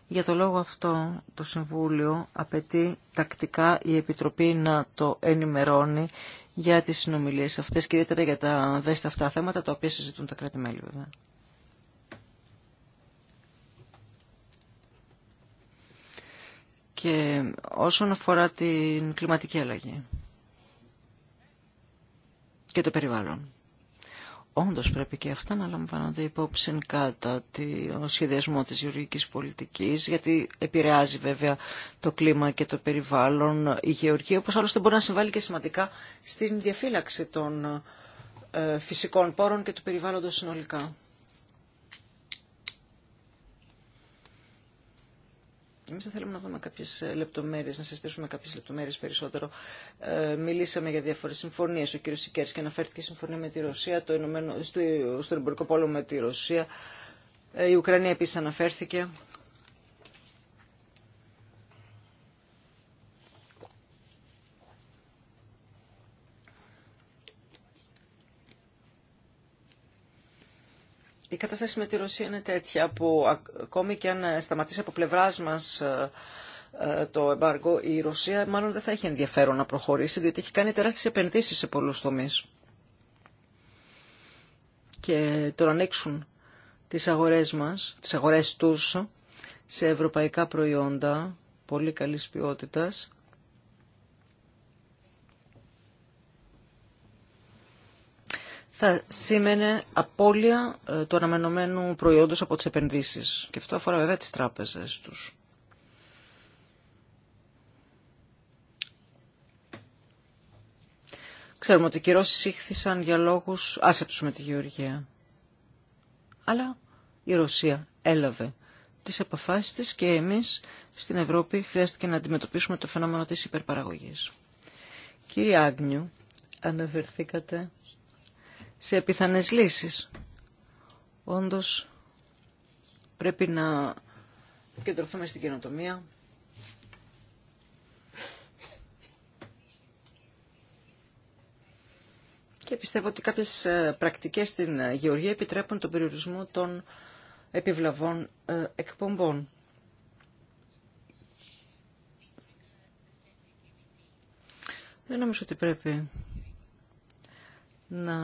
Speaker 3: Για το λόγο αυτό το Συμβούλιο απαιτεί τακτικά η Επιτροπή να το ενημερώνει για τις συνομιλίες αυτές και ιδιαίτερα για τα βέστα αυτά θέματα τα οποία συζητούν τα κράτη-μέλη βέβαια. και όσον αφορά την κλιματική αλλαγή και το περιβάλλον. Όντως πρέπει και αυτά να λαμβάνονται υπόψη κατά το σχεδιασμό της γεωργικής πολιτικής, γιατί επηρεάζει βέβαια το κλίμα και το περιβάλλον η γεωργία, όπως άλλωστε μπορεί να συμβάλλει και σημαντικά στην διαφύλαξη των ε, φυσικών πόρων και του περιβάλλοντος συνολικά. Εμεί θα θέλουμε να δούμε κάποιε λεπτομέρειε, να συζητήσουμε κάποιε λεπτομέρειε περισσότερο. Ε, μιλήσαμε για διάφορε συμφωνίε. Ο κ. και αναφέρθηκε συμφωνία με τη Ρωσία, το Ηνωμένο, στο, στο εμπορικό πόλο με τη Ρωσία. Ε, η Ουκρανία επίση αναφέρθηκε. Η κατάσταση με τη Ρωσία είναι τέτοια που ακόμη και αν ε, σταματήσει από πλευρά μα ε, ε, το εμπάργκο, η Ρωσία μάλλον δεν θα έχει ενδιαφέρον να προχωρήσει, διότι έχει κάνει τεράστιε επενδύσει σε πολλού τομεί. Και το να ανοίξουν τις αγορές μας, τις αγορές τους, σε ευρωπαϊκά προϊόντα πολύ καλής ποιότητας, θα σήμαινε απώλεια ε, του αναμενωμένου προϊόντος από τις επενδύσεις. Και αυτό αφορά βέβαια τις τράπεζες τους. Ξέρουμε ότι οι κυρώσεις ήχθησαν για λόγους άσετους με τη Γεωργία. Αλλά η Ρωσία έλαβε τις αποφάσεις της και εμείς στην Ευρώπη χρειάστηκε να αντιμετωπίσουμε το φαινόμενο της υπερπαραγωγής. Κύριε Άγνιου, αναφερθήκατε σε πιθανές λύσεις. Όντως πρέπει να κεντρωθούμε στην καινοτομία. Και πιστεύω ότι κάποιες ε, πρακτικές στην ε, γεωργία επιτρέπουν τον περιορισμό των επιβλαβών ε, εκπομπών. Δεν νομίζω ότι πρέπει να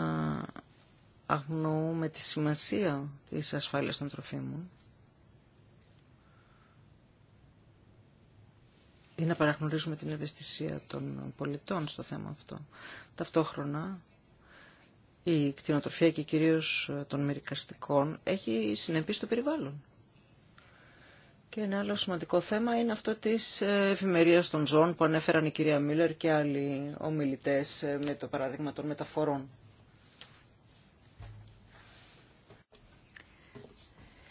Speaker 3: αγνοούμε τη σημασία της ασφάλειας των τροφίμων ή να παραγνωρίζουμε την ευαισθησία των πολιτών στο θέμα αυτό. Ταυτόχρονα η κτηνοτροφία και κυρίως των μερικαστικών έχει συνεπεί στο περιβάλλον. Και ένα άλλο σημαντικό θέμα είναι αυτό της ευημερία των ζώων που ανέφεραν η κυρία Μίλλερ και άλλοι ομιλητές ε, με το παράδειγμα των μεταφορών.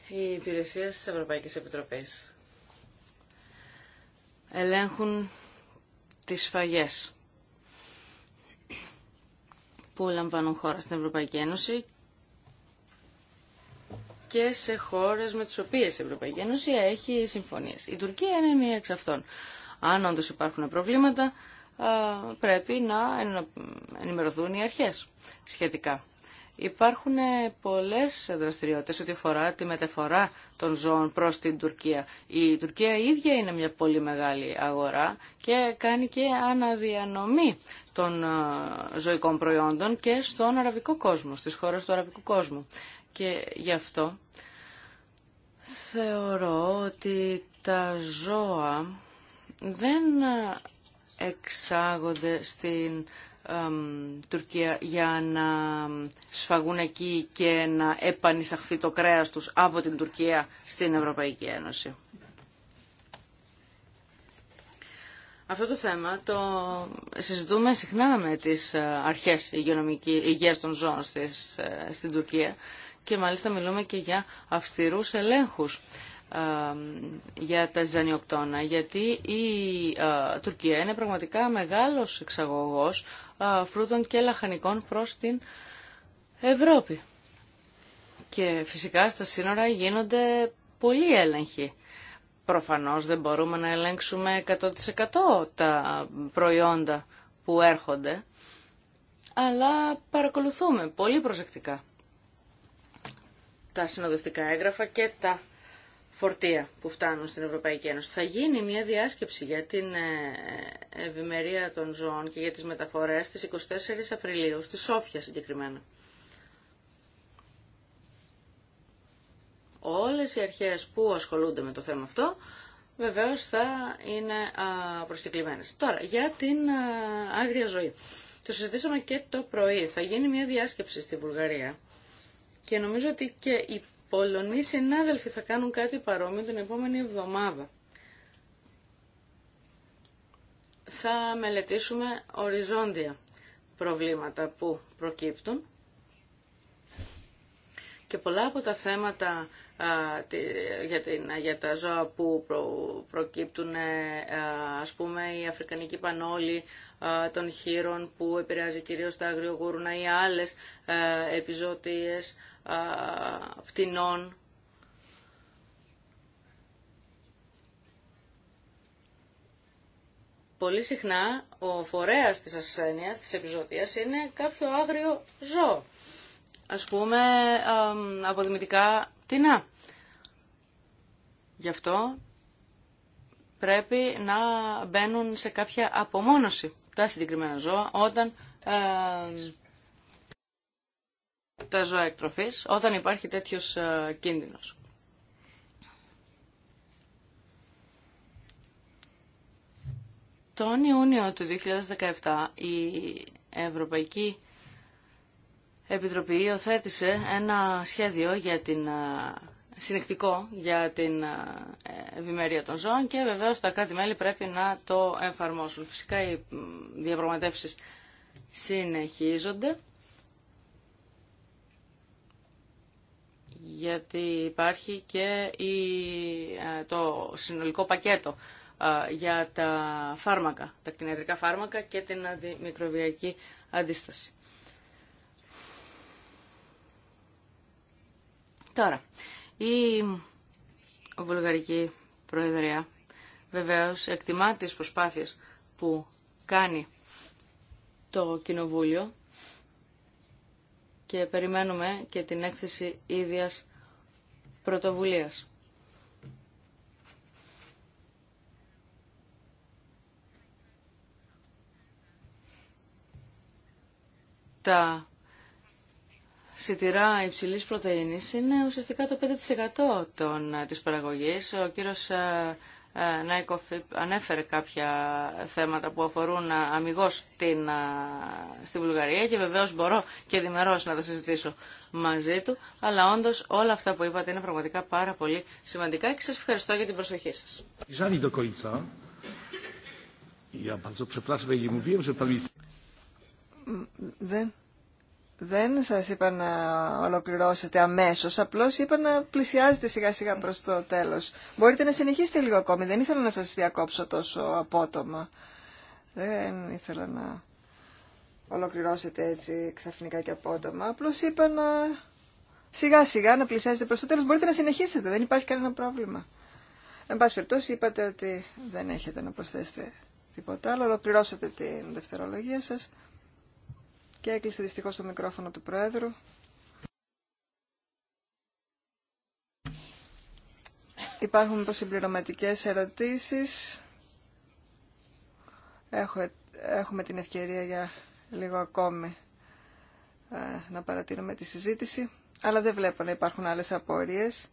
Speaker 2: Οι υπηρεσίε της Ευρωπαϊκή Επιτροπής ελέγχουν τις σφαγές που λαμβάνουν χώρα στην Ευρωπαϊκή Ένωση και σε χώρες με τις οποίες η Ευρωπαϊκή Ένωση έχει συμφωνίες. Η Τουρκία είναι μία εξ αυτών. Αν όντω υπάρχουν προβλήματα, πρέπει να ενημερωθούν οι αρχές σχετικά. Υπάρχουν πολλές δραστηριότητες ό,τι αφορά τη μεταφορά των ζώων προς την Τουρκία. Η Τουρκία ίδια είναι μια πολύ μεγάλη αγορά και κάνει και αναδιανομή των ζωικών προϊόντων και στον αραβικό κόσμο, στις χώρες του αραβικού κόσμου και γι' αυτό θεωρώ ότι τα ζώα δεν εξάγονται στην Τουρκία για να σφαγούν εκεί και να επανεισαχθεί το κρέας τους από την Τουρκία στην Ευρωπαϊκή Ένωση. Αυτό το θέμα το συζητούμε συχνά με τις αρχές υγειονομικής υγείας των ζώων ε, στην Τουρκία και μάλιστα μιλούμε και για αυστηρούς ελέγχους ε, για τα ζανιοκτώνα, γιατί η ε, Τουρκία είναι πραγματικά μεγάλος εξαγωγός ε, φρούτων και λαχανικών προς την Ευρώπη. Και φυσικά στα σύνορα γίνονται πολλοί έλεγχοι. Προφανώς δεν μπορούμε να ελέγξουμε 100% τα προϊόντα που έρχονται, αλλά παρακολουθούμε πολύ προσεκτικά τα συνοδευτικά έγγραφα και τα φορτία που φτάνουν στην Ευρωπαϊκή Ένωση. Θα γίνει μια διάσκεψη για την ε, ευημερία των ζώων και για τις μεταφορές στις 24 Απριλίου, στη Σόφια συγκεκριμένα. Όλες οι αρχές που ασχολούνται με το θέμα αυτό βεβαίως θα είναι προσκεκλημένες. Τώρα, για την άγρια ζωή. Το συζητήσαμε και το πρωί. Θα γίνει μια διάσκεψη στη Βουλγαρία και νομίζω ότι και οι Πολωνοί συνάδελφοι θα κάνουν κάτι παρόμοιο την επόμενη εβδομάδα. Θα μελετήσουμε οριζόντια προβλήματα που προκύπτουν και πολλά από τα θέματα για, την, για τα ζώα που προκύπτουν ε, ας πούμε η αφρικανική πανόλη των χείρων που επηρεάζει κυρίως τα αγριογούρνα ή άλλες ε, επιζωτίες πτηνών. Πολύ συχνά ο φορέας της ασθένειας, της επιζωτίας, είναι κάποιο άγριο ζώο. Ας πούμε αποδημητικά πτηνά. Γι' αυτό πρέπει να μπαίνουν σε κάποια απομόνωση τα συγκεκριμένα ζώα όταν ε, τα ζώα εκτροφής όταν υπάρχει τέτοιος ε, κίνδυνος. Τον Ιούνιο του 2017 η Ευρωπαϊκή Επιτροπή υιοθέτησε ένα σχέδιο για την ε, συνεκτικό για την ε, ευημερία των ζώων και βεβαίως τα κράτη-μέλη πρέπει να το εφαρμόσουν. Φυσικά οι διαπραγματεύσεις συνεχίζονται. γιατί υπάρχει και η, ε, το συνολικό πακέτο ε, για τα φάρμακα, τα κτηνιατρικά φάρμακα και την αντιμικροβιακή αντίσταση. Τώρα, η Βουλγαρική Προεδρία βεβαίως εκτιμά τις προσπάθειες που κάνει το Κοινοβούλιο και περιμένουμε και την έκθεση ίδιας πρωτοβουλίας. Τα σιτηρά υψηλής πρωτεΐνης είναι ουσιαστικά το 5% των, ε, της παραγωγής. Ο κύριος ε, ε, Νάικοφ ε, ανέφερε κάποια θέματα που αφορούν ε, αμυγός την, στη Βουλγαρία και βεβαίως μπορώ και διμερώς να τα συζητήσω μαζί του, αλλά όντως όλα αυτά που είπατε είναι πραγματικά πάρα πολύ σημαντικά και σας ευχαριστώ για την προσοχή σας.
Speaker 1: Δεν δεν σας είπα να ολοκληρώσετε αμέσως, απλώς είπα να πλησιάζετε σιγά σιγά προς το τέλος. Μπορείτε να συνεχίσετε λίγο ακόμη, δεν ήθελα να σας διακόψω τόσο απότομα. Δεν ήθελα να ολοκληρώσετε έτσι ξαφνικά και απότομα, απλώς είπα να σιγά σιγά να πλησιάζετε προς το τέλος. Μπορείτε να συνεχίσετε, δεν υπάρχει κανένα πρόβλημα. Εν πάση περιπτώσει είπατε ότι δεν έχετε να προσθέσετε τίποτα άλλο, Ολοκληρώσετε την δευτερολογία σας. Και έκλεισε δυστυχώς το μικρόφωνο του Πρόεδρου. Υπάρχουν μήπως συμπληρωματικές ερωτήσεις. έχουμε την ευκαιρία για λίγο ακόμη ε, να παρατηρούμε τη συζήτηση, αλλά δεν βλέπω να υπάρχουν άλλες απορίες.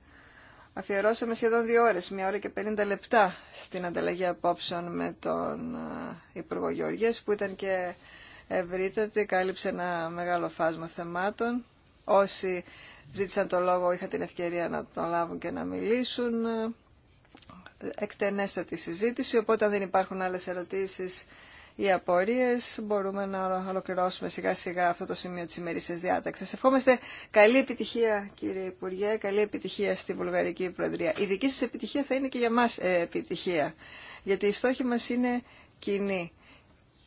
Speaker 1: Αφιερώσαμε σχεδόν δύο ώρες, μία ώρα και 50 λεπτά στην ανταλλαγή απόψεων με τον ε, Υπουργό Γεωργίας, που ήταν και ευρύτατη, κάλυψε ένα μεγάλο φάσμα θεμάτων. Όσοι ζήτησαν το λόγο είχα την ευκαιρία να τον λάβουν και να μιλήσουν. Εκτενέστατη συζήτηση, οπότε αν δεν υπάρχουν άλλες ερωτήσεις Η απορίες μπορούμε να ολοκληρώσουμε σιγά σιγά αυτό το σημείο της ημερήσιας διάταξης. Ευχόμαστε καλή επιτυχία κύριε Υπουργέ, καλή επιτυχία στη Βουλγαρική Προεδρία. Η δική σας επιτυχία θα είναι και για μας ε, επιτυχία, γιατί η στόχη μας είναι κοινή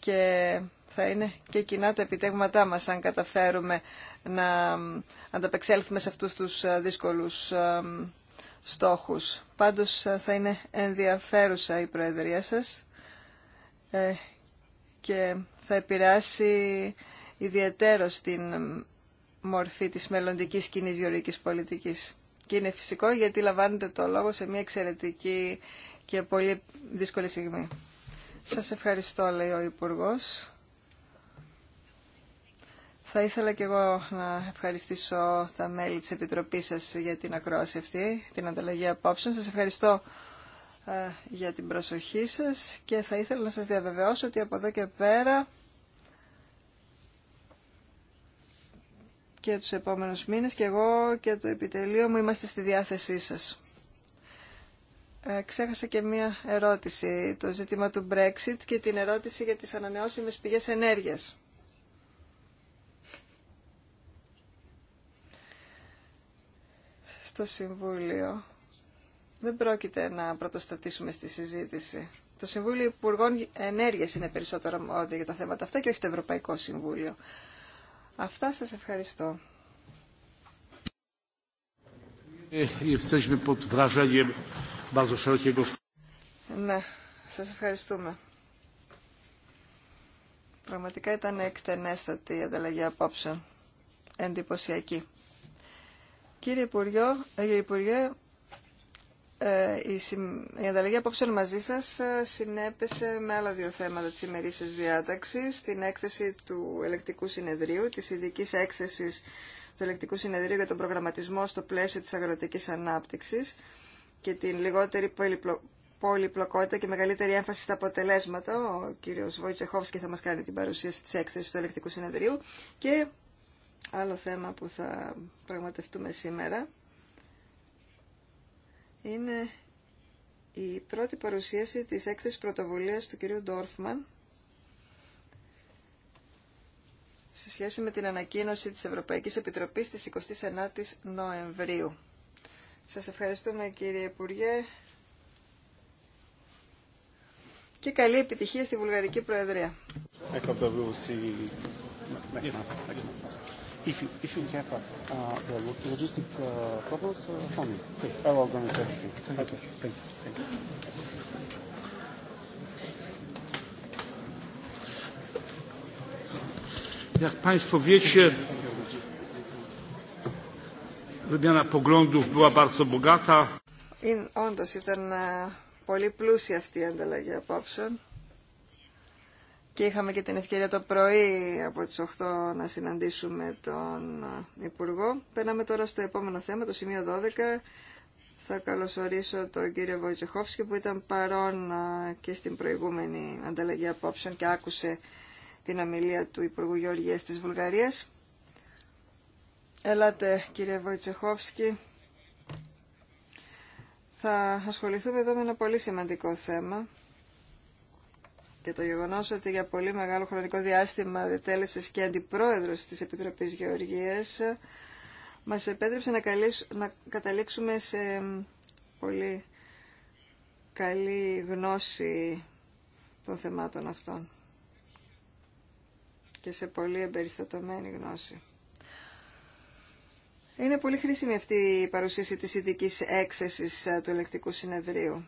Speaker 1: και θα είναι και κοινά τα επιτέγματά μας αν καταφέρουμε να ανταπεξέλθουμε σε αυτούς τους ε, δύσκολους ε, στόχους. Πάντως ε, θα είναι ενδιαφέρουσα η Προεδρία σας και θα επηρεάσει ιδιαίτερο την μορφή της μελλοντικής κοινή γεωργικής πολιτικής. Και είναι φυσικό γιατί λαμβάνετε το λόγο σε μια εξαιρετική και πολύ δύσκολη στιγμή. Σας ευχαριστώ, λέει ο Υπουργός. Θα ήθελα και εγώ να ευχαριστήσω τα μέλη της Επιτροπής σας για την ακρόαση αυτή, την ανταλλαγή απόψεων. Σας ευχαριστώ ε, για την προσοχή σας και θα ήθελα να σας διαβεβαιώσω ότι από εδώ και πέρα και τους επόμενους μήνες και εγώ και το επιτελείο μου είμαστε στη διάθεσή σας. Ε, ξέχασα και μία ερώτηση, το ζήτημα του Brexit και την ερώτηση για τις ανανεώσιμες πηγές ενέργειας. Το Συμβούλιο δεν πρόκειται να πρωτοστατήσουμε στη συζήτηση. Το Συμβούλιο Υπουργών Ενέργειας είναι περισσότερο μόνο για τα θέματα αυτά και όχι το Ευρωπαϊκό Συμβούλιο. Αυτά σας ευχαριστώ. Ε, ναι, σας ευχαριστούμε. Πραγματικά ήταν εκτενέστατη η ανταλλαγή απόψεων. Εντυπωσιακή. Κύριε κύριε Υπουργέ, ε, η, η ανταλλαγή απόψεων μαζί σας ε, συνέπεσε με άλλα δύο θέματα της ημερήσιας διάταξης, την έκθεση του ελεκτικού συνεδρίου, της ειδική έκθεσης του ελεκτικού συνεδρίου για τον προγραμματισμό στο πλαίσιο της αγροτικής ανάπτυξης και την λιγότερη πολυπλοκότητα και μεγαλύτερη έμφαση στα αποτελέσματα. Ο κύριος Βοητσεχόφσκι θα μας κάνει την παρουσίαση της έκθεσης του ελεκτικού συνεδρίου και άλλο θέμα που θα πραγματευτούμε σήμερα είναι η πρώτη παρουσίαση της έκθεσης πρωτοβουλίας του κυρίου Ντόρφμαν σε σχέση με την ανακοίνωση της Ευρωπαϊκής Επιτροπής της 29ης Νοεμβρίου. Σας ευχαριστούμε κύριε Υπουργέ και καλή επιτυχία στη Βουλγαρική Προεδρία.
Speaker 2: If you, if you have uh, the logistic uh, problems, uh, tell me. Okay. I will organize everything. Thank you. Thank you. Thank you. Jak Państwo wiecie, wymiana poglądów była bardzo bogata.
Speaker 1: In, Όντως ήταν πολύ πλούσια αυτή η ανταλλαγή απόψεων και είχαμε και την ευκαιρία το πρωί από τις 8 να συναντήσουμε τον Υπουργό. Περνάμε τώρα στο επόμενο θέμα, το σημείο 12. Θα καλωσορίσω τον κύριο Βοητσεχόφσκι που ήταν παρόν και στην προηγούμενη ανταλλαγή απόψεων και άκουσε την ομιλία του Υπουργού Γεωργίας της Βουλγαρίας. Ελάτε κύριε Βοητσεχόφσκι. Θα ασχοληθούμε εδώ με ένα πολύ σημαντικό θέμα και το γεγονό ότι για πολύ μεγάλο χρονικό διάστημα διτέλεσε και αντιπρόεδρος της Επιτροπή Γεωργίας μας επέτρεψε να, να καταλήξουμε σε πολύ καλή γνώση των θεμάτων αυτών και σε πολύ εμπεριστατωμένη γνώση. Είναι πολύ χρήσιμη αυτή η παρουσίαση της ειδική έκθεσης ε, του ελεκτικού συνεδρίου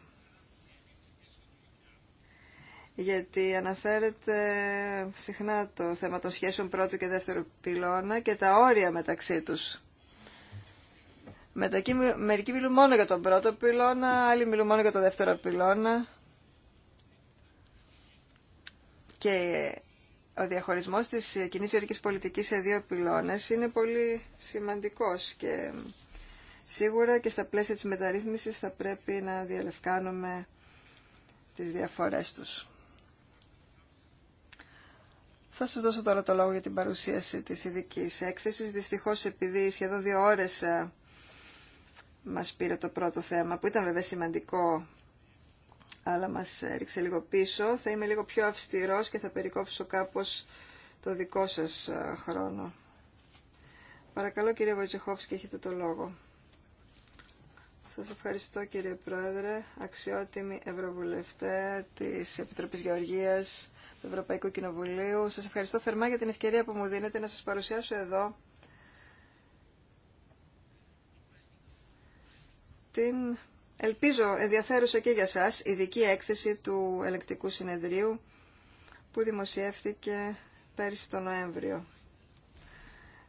Speaker 1: γιατί αναφέρεται συχνά το θέμα των σχέσεων πρώτου και δεύτερου πυλώνα και τα όρια μεταξύ τους. Μετακή, μερικοί μιλούν μόνο για τον πρώτο πυλώνα, άλλοι μιλούν μόνο για τον δεύτερο πυλώνα. Και ο διαχωρισμός της κοινή πολιτικής σε δύο πυλώνες είναι πολύ σημαντικός και σίγουρα και στα πλαίσια της μεταρρύθμισης θα πρέπει να διαλευκάνουμε τις διαφορές τους. Θα σας δώσω τώρα το λόγο για την παρουσίαση της ειδική έκθεσης. Δυστυχώς επειδή σχεδόν δύο ώρες ε, μας πήρε το πρώτο θέμα, που ήταν βέβαια σημαντικό, αλλά μας έριξε λίγο πίσω, θα είμαι λίγο πιο αυστηρός και θα περικόψω κάπως το δικό σας ε, χρόνο. Παρακαλώ κύριε Βοητσεχόφσκι, έχετε το λόγο. Σας ευχαριστώ κύριε Πρόεδρε, αξιότιμη Ευρωβουλευτέ της Επιτροπής Γεωργίας του Ευρωπαϊκού Κοινοβουλίου. Σας ευχαριστώ θερμά για την ευκαιρία που μου δίνετε να σας παρουσιάσω εδώ την, ελπίζω, ενδιαφέρουσα και για σας, ειδική έκθεση του Ελεκτικού Συνεδρίου που δημοσιεύθηκε πέρσι τον Νοέμβριο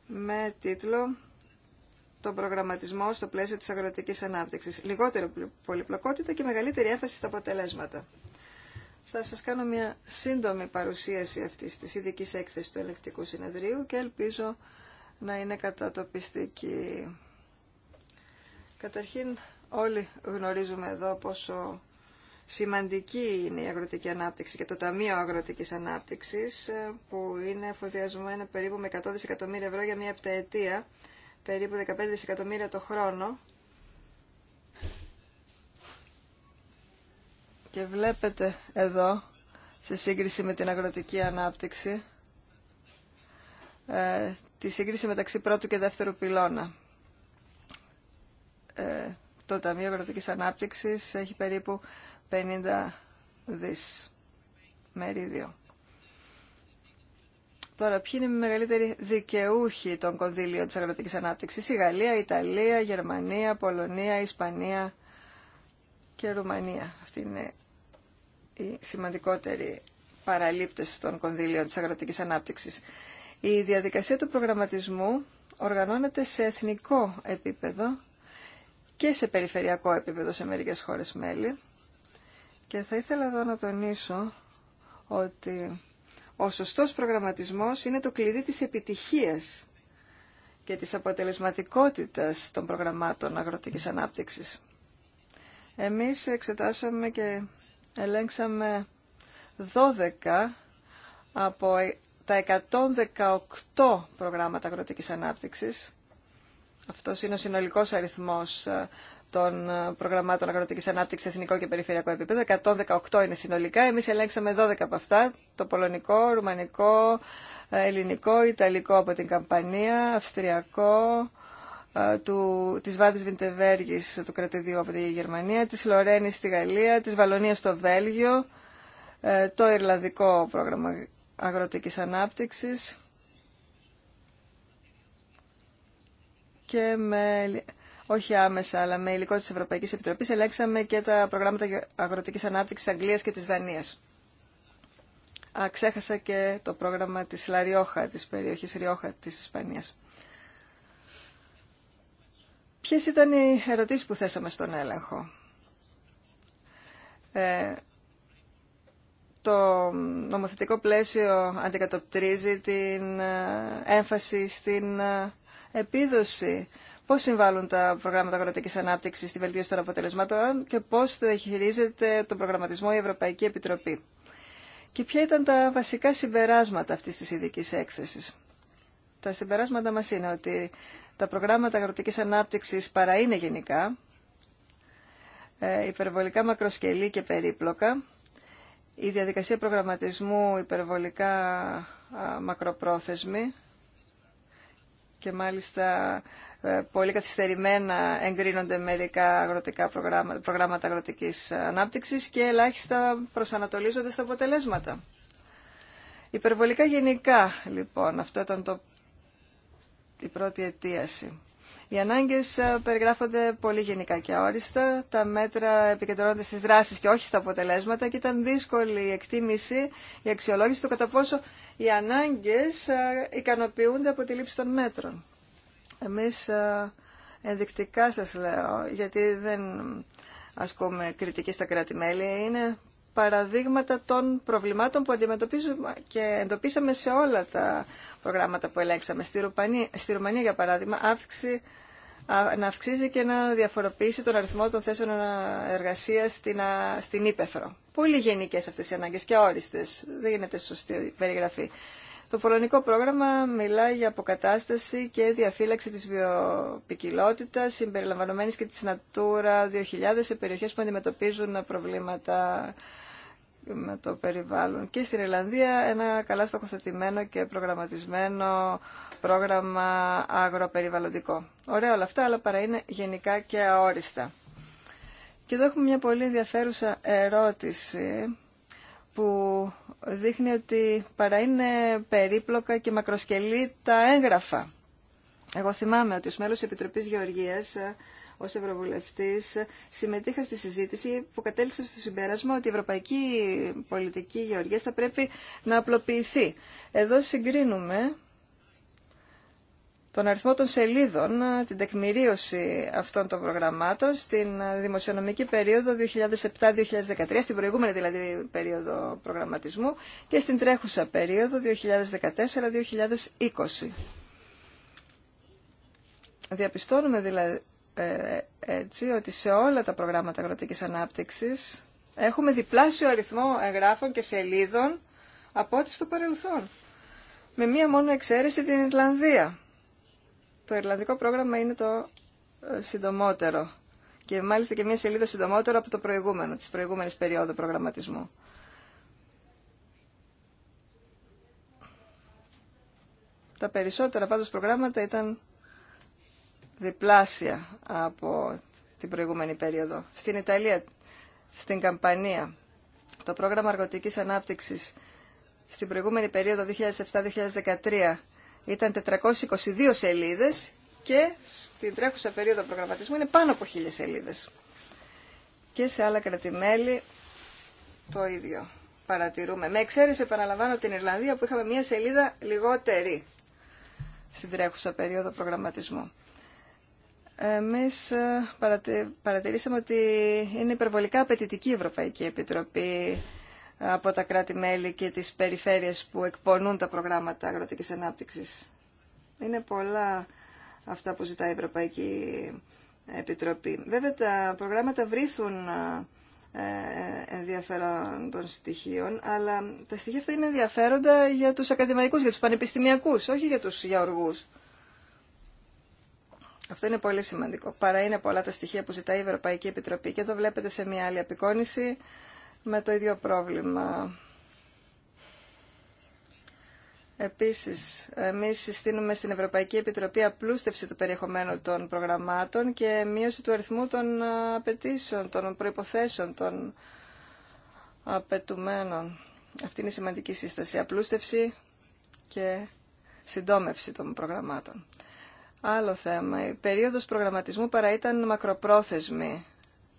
Speaker 1: με τίτλο τον προγραμματισμό στο πλαίσιο της αγροτικής ανάπτυξη. Λιγότερη πολυπλοκότητα και μεγαλύτερη έμφαση στα αποτελέσματα. Θα σας κάνω μια σύντομη παρουσίαση αυτής της ειδική έκθεσης του ελεκτικού συνεδρίου και ελπίζω να είναι κατατοπιστική. Καταρχήν όλοι γνωρίζουμε εδώ πόσο σημαντική είναι η αγροτική ανάπτυξη και το Ταμείο Αγροτικής Ανάπτυξης ε, που είναι εφοδιασμένο περίπου με 100 δισεκατομμύρια ευρώ για μια επταετία περίπου 15 δισεκατομμύρια το χρόνο και βλέπετε εδώ σε σύγκριση με την αγροτική ανάπτυξη ε, τη σύγκριση μεταξύ πρώτου και δεύτερου πυλώνα. Ε, το Ταμείο Αγροτικής Ανάπτυξης έχει περίπου 50 δις μερίδιο. Τώρα, ποιοι είναι οι μεγαλύτεροι δικαιούχοι των κονδύλιων της αγροτική ανάπτυξη. Η Γαλλία, η Ιταλία, η Γερμανία, η Πολωνία, η Ισπανία και η Ρουμανία. Αυτή είναι οι σημαντικότεροι παραλήπτε των κονδύλιων της αγροτική ανάπτυξη. Η διαδικασία του προγραμματισμού οργανώνεται σε εθνικό επίπεδο και σε περιφερειακό επίπεδο σε μερικές χώρες μέλη. Και θα ήθελα εδώ να τονίσω ότι ο σωστός προγραμματισμός είναι το κλειδί της επιτυχίας και της αποτελεσματικότητας των προγραμμάτων αγροτικής ανάπτυξης. Εμείς εξετάσαμε και ελέγξαμε 12 από ε, τα 118 προγράμματα αγροτικής ανάπτυξης. Αυτός είναι ο συνολικός αριθμός ε, των ε, προγραμμάτων αγροτικής ανάπτυξης εθνικό και περιφερειακό επίπεδο. 118 είναι συνολικά. Εμείς ελέγξαμε 12 από αυτά. Το πολωνικό, ρουμανικό, ε, ελληνικό, ιταλικό από την Καμπανία, αυστριακό, ε, του, της Βάδης Βιντεβέργης του κρατηδίου από τη Γερμανία, της Λορένης στη Γαλλία, της Βαλονίας στο Βέλγιο, το Ιρλανδικό πρόγραμμα αγροτικής ανάπτυξης και με όχι άμεσα, αλλά με υλικό τη Ευρωπαϊκής Επιτροπής, ελέγξαμε και τα προγράμματα αγροτικής ανάπτυξης Αγγλίας και της Δανία. ξέχασα και το πρόγραμμα της Λαριόχα, της περιοχής Ριόχα της Ισπανίας. Ποιες ήταν οι ερωτήσεις που θέσαμε στον έλεγχο. Ε, το νομοθετικό πλαίσιο αντικατοπτρίζει την ε, έμφαση στην ε, επίδοση Πώ συμβάλλουν τα προγράμματα αγροτική ανάπτυξη στη βελτίωση των αποτελεσμάτων και πώ θα χειρίζεται τον προγραμματισμό η Ευρωπαϊκή Επιτροπή. Και ποια ήταν τα βασικά συμπεράσματα αυτή τη ειδική έκθεση. Τα συμπεράσματα μα είναι ότι τα προγράμματα αγροτική ανάπτυξη παρά είναι γενικά, ε, υπερβολικά μακροσκελή και περίπλοκα, η διαδικασία προγραμματισμού υπερβολικά μακροπρόθεσμη και μάλιστα ε, πολύ καθυστερημένα εγκρίνονται μερικά αγροτικά προγράμματα, προγράμματα αγροτικής ανάπτυξης και ελάχιστα προσανατολίζονται στα αποτελέσματα. Υπερβολικά γενικά, λοιπόν, αυτό ήταν το... η πρώτη αιτίαση. Οι ανάγκες ε, περιγράφονται πολύ γενικά και αόριστα. Τα μέτρα επικεντρώνονται στις δράσεις και όχι στα αποτελέσματα και ήταν δύσκολη η εκτίμηση, η αξιολόγηση του κατά πόσο οι ανάγκες ε, ικανοποιούνται από τη λήψη των μέτρων. Εμείς ε, ενδεικτικά σας λέω, γιατί δεν ασκούμε κριτική στα κράτη-μέλη, είναι παραδείγματα των προβλημάτων που αντιμετωπίζουμε και εντοπίσαμε σε όλα τα προγράμματα που ελέγξαμε. Στη Ρουμανία, για παράδειγμα, να αυξήσει και να διαφοροποιήσει τον αριθμό των θέσεων εργασία στην, στην Ήπεθρο. Πολύ γενικέ αυτέ οι ανάγκε και όριστες. Δεν γίνεται σωστή περιγραφή. Το πολωνικό πρόγραμμα μιλάει για αποκατάσταση και διαφύλαξη της βιοπικιλότητας, συμπεριλαμβανομένης και της Natura 2000 σε περιοχές που αντιμετωπίζουν προβλήματα με το περιβάλλον. Και στην Ιρλανδία ένα καλά στοχοθετημένο και προγραμματισμένο πρόγραμμα αγροπεριβαλλοντικό. Ωραία όλα αυτά, αλλά παρά είναι γενικά και αόριστα. Και εδώ έχουμε μια πολύ ενδιαφέρουσα ερώτηση που δείχνει ότι παρά είναι περίπλοκα και μακροσκελή τα έγγραφα. Εγώ θυμάμαι ότι ως μέλος της Επιτροπής Γεωργίας ε, ως Ευρωβουλευτής ε, συμμετείχα στη συζήτηση που κατέληξε στο συμπέρασμα ότι η ευρωπαϊκή πολιτική γεωργίας θα πρέπει να απλοποιηθεί. Εδώ συγκρίνουμε τον αριθμό των σελίδων, ε, την τεκμηρίωση αυτών των προγραμμάτων στην ε, δημοσιονομική περίοδο 2007-2013, στην προηγούμενη δηλαδή περίοδο προγραμματισμού και στην τρέχουσα περίοδο 2014-2020. Διαπιστώνουμε δηλαδή έτσι ότι σε όλα τα προγράμματα αγροτικής ανάπτυξης έχουμε διπλάσιο αριθμό εγγράφων και σελίδων από ό,τι στο παρελθόν. Με μία μόνο εξαίρεση την Ιρλανδία το Ιρλανδικό πρόγραμμα είναι το ε, συντομότερο και μάλιστα και μία σελίδα συντομότερο από το προηγούμενο, της προηγούμενης περίοδου προγραμματισμού. Τα περισσότερα πάντως προγράμματα ήταν διπλάσια από την προηγούμενη περίοδο. Στην Ιταλία, στην Καμπανία, το πρόγραμμα αργοτικής ανάπτυξης στην προηγούμενη περίοδο 2007-2013 ήταν 422 σελίδες και στην τρέχουσα περίοδο προγραμματισμού είναι πάνω από 1000 σελίδες. Και σε άλλα κρατημέλη το ίδιο παρατηρούμε. Με εξαίρεση επαναλαμβάνω την Ιρλανδία που είχαμε μία σελίδα λιγότερη στην τρέχουσα περίοδο προγραμματισμού. Εμείς ε, παρατηρήσαμε ότι είναι υπερβολικά απαιτητική η Ευρωπαϊκή Επιτροπή από τα κράτη-μέλη και τις περιφέρειες που εκπονούν τα προγράμματα αγροτικής ανάπτυξης. Είναι πολλά αυτά που ζητάει η Ευρωπαϊκή Επιτροπή. Βέβαια τα προγράμματα βρίθουν ε, ε, ενδιαφέρον των στοιχείων, αλλά τα στοιχεία αυτά είναι ενδιαφέροντα για τους ακαδημαϊκούς, για τους πανεπιστημιακούς, όχι για τους γιαουργούς. Αυτό είναι πολύ σημαντικό. Παρά είναι πολλά τα στοιχεία που ζητάει η Ευρωπαϊκή Επιτροπή και εδώ βλέπετε σε μια άλλη απεικόνηση με το ίδιο πρόβλημα. Επίσης, εμείς συστήνουμε στην Ευρωπαϊκή Επιτροπή απλούστευση του περιεχομένου των προγραμμάτων και μείωση του αριθμού των απαιτήσεων, των προϋποθέσεων των απαιτουμένων. Αυτή είναι η σημαντική σύσταση. Απλούστευση και συντόμευση των προγραμμάτων. Άλλο θέμα. Η περίοδος προγραμματισμού παρά ήταν μακροπρόθεσμη,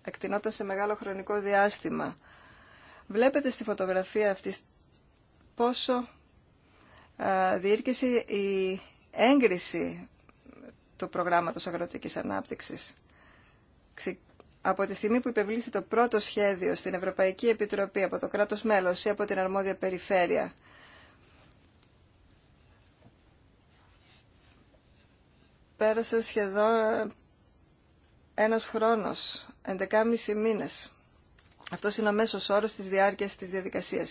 Speaker 1: εκτινόταν σε μεγάλο χρονικό διάστημα. Βλέπετε στη φωτογραφία αυτή πόσο διήρκησε η έγκριση του προγράμματος αγροτικής ανάπτυξης. Από τη στιγμή που υπευλήθη το πρώτο σχέδιο στην Ευρωπαϊκή Επιτροπή από το κράτος μέλος ή από την αρμόδια περιφέρεια, πέρασε σχεδόν ένας χρόνος, 11,5 μήνες. Αυτό είναι ο μέσο όρο τη διάρκεια τη διαδικασία.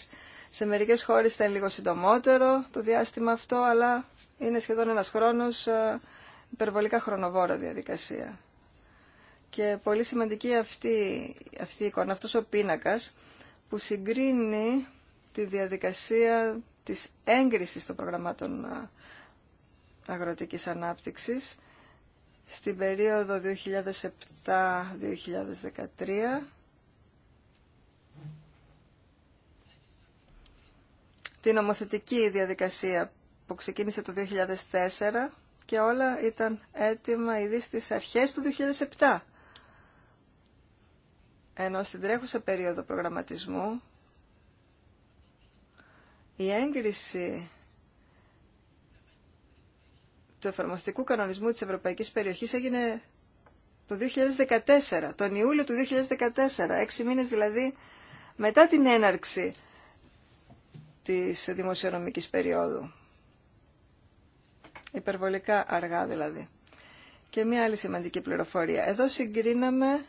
Speaker 1: Σε μερικέ χώρε είναι λίγο συντομότερο το διάστημα αυτό, αλλά είναι σχεδόν ένα χρόνο ε, υπερβολικά χρονοβόρα διαδικασία. Και πολύ σημαντική αυτή, αυτή η εικόνα, αυτός ο πίνακας που συγκρίνει τη διαδικασία της έγκρισης των προγραμμάτων ε, αγροτικής ανάπτυξης στην περίοδο 2007-2013 την νομοθετική διαδικασία που ξεκίνησε το 2004 και όλα ήταν έτοιμα ήδη στις αρχές του 2007. Ενώ στην τρέχουσα περίοδο προγραμματισμού η έγκριση του εφαρμοστικού κανονισμού της Ευρωπαϊκής Περιοχής έγινε το 2014, τον Ιούλιο του 2014, έξι μήνες δηλαδή μετά την έναρξη της δημοσιονομικής περίοδου. Υπερβολικά αργά δηλαδή. Και μια άλλη σημαντική πληροφορία. Εδώ συγκρίναμε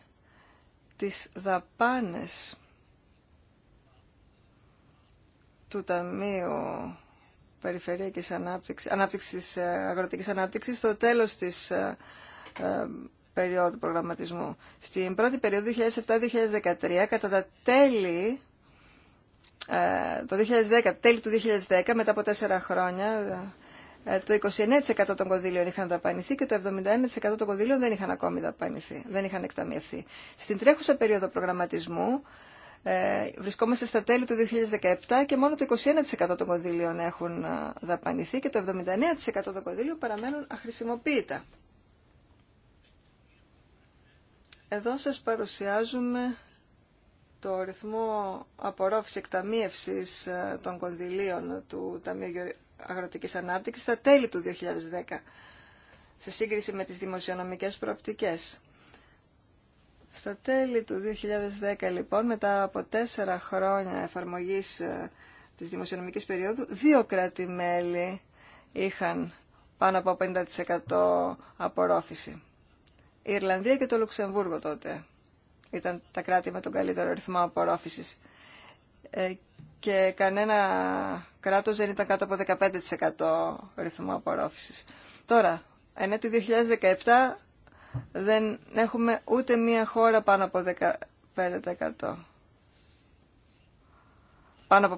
Speaker 1: τις δαπάνες του Ταμείου Περιφερειακής Ανάπτυξης, ανάπτυξης ε, Αγροτικής Ανάπτυξης στο τέλος της ε, ε, περίοδου προγραμματισμού. Στην πρώτη περίοδο 2007-2013, κατά τα τέλη ε, το 2010, τέλη του 2010, μετά από τέσσερα χρόνια, ε, το 29% των κονδύλιων είχαν δαπανηθεί και το 71% των κονδύλιων δεν είχαν ακόμη δαπανηθεί, δεν είχαν εκταμιευθεί. Στην τρέχουσα περίοδο προγραμματισμού ε, βρισκόμαστε στα τέλη του 2017 και μόνο το 21% των κονδύλιων έχουν δαπανηθεί και το 79% των κονδύλιων παραμένουν αχρησιμοποίητα. Εδώ σας παρουσιάζουμε το ρυθμό απορρόφηση εκταμίευση ε, των κονδυλίων του Ταμείου Αγροτικής Ανάπτυξης στα τέλη του 2010 σε σύγκριση με τις δημοσιονομικές προοπτικές. Στα τέλη του 2010 λοιπόν, μετά από τέσσερα χρόνια εφαρμογής ε, της δημοσιονομικής περίοδου, δύο κράτη-μέλη είχαν πάνω από 50% απορρόφηση. Η Ιρλανδία και το Λουξεμβούργο τότε ήταν τα κράτη με τον καλύτερο ρυθμό απορρόφησης. Ε, και κανένα κράτος δεν ήταν κάτω από 15% ρυθμό απορρόφησης. Τώρα, εν έτη 2017 δεν έχουμε ούτε μία χώρα πάνω από 15%. Πάνω από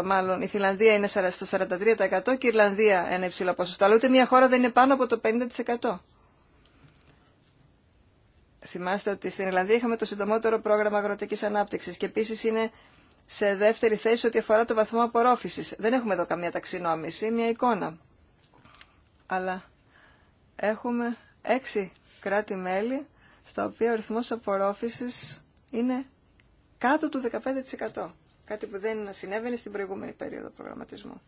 Speaker 1: 50% μάλλον. Η Φιλανδία είναι στο 43% και η Ιρλανδία ένα υψηλό ποσοστό. Αλλά ούτε μία χώρα δεν είναι πάνω από το 50%. Θυμάστε ότι στην Ιρλανδία είχαμε το συντομότερο πρόγραμμα αγροτική ανάπτυξη. και επίση είναι σε δεύτερη θέση ό,τι αφορά το βαθμό απορρόφησης. Δεν έχουμε εδώ καμία ταξινόμηση, μια εικόνα. Αλλά έχουμε έξι κράτη-μέλη στα οποία ο ρυθμός απορρόφησης είναι κάτω του 15%. Κάτι που δεν συνέβαινε στην προηγούμενη περίοδο προγραμματισμού.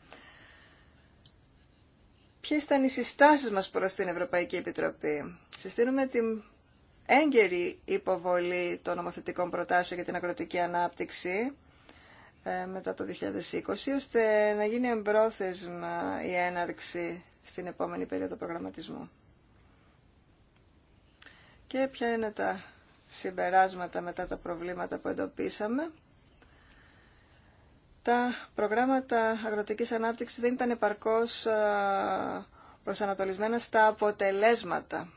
Speaker 1: Ποιε ήταν οι συστάσει μα προ την Ευρωπαϊκή Επιτροπή. Συστήνουμε την έγκαιρη υποβολή των νομοθετικών προτάσεων για την αγροτική ανάπτυξη ε, μετά το 2020, ώστε να γίνει εμπρόθεσμα η έναρξη στην επόμενη περίοδο προγραμματισμού. Και ποια είναι τα συμπεράσματα μετά τα προβλήματα που εντοπίσαμε. Τα προγράμματα αγροτικής ανάπτυξης δεν ήταν επαρκώς ε, προσανατολισμένα στα αποτελέσματα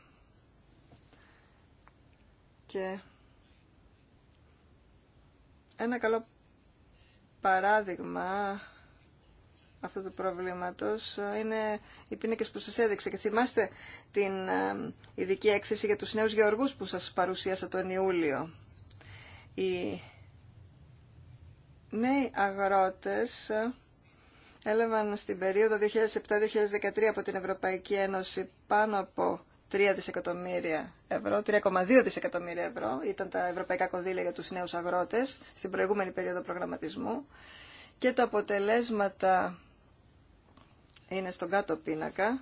Speaker 1: και ένα καλό παράδειγμα αυτού του προβλήματος είναι οι πίνακες που σας έδειξα και θυμάστε την ε, ειδική έκθεση για τους νέους γεωργούς που σας παρουσίασα τον Ιούλιο. Οι νέοι αγρότες ε, έλαβαν στην περίοδο 2007-2013 από την Ευρωπαϊκή Ένωση πάνω από 3 δισεκατομμύρια ευρώ, 3,2 δισεκατομμύρια ευρώ ήταν τα ευρωπαϊκά κονδύλια για τους νέους αγρότες στην προηγούμενη περίοδο προγραμματισμού και τα αποτελέσματα είναι στον κάτω πίνακα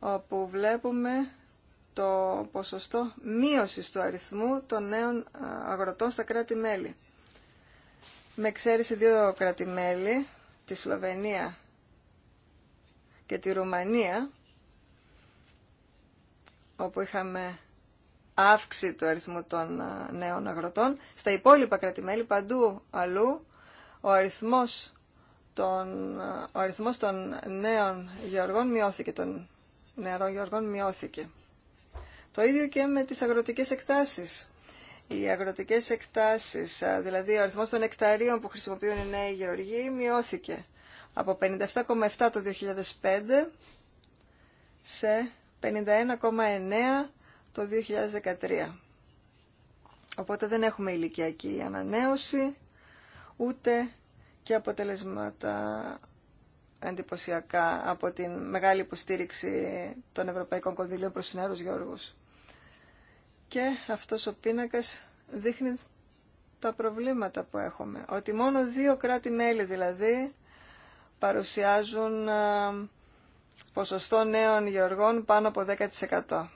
Speaker 1: όπου βλέπουμε το ποσοστό μείωσης του αριθμού των νέων αγροτών στα κράτη-μέλη. Με εξαίρεση δύο κράτη-μέλη, τη Σλοβενία και τη Ρουμανία, όπου είχαμε αύξηση του αριθμού των ε, νέων αγροτών. Στα υπόλοιπα κρατημέλη, παντού αλλού, ο αριθμός των, ε, ο αριθμός των νέων γεωργών μειώθηκε, των νεαρών γεωργών μειώθηκε. Το ίδιο και με τις αγροτικές εκτάσεις. Οι αγροτικές εκτάσεις, ε, δηλαδή ο αριθμός των εκταρίων που χρησιμοποιούν οι νέοι γεωργοί, μειώθηκε από 57,7 το 2005 σε 51,9 το 2013. Οπότε δεν έχουμε ηλικιακή ανανέωση, ούτε και αποτελεσμάτα εντυπωσιακά από την μεγάλη υποστήριξη των Ευρωπαϊκών Κονδυλίων προς συνέρους Γιώργους. Και αυτός ο πίνακας δείχνει τα προβλήματα που έχουμε. Ότι μόνο δύο κράτη-μέλη δηλαδή παρουσιάζουν ποσοστό νέων γεωργών πάνω από 10%.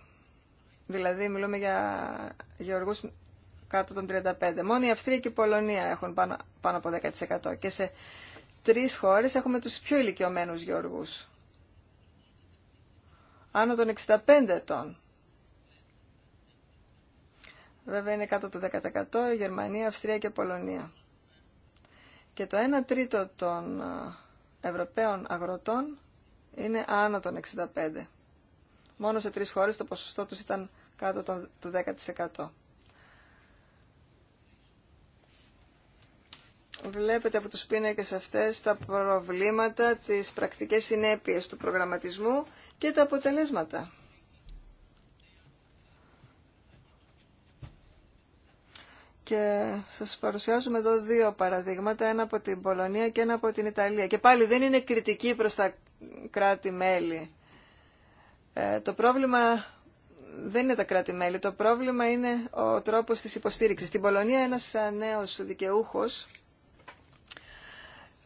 Speaker 1: Δηλαδή μιλούμε για γεωργούς κάτω των 35. Μόνο η Αυστρία και η Πολωνία έχουν πάνω, πάνω από 10%. Και σε τρεις χώρες έχουμε τους πιο ηλικιωμένους γεωργούς. Άνω των 65 ετών. Βέβαια είναι κάτω το 10% η Γερμανία, Αυστρία και Πολωνία. Και το 1 τρίτο των ε, Ευρωπαίων αγροτών είναι άνω των 65. Μόνο σε τρεις χώρες το ποσοστό τους ήταν κάτω των, 10%. Βλέπετε από τους πίνακες αυτές τα προβλήματα, τις πρακτικές συνέπειες του προγραμματισμού και τα αποτελέσματα. Και σας παρουσιάζουμε εδώ δύο παραδείγματα, ένα από την Πολωνία και ένα από την Ιταλία. Και πάλι δεν είναι κριτική προς τα κράτη-μέλη. Ε, το πρόβλημα δεν είναι τα κράτη-μέλη, το πρόβλημα είναι ο τρόπος της υποστήριξης. Στην Πολωνία ένας νέος δικαιούχος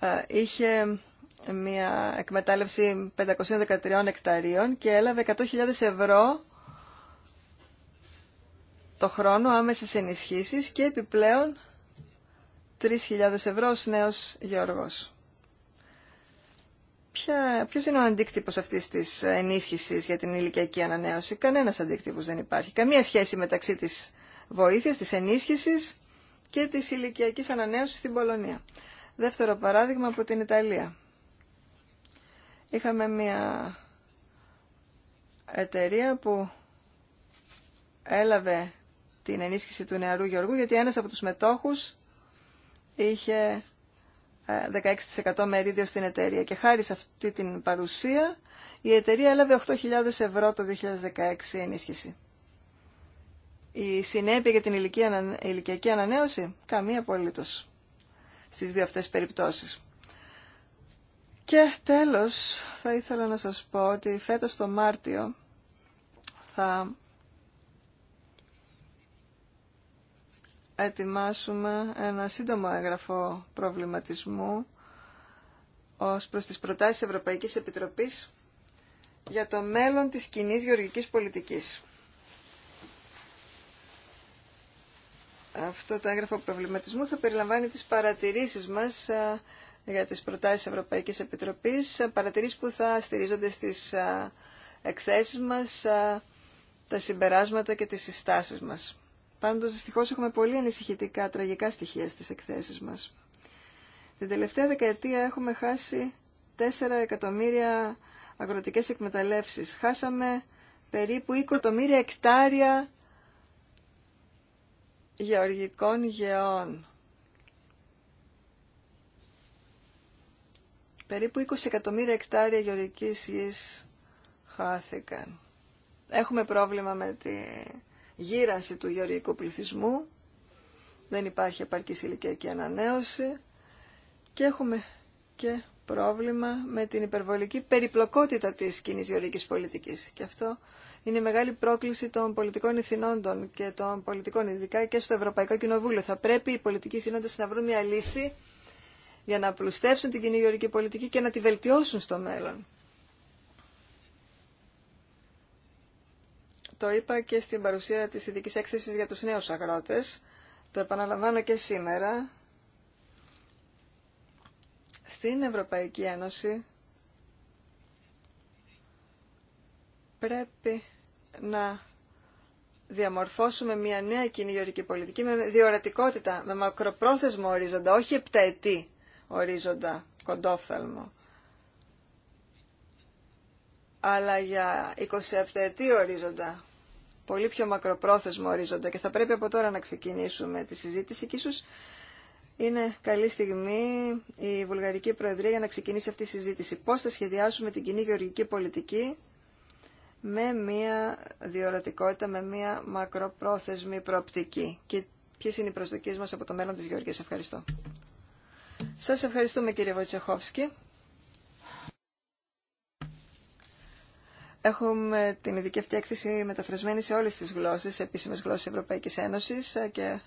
Speaker 1: ε, είχε μια εκμετάλλευση 513 εκταρίων και έλαβε 100.000 ευρώ το χρόνο άμεσες ενισχύσεις και επιπλέον 3.000 ευρώ ως νέος γεωργός. Ποια, ποιος είναι ο αντίκτυπος αυτής της ενίσχυσης για την ηλικιακή ανανέωση. Κανένας αντίκτυπος δεν υπάρχει. Καμία σχέση μεταξύ της βοήθειας, της ενίσχυσης και της ηλικιακής ανανέωσης στην Πολωνία. Δεύτερο παράδειγμα από την Ιταλία. Είχαμε μια εταιρεία που έλαβε την ενίσχυση του νεαρού Γεωργού, γιατί ένας από τους μετόχους είχε 16% ε, μερίδιο στην εταιρεία και χάρη σε αυτή την παρουσία η εταιρεία έλαβε 8.000 ευρώ το 2016 ενίσχυση. Η συνέπεια για την ηλικιακή ανανέωση, καμία απολύτως στις δύο αυτές περιπτώσεις. Και τέλος θα ήθελα να σας πω ότι φέτος το Μάρτιο θα ετοιμάσουμε ένα σύντομο έγγραφο προβληματισμού ως προς τις προτάσεις Ευρωπαϊκής Επιτροπής για το μέλλον της κοινή γεωργικής πολιτικής. Αυτό το έγγραφο προβληματισμού θα περιλαμβάνει τις παρατηρήσεις μας ε, για τις προτάσεις Ευρωπαϊκής Επιτροπής, ε, παρατηρήσεις που θα στηρίζονται στις ε, εκθέσεις μας, τα συμπεράσματα και τις συστάσεις μας. Πάντως, δυστυχώς, έχουμε πολύ ανησυχητικά, τραγικά στοιχεία στις εκθέσεις μας. Την τελευταία δεκαετία έχουμε χάσει 4 εκατομμύρια αγροτικές εκμεταλλεύσεις. Χάσαμε περίπου 20 εκατομμύρια εκτάρια γεωργικών γεών. Περίπου 20 εκατομμύρια εκτάρια γεωργικής γης χάθηκαν. Έχουμε πρόβλημα με τη Γύραση του γεωργικού πληθυσμού, δεν υπάρχει επαρκή ηλικιακή ανανέωση και έχουμε και πρόβλημα με την υπερβολική περιπλοκότητα της κοινή γεωργικής πολιτικής. Και αυτό είναι η μεγάλη πρόκληση των πολιτικών ηθινόντων και των πολιτικών ειδικά και στο Ευρωπαϊκό Κοινοβούλιο. Θα πρέπει οι πολιτικοί ηθινόντες να βρουν μια λύση για να απλουστεύσουν την κοινή γεωργική πολιτική και να τη βελτιώσουν στο μέλλον. Το είπα και στην παρουσία της ειδικής έκθεσης για τους νέους αγρότες. Το επαναλαμβάνω και σήμερα. Στην Ευρωπαϊκή Ένωση πρέπει να διαμορφώσουμε μια νέα κοινή γεωρική πολιτική με διορατικότητα, με μακροπρόθεσμο ορίζοντα, όχι επταετή ορίζοντα, κοντόφθαλμο, αλλά για 27 ετή ορίζοντα πολύ πιο μακροπρόθεσμο ορίζοντα και θα πρέπει από τώρα να ξεκινήσουμε τη συζήτηση και ίσως είναι καλή στιγμή η Βουλγαρική Προεδρία για να ξεκινήσει αυτή η συζήτηση. Πώς θα σχεδιάσουμε την κοινή γεωργική πολιτική με μία διορατικότητα, με μία μακροπρόθεσμη προοπτική και ποιες είναι οι προσδοκίες μας από το μέλλον της Γεωργίας. Ευχαριστώ. Σας ευχαριστούμε κύριε Βοτσεχόφσκι. Έχουμε την ειδική αυτή έκθεση μεταφρασμένη σε όλες τις γλώσσες, επίσημες γλώσσες Ευρωπαϊκής Ένωσης ε, και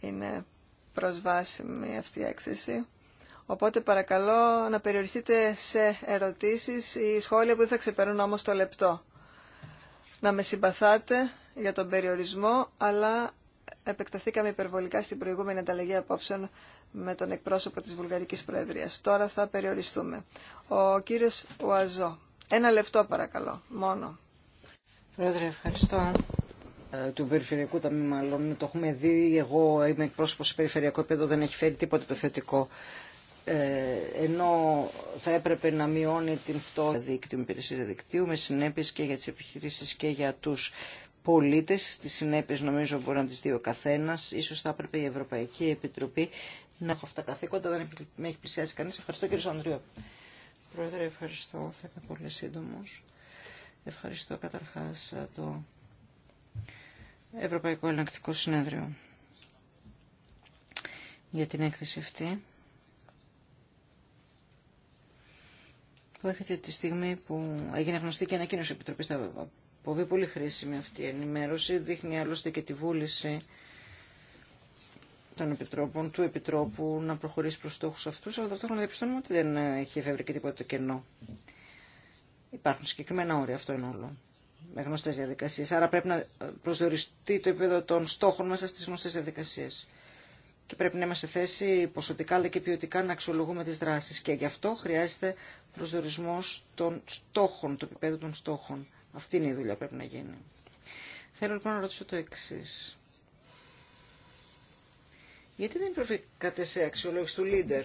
Speaker 1: είναι προσβάσιμη αυτή η έκθεση. Οπότε παρακαλώ να περιοριστείτε σε ερωτήσεις ή σχόλια που δεν θα ξεπερνούν όμως το λεπτό. Να με συμπαθάτε για τον περιορισμό, αλλά επεκταθήκαμε υπερβολικά στην προηγούμενη ανταλλαγή απόψεων με τον εκπρόσωπο της Βουλγαρικής Προεδρίας. Τώρα θα περιοριστούμε. Ο κύριος Ουαζό. Ένα λεπτό παρακαλώ, μόνο.
Speaker 3: Πρόεδρε, ευχαριστώ. Ε, του Περιφερειακού Ταμείου, μάλλον το έχουμε δει. Εγώ είμαι εκπρόσωπο σε περιφερειακό επίπεδο, δεν έχει φέρει τίποτα το θετικό. Ε, ενώ θα έπρεπε να μειώνει την φτώχεια δίκτυου, υπηρεσία δικτύου, με συνέπειε και για τι επιχειρήσει και για του πολίτε. Τι συνέπειε νομίζω μπορεί να τι δει ο καθένα. σω θα έπρεπε η Ευρωπαϊκή Επιτροπή να έχω αυτά τα καθήκοντα, δεν με έχει πλησιάσει κανεί. Ευχαριστώ κύριο Σανδρίο. Πρόεδρε, ευχαριστώ. Θα είμαι πολύ σύντομο. Ευχαριστώ καταρχάς το Ευρωπαϊκό Ελεγκτικό Συνέδριο για την έκθεση αυτή που έρχεται τη στιγμή που έγινε γνωστή και ανακοίνωση Επιτροπής. Θα αποβεί πολύ χρήσιμη αυτή η ενημέρωση. Δείχνει άλλωστε και τη βούληση των επιτρόπων, του επιτρόπου να προχωρήσει προ στόχου αυτού, αλλά ταυτόχρονα διαπιστώνουμε ότι δεν έχει εφεύρει και τίποτα το κενό. Υπάρχουν συγκεκριμένα όρια, αυτό είναι όλο, με γνωστέ διαδικασίε. Άρα πρέπει να προσδιοριστεί το επίπεδο των στόχων μέσα στι γνωστέ διαδικασίε. Και πρέπει να είμαστε θέση ποσοτικά αλλά και ποιοτικά να αξιολογούμε τι δράσει. Και γι' αυτό χρειάζεται προσδιορισμό των στόχων, του επίπεδου των στόχων. Αυτή είναι η δουλειά που πρέπει να γίνει. Θέλω λοιπόν να ρωτήσω το εξή. Γιατί δεν προβήκατε σε αξιολόγηση του Λίντερ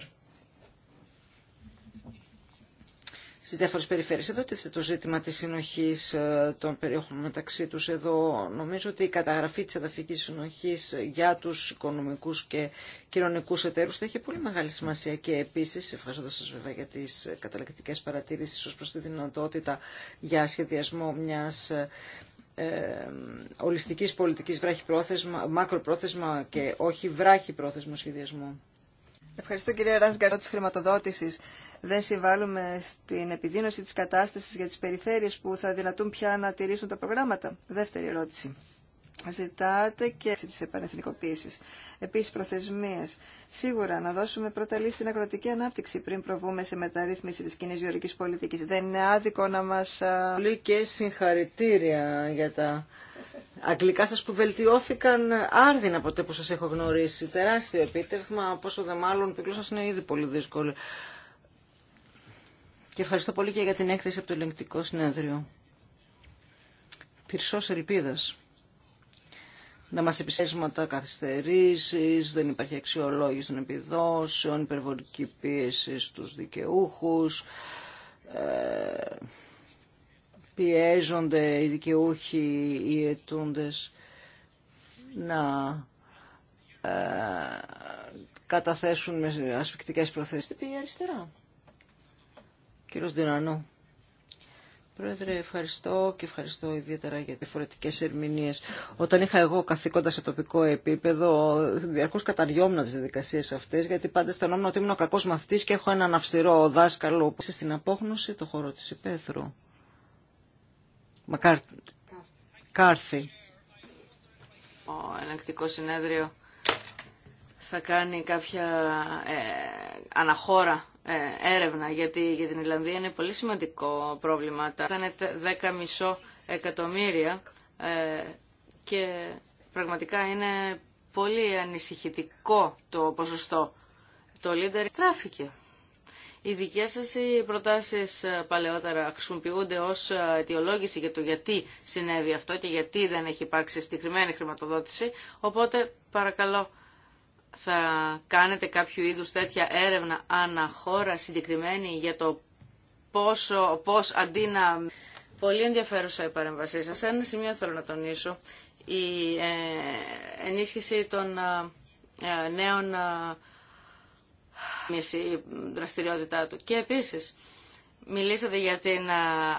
Speaker 3: στις διάφορες περιφέρειες. Εδώ τίθεται το ζήτημα της συνοχής ε, των περιοχών μεταξύ τους. Εδώ νομίζω ότι η καταγραφή της εδαφική συνοχής για τους οικονομικούς και κοινωνικούς εταίρους θα έχει πολύ μεγάλη σημασία και επίσης, ευχαριστώ σας βέβαια για τις καταλεκτικές παρατήρησεις ως προς τη δυνατότητα για σχεδιασμό μιας ε, ε, ολιστικής πολιτικής βράχυπρόθεσμα, μακροπρόθεσμα και όχι βράχυπρόθεσμο σχεδιασμό. Ευχαριστώ κύριε για τη χρηματοδότηση.
Speaker 1: Δεν συμβάλλουμε στην επιδείνωση της κατάστασης για τις περιφέρειες που θα δυνατούν πια να τηρήσουν τα προγράμματα. Δεύτερη ερώτηση. Ζητάτε και τις επανεθνικοποίησεις Επίση, προθεσμίε. Σίγουρα να δώσουμε πρώτα λύση στην αγροτική ανάπτυξη πριν προβούμε σε μεταρρύθμιση τη κοινή γεωργική πολιτική. Δεν είναι άδικο να μα. Πολύ και συγχαρητήρια
Speaker 3: για τα αγγλικά σας που βελτιώθηκαν άρδιν από τότε που σας έχω γνωρίσει. Τεράστιο επίτευγμα, πόσο δε μάλλον η σας είναι ήδη πολύ δύσκολο. Και ευχαριστώ πολύ και για την έκθεση από το ελεγκτικό συνέδριο. Πυρσός ελπίδας να μας επισέσματα καθυστερήσεις, δεν υπάρχει αξιολόγηση των επιδόσεων, υπερβολική πίεση στους δικαιούχους, ε, πιέζονται οι δικαιούχοι, οι ετούντες να ε, καταθέσουν με ασφικτικές προθέσεις. Τι πήγε αριστερά. Κύριος δυνανό. Πρόεδρε, ευχαριστώ και ευχαριστώ ιδιαίτερα για διαφορετικέ ερμηνείε. Όταν είχα εγώ καθήκοντα σε τοπικό επίπεδο, διαρκώ καταριόμουν τι διαδικασίε αυτέ, γιατί πάντα αισθανόμουν ότι ήμουν ο κακό μαθητή και έχω έναν αυστηρό δάσκαλο που στην απόγνωση το χώρο τη υπαίθρου. Μακάρ... Κάρθη.
Speaker 2: Ο ελεγκτικό συνέδριο θα κάνει κάποια ε, αναχώρα ε, έρευνα γιατί για την Ιρλανδία είναι πολύ σημαντικό πρόβλημα. Τα 10,5 εκατομμύρια ε, και πραγματικά είναι πολύ ανησυχητικό το ποσοστό. Το Λίντερ στράφηκε. Οι δικές σας οι προτάσεις ε, παλαιότερα χρησιμοποιούνται ως αιτιολόγηση για το γιατί συνέβη αυτό και γιατί δεν έχει υπάρξει συγκεκριμένη χρηματοδότηση. Οπότε παρακαλώ θα κάνετε κάποιο είδους τέτοια έρευνα αναχώρα συγκεκριμένη για το πόσο, πώς αντί να... Πολύ ενδιαφέρουσα η παρέμβασή σας. Ένα σημείο θέλω να τονίσω. Η ε, ενίσχυση των ε, ε, νέων ε, δραστηριότητά του. Και επίσης, μιλήσατε για την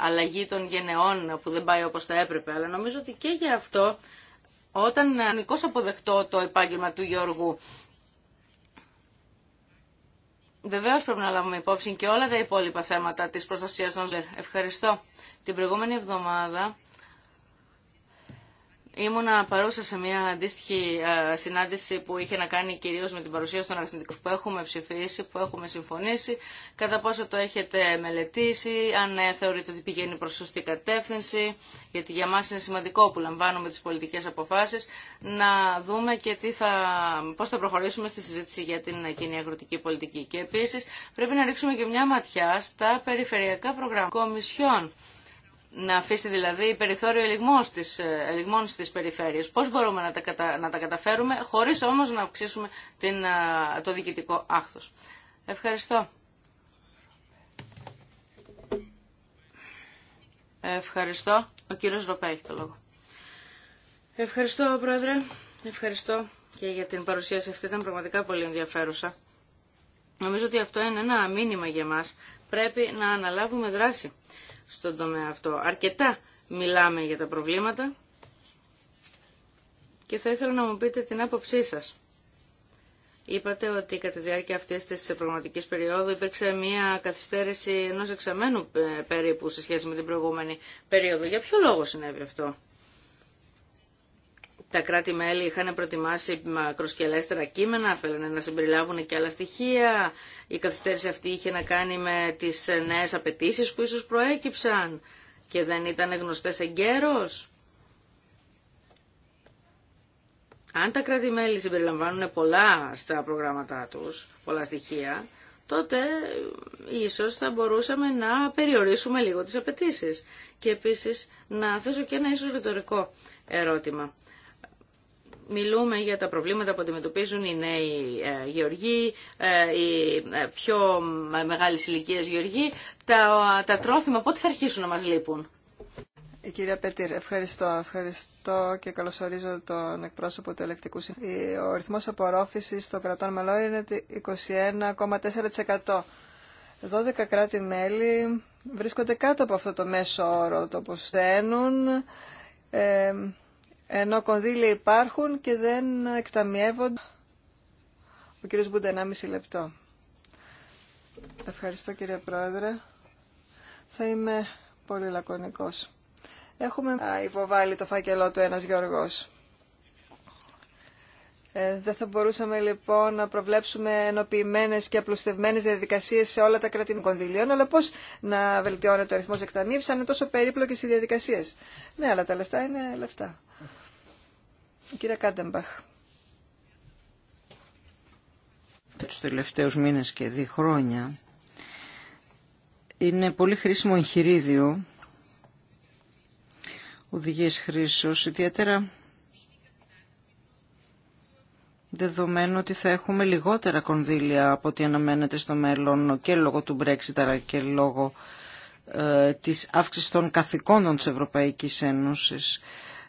Speaker 2: αλλαγή των γενεών που δεν πάει όπως θα έπρεπε, αλλά νομίζω ότι και για αυτό όταν ανικώς αποδεκτό το επάγγελμα του Γιώργου Βεβαίω πρέπει να λάβουμε υπόψη και όλα τα υπόλοιπα θέματα τη προστασία των ζώων. Ευχαριστώ. Την προηγούμενη εβδομάδα ήμουνα παρούσα σε μια αντίστοιχη ε, συνάντηση που είχε να κάνει κυρίω με την παρουσίαση των αριθμητικών που έχουμε ψηφίσει, που έχουμε συμφωνήσει κατά πόσο το έχετε μελετήσει, αν ε, θεωρείτε ότι πηγαίνει προς σωστή κατεύθυνση, γιατί για μας είναι σημαντικό που λαμβάνουμε τις πολιτικές αποφάσεις, να δούμε και τι θα, πώς θα προχωρήσουμε στη συζήτηση για την κοινή αγροτική πολιτική. Και επίσης πρέπει να ρίξουμε και μια ματιά στα περιφερειακά προγράμματα κομισιών να αφήσει δηλαδή περιθώριο στις, ε, ελιγμών στις περιφέρειες. Πώς μπορούμε να τα, κατα, να τα καταφέρουμε χωρίς όμως να αυξήσουμε την, ε, το διοικητικό άχθος. Ευχαριστώ. Ευχαριστώ. Ο κύριος Ροπέ έχει το λόγο. Ευχαριστώ, Πρόεδρε. Ευχαριστώ και για την παρουσίαση αυτή. Ήταν πραγματικά πολύ ενδιαφέρουσα. Νομίζω ότι αυτό είναι ένα μήνυμα για μας. Πρέπει να αναλάβουμε δράση στον τομέα αυτό. Αρκετά μιλάμε για τα προβλήματα και θα ήθελα να μου πείτε την άποψή σας. Είπατε ότι κατά τη διάρκεια αυτής της προγραμματικής περίοδου υπήρξε μια καθυστέρηση ενός εξαμένου ε, περίπου σε σχέση με την προηγούμενη περίοδο. Για ποιο λόγο συνέβη αυτό. Τα κράτη-μέλη είχαν προετοιμάσει μακροσκελέστερα κείμενα, θέλανε να συμπεριλάβουν και άλλα στοιχεία. Η καθυστέρηση αυτή είχε να κάνει με τις νέες απαιτήσει που ίσως προέκυψαν και δεν ήταν γνωστές εγκαίρως. Αν τα κράτη-μέλη συμπεριλαμβάνουν πολλά στα προγράμματά τους, πολλά στοιχεία, τότε ίσως θα μπορούσαμε να περιορίσουμε λίγο τις απαιτήσει. Και επίσης να θέσω και ένα ίσως ρητορικό ερώτημα. Μιλούμε για τα προβλήματα που αντιμετωπίζουν οι νέοι ε, γεωργοί, ε, οι ε, πιο μεγάλες ηλικίε γεωργοί, τα, τα τρόφιμα πότε θα αρχίσουν να μας λείπουν. Η ε, κυρία Πετήρ,
Speaker 1: ευχαριστώ. Ευχαριστώ και καλωσορίζω τον εκπρόσωπο του Ελεκτικού Συνεδρίου. Ο ρυθμός απορρόφηση των κρατών μελών είναι 21,4%. 12 κράτη-μέλη βρίσκονται κάτω από αυτό το μέσο όρο το που στένουν, ε, ενώ κονδύλια υπάρχουν και δεν εκταμιεύονται. Ο κύριος Μπούντα, 1,5 λεπτό. Ευχαριστώ κύριε Πρόεδρε. Θα είμαι πολύ λακωνικός έχουμε υποβάλει το φάκελό του ένας Γιώργος. Ε, δεν θα μπορούσαμε λοιπόν να προβλέψουμε ενοποιημένε και απλουστευμένε διαδικασίε σε όλα τα κράτη κονδυλίων, αλλά πώ να βελτιώνεται ο αριθμό εκταμείευση, αν είναι τόσο περίπλοκε οι διαδικασίε. Ναι, αλλά τα λεφτά είναι λεφτά. Κύριε Κάντεμπαχ.
Speaker 3: Του τελευταίου μήνε και δύο χρόνια είναι πολύ χρήσιμο εγχειρίδιο οδηγίες χρήσεως, ιδιαίτερα δεδομένου ότι θα έχουμε λιγότερα κονδύλια από ό,τι αναμένεται στο μέλλον και λόγω του Brexit αλλά και λόγω ε, της αύξησης των καθηκόντων της Ευρωπαϊκής Ένωσης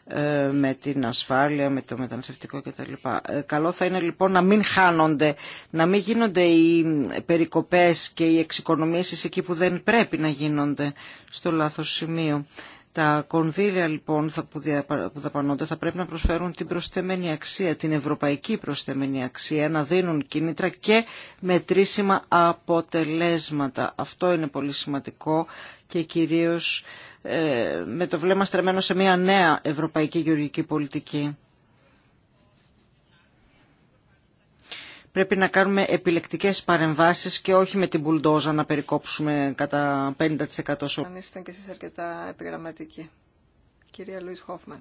Speaker 3: ε, με την ασφάλεια, με το μεταναστευτικό κτλ. Ε, καλό θα είναι λοιπόν να μην χάνονται, να μην γίνονται οι περικοπές και οι εξοικονομήσεις εκεί που δεν πρέπει να γίνονται στο λάθος σημείο. Τα κονδύλια λοιπόν που δαπανώνται θα πρέπει να προσφέρουν την προσθεμένη αξία, την ευρωπαϊκή προσθεμένη αξία, να δίνουν κίνητρα και μετρήσιμα αποτελέσματα. Αυτό είναι πολύ σημαντικό και κυρίως ε, με το βλέμμα στρεμμένο σε μια νέα ευρωπαϊκή γεωργική πολιτική. Πρέπει να κάνουμε επιλεκτικές παρεμβάσεις και όχι με την μπουλντόζα να περικόψουμε κατά 50%. Αν
Speaker 1: είστε και εσείς αρκετά επιγραμματικοί. Κυρία Λουίς Χόφμαν.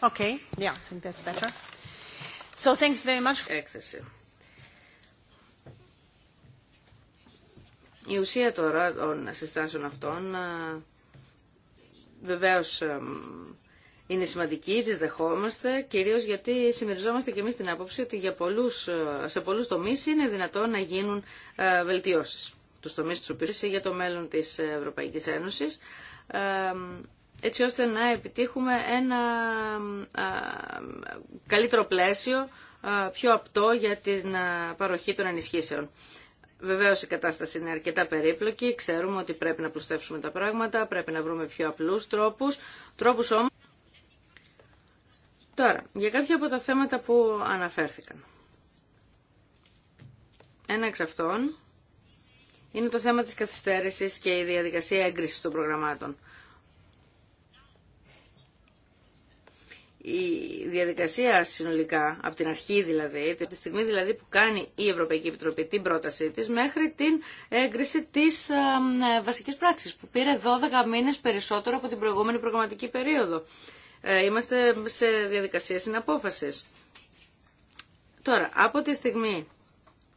Speaker 2: Okay, yeah, I think that's better. So thanks very much. Έκθεση. Η ουσία τώρα των συστάσεων αυτών ε, βεβαίω ε, είναι σημαντική, τις δεχόμαστε, κυρίως γιατί συμμεριζόμαστε και εμείς την άποψη ότι για πολλούς, ε, σε πολλούς τομεί είναι δυνατόν να γίνουν βελτιώσεις. Τους τομείς του οποίου για το μέλλον της Ευρωπαϊκή Ένωση έτσι ώστε να επιτύχουμε ένα καλύτερο πλαίσιο, πιο απτό για την παροχή των ενισχύσεων. Βεβαίω η κατάσταση είναι αρκετά περίπλοκη. Ξέρουμε ότι πρέπει να πλουστεύσουμε τα πράγματα, πρέπει να βρούμε πιο απλούς τρόπους. Τρόπους όμως. Τώρα, για κάποια από τα θέματα που αναφέρθηκαν. Ένα εξ αυτών είναι το θέμα της καθυστέρησης και η διαδικασία έγκρισης των προγραμμάτων. η διαδικασία συνολικά, από την αρχή δηλαδή, τη στιγμή δηλαδή που κάνει η Ευρωπαϊκή Επιτροπή την πρότασή της, μέχρι την έγκριση της ε, βασικής πράξης, που πήρε 12 μήνες περισσότερο από την προηγούμενη προγραμματική περίοδο. Ε, είμαστε σε διαδικασία συναπόφασης. Τώρα, από τη στιγμή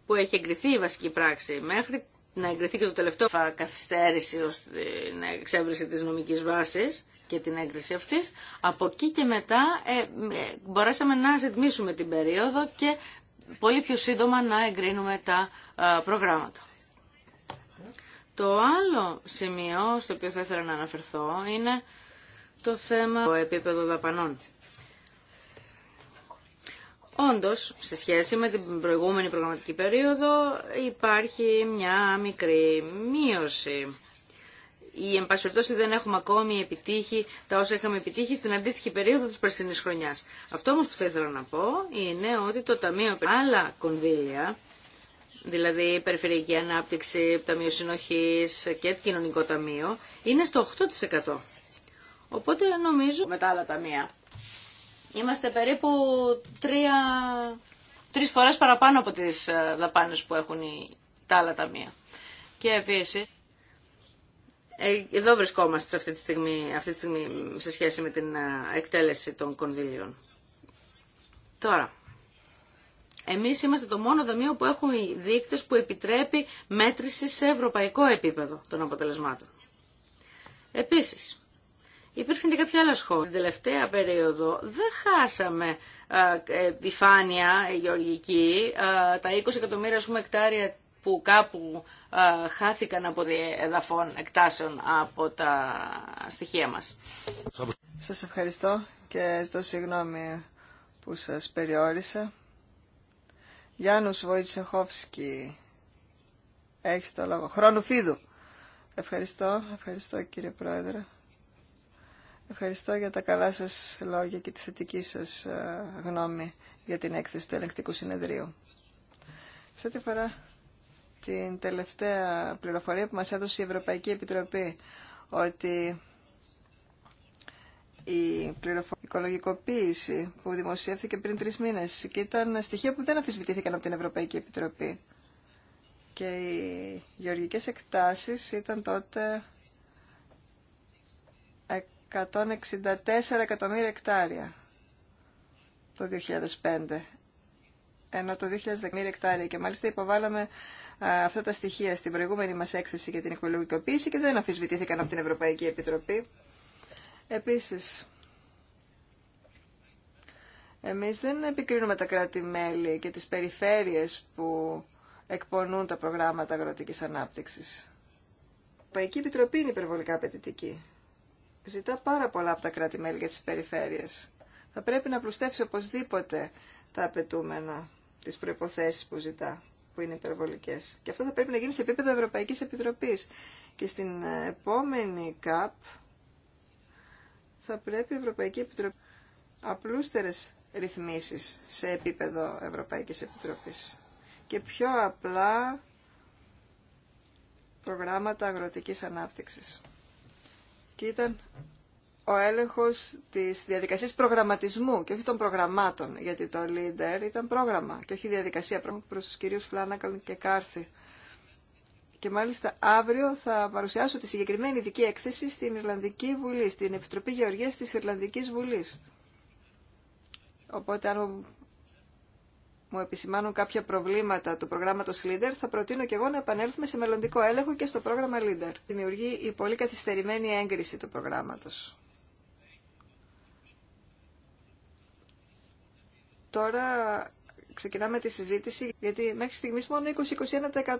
Speaker 2: που έχει εγκριθεί η βασική πράξη μέχρι να εγκριθεί και το τελευταίο καθυστέρηση ως την εξέβριση της νομικής βάσης, και την έγκριση αυτής. Από εκεί και μετά ε, ε, μπορέσαμε να ζητμίσουμε την περίοδο και πολύ πιο σύντομα να εγκρίνουμε τα ε, προγράμματα. Το άλλο σημείο στο οποίο θα ήθελα να αναφερθώ είναι το θέμα του επίπεδο δαπανών. Όντως, σε σχέση με την προηγούμενη προγραμματική περίοδο υπάρχει μια μικρή μείωση ή εν πάση περιπτώσει δεν έχουμε ακόμη επιτύχει τα όσα είχαμε επιτύχει στην αντίστοιχη περίοδο της περσινής χρονιάς. Αυτό όμως που θα ήθελα να πω είναι ότι το Ταμείο άλλα κονδύλια, δηλαδή Περιφερειακή Ανάπτυξη, Ταμείο Συνοχής και Κοινωνικό Ταμείο, είναι στο 8%. Οπότε νομίζω με τα άλλα ταμεία. Είμαστε περίπου τρία, τρεις φορές παραπάνω από τις ε, δαπάνες που έχουν τα άλλα ταμεία. Και επίσης ε, εδώ βρισκόμαστε αυτή τη, στιγμή, αυτή τη στιγμή σε σχέση με την εκτέλεση των κονδύλιων. Τώρα, εμείς είμαστε το μόνο δομείο που έχουμε δείκτες που επιτρέπει μέτρηση σε ευρωπαϊκό επίπεδο των αποτελεσμάτων. Επίσης, υπήρχαν και κάποια άλλα σχόλια. Την τελευταία περίοδο δεν χάσαμε ε, επιφάνεια γεωργική. Τα 20 εκατομμύρια πούμε, εκτάρια που κάπου χάθηκαν από διεδαφών εκτάσεων από τα στοιχεία μας.
Speaker 1: Σας ευχαριστώ και ζητώ συγγνώμη που σας περιόρισα. Γιάννους Βοητσεχόφσκι, έχει το λόγο. Χρόνου φίδου. Ευχαριστώ, ευχαριστώ κύριε Πρόεδρε. Ευχαριστώ για τα καλά σας λόγια και τη θετική σας ε, γνώμη για την έκθεση του ελεγκτικού συνεδρίου. Σε ό,τι φορά την τελευταία πληροφορία που μας έδωσε η Ευρωπαϊκή Επιτροπή ότι η οικολογικοποίηση που δημοσιεύθηκε πριν τρεις μήνες και ήταν στοιχεία που δεν αφισβητήθηκαν από την Ευρωπαϊκή Επιτροπή. Και οι γεωργικές εκτάσεις ήταν τότε 164 εκατομμύρια εκτάρια το 2005 ενώ το 2010 εκτάρια και μάλιστα υποβάλαμε αυτά τα στοιχεία στην προηγούμενη μας έκθεση για την οικολογικοποίηση και δεν αφισβητήθηκαν από την Ευρωπαϊκή Επιτροπή. Επίσης, εμείς δεν επικρίνουμε τα κράτη-μέλη και τις περιφέρειες που εκπονούν τα προγράμματα αγροτικής ανάπτυξης. Η Ευρωπαϊκή Επιτροπή είναι υπερβολικά απαιτητική. Ζητά πάρα πολλά από τα κράτη-μέλη και τις περιφέρειες. Θα πρέπει να πλουστεύσει οπωσδήποτε τα απαιτούμενα τις προϋποθέσεις που ζητά, που είναι υπερβολικές. Και αυτό θα πρέπει να γίνει σε επίπεδο Ευρωπαϊκής Επιτροπής. Και στην ε, επόμενη ΚΑΠ θα πρέπει η Ευρωπαϊκή Επιτροπή απλούστερες ρυθμίσεις σε επίπεδο Ευρωπαϊκής Επιτροπής και πιο απλά προγράμματα αγροτικής ανάπτυξης. Και ήταν ο έλεγχος της διαδικασίας προγραμματισμού και όχι των προγραμμάτων, γιατί το leader ήταν πρόγραμμα και όχι διαδικασία προς τους κυρίους Φλάνακαλ και Κάρθη. Και μάλιστα αύριο θα παρουσιάσω τη συγκεκριμένη ειδική έκθεση στην Ιρλανδική Βουλή, στην Επιτροπή Γεωργίας της Ιρλανδικής Βουλής. Οπότε αν μου επισημάνουν κάποια προβλήματα του προγράμματος Leader, θα προτείνω και εγώ να επανέλθουμε σε μελλοντικό έλεγχο και στο πρόγραμμα Leader. Δημιουργεί η πολύ καθυστερημένη έγκριση του προγράμματος. Τώρα ξεκινάμε τη συζήτηση γιατί μέχρι στιγμής μόνο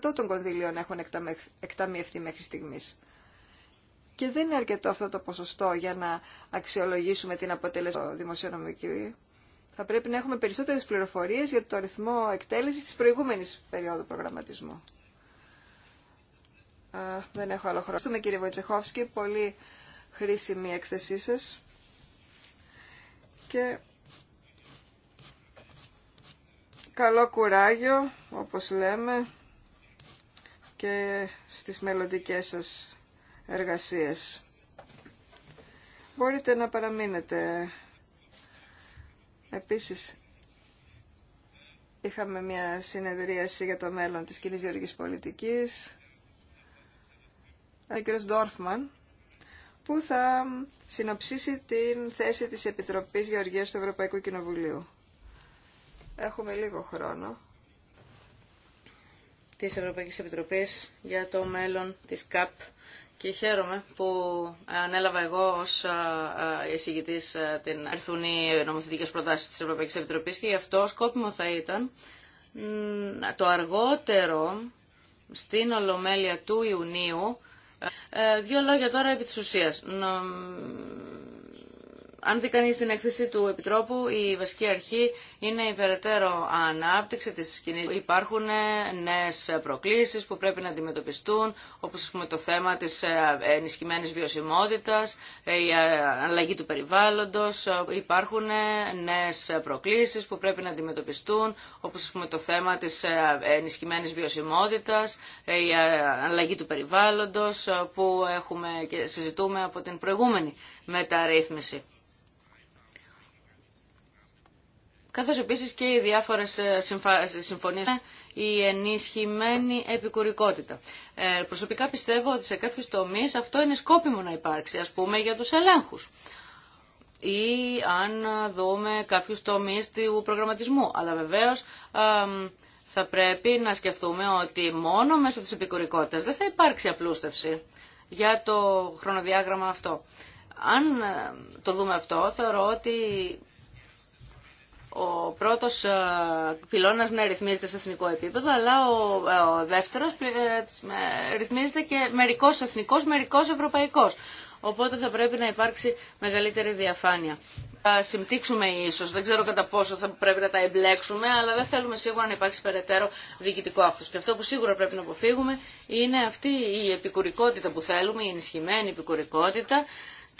Speaker 1: 20-21% των κονδύλιων έχουν εκταμιευθεί μέχρι στιγμής. Και δεν είναι αρκετό αυτό το ποσοστό για να αξιολογήσουμε την αποτέλεσμα δημοσιονομικού. Θα πρέπει να έχουμε περισσότερες πληροφορίες για το αριθμό εκτέλεσης της προηγούμενης περίοδου προγραμματισμού. Α, δεν έχω άλλο χρόνο. Ευχαριστούμε κύριε Βοητσεχόφσκι. Πολύ χρήσιμη η έκθεσή σας. Και Καλό κουράγιο, όπως λέμε, και στις μελλοντικές σας εργασίες. Μπορείτε να παραμείνετε. Επίσης, είχαμε μια συνεδρίαση για το μέλλον της κοινής γεωργικής πολιτικής. Ο κ. Ντόρφμαν, που θα συνοψίσει την θέση της
Speaker 2: Επιτροπής
Speaker 1: Γεωργίας του Ευρωπαϊκού Κοινοβουλίου.
Speaker 2: Έχουμε λίγο χρόνο της Ευρωπαϊκής Επιτροπής για το μέλλον της ΚΑΠ και χαίρομαι που ανέλαβα εγώ ως εισηγητής την αρθούνη νομοθετικές προτάσεις της Ευρωπαϊκής Επιτροπής και γι' αυτό σκόπιμο θα ήταν το αργότερο στην Ολομέλεια του Ιουνίου ε, ε, δύο λόγια τώρα επί της αν δει κανεί την έκθεση του Επιτρόπου, η βασική αρχή είναι η περαιτέρω ανάπτυξη της κοινή. Υπάρχουν νέε προκλήσει που πρέπει να αντιμετωπιστούν, όπως το θέμα τη ε, ενισχυμένη βιωσιμότητα, ε, η ε, αλλαγή του περιβάλλοντο, Υπάρχουν νέε προκλήσει που πρέπει να αντιμετωπιστούν, όπως το θέμα τη ενισχυμένη βιωσιμότητα, η αλλαγή του περιβάλλοντο που έχουμε και συζητούμε από την προηγούμενη μεταρρύθμιση. καθώς επίσης και οι διάφορες ε, συμφωνίες η ενισχυμένη επικουρικότητα. Ε, προσωπικά πιστεύω ότι σε κάποιους τομείς αυτό είναι σκόπιμο να υπάρξει, ας πούμε για τους ελέγχους ή αν δούμε κάποιους τομείς του προγραμματισμού. Αλλά βεβαίως θα πρέπει να σκεφτούμε ότι μόνο μέσω της επικουρικότητας δεν θα υπάρξει απλούστευση για το χρονοδιάγραμμα αυτό. Αν ε, το δούμε αυτό, θεωρώ ότι ο πρώτος ε, πυλώνας να ρυθμίζεται σε εθνικό επίπεδο, αλλά ο ε, δεύτερος ε, ρυθμίζεται και μερικός εθνικός, μερικός ευρωπαϊκός. Οπότε θα πρέπει να υπάρξει μεγαλύτερη διαφάνεια. Θα συμπτύξουμε ίσως, δεν ξέρω κατά πόσο θα πρέπει να τα εμπλέξουμε, αλλά δεν θέλουμε σίγουρα να υπάρξει περαιτέρω διοικητικό αυτός. Και αυτό που σίγουρα πρέπει να αποφύγουμε είναι αυτή η επικουρικότητα που θέλουμε, η ενισχυμένη επικουρικότητα,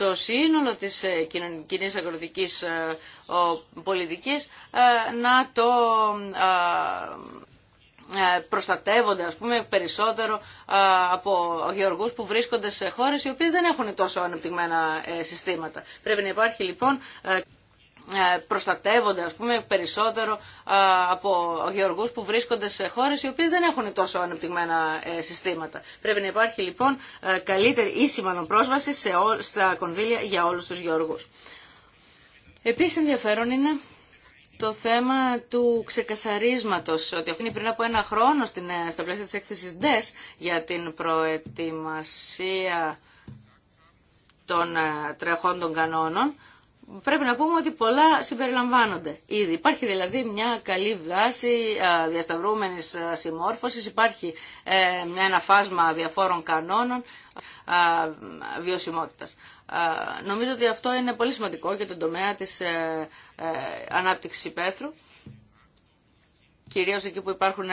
Speaker 2: το σύνολο της ε, κοινωνικής αγροτική ε, πολιτικής ε, να το προστατεύονται ας πούμε περισσότερο από γεωργούς που βρίσκονται σε χώρες οι οποίες δεν έχουν τόσο ανεπτυγμένα συστήματα. Πρέπει να υπάρχει λοιπόν ε, προστατεύονται ας πούμε περισσότερο ε, από γεωργούς που βρίσκονται σε χώρες οι οποίες δεν έχουν τόσο ανεπτυγμένα ε, συστήματα. Πρέπει να υπάρχει λοιπόν καλύτερη ή σημανό πρόσβαση σε ό, στα κονδύλια για όλους τους γεωργούς. Επίσης ενδιαφέρον είναι το θέμα του ξεκαθαρίσματος, ότι αφήνει πριν από ένα χρόνο στην, στα πλαίσια της έκθεσης DES για την προετοιμασία των τρεχών των κανόνων, πρέπει να πούμε ότι πολλά συμπεριλαμβάνονται ήδη. Υπάρχει δηλαδή μια καλή βάση διασταυρούμενης συμμόρφωσης, υπάρχει ε, ένα φάσμα διαφόρων κανόνων βιωσιμότητας. Νομίζω ότι αυτό είναι πολύ σημαντικό για τον τομέα της ε, ε, ανάπτυξης υπαίθρου κυρίως εκεί που υπάρχουν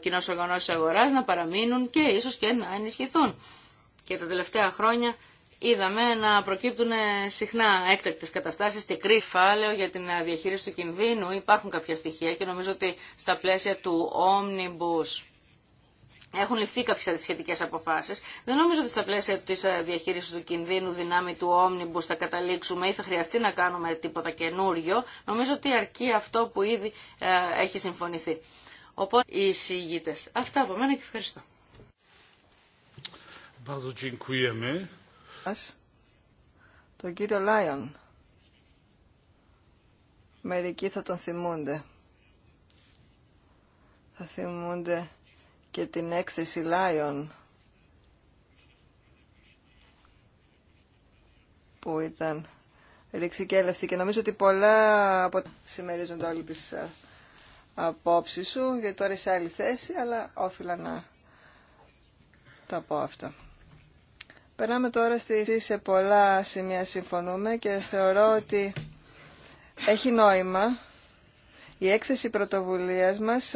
Speaker 2: κοινό οργανώσεις αγοράς, να παραμείνουν και ίσως και να ενισχυθούν. Και τα τελευταία χρόνια είδαμε να προκύπτουν ε, συχνά έκτακτες καταστάσεις και κρίση για την ε, διαχείριση του κινδύνου. Υπάρχουν κάποια στοιχεία και νομίζω ότι στα πλαίσια του Omnibus έχουν ληφθεί κάποιε σχετικέ αποφάσει. Δεν νομίζω ότι στα πλαίσια τη ε, διαχείριση του κινδύνου δυνάμει του Omnibus θα καταλήξουμε ή θα χρειαστεί να κάνουμε τίποτα καινούριο. Νομίζω ότι αρκεί αυτό που ήδη έχει συμφωνηθεί. Οπότε οι εισηγητέ. Αυτά από μένα και ευχαριστώ
Speaker 1: το τον κύριο Λάιον. Μερικοί θα τον θυμούνται. Θα θυμούνται και την έκθεση Λάιον που ήταν ρήξη και έλευθη και νομίζω ότι πολλά από συμμερίζονται όλοι τις ε, απόψεις σου γιατί τώρα είσαι άλλη θέση αλλά όφυλα να τα πω αυτά. Περνάμε τώρα στη σε πολλά σημεία συμφωνούμε και θεωρώ ότι έχει νόημα η έκθεση πρωτοβουλίας μας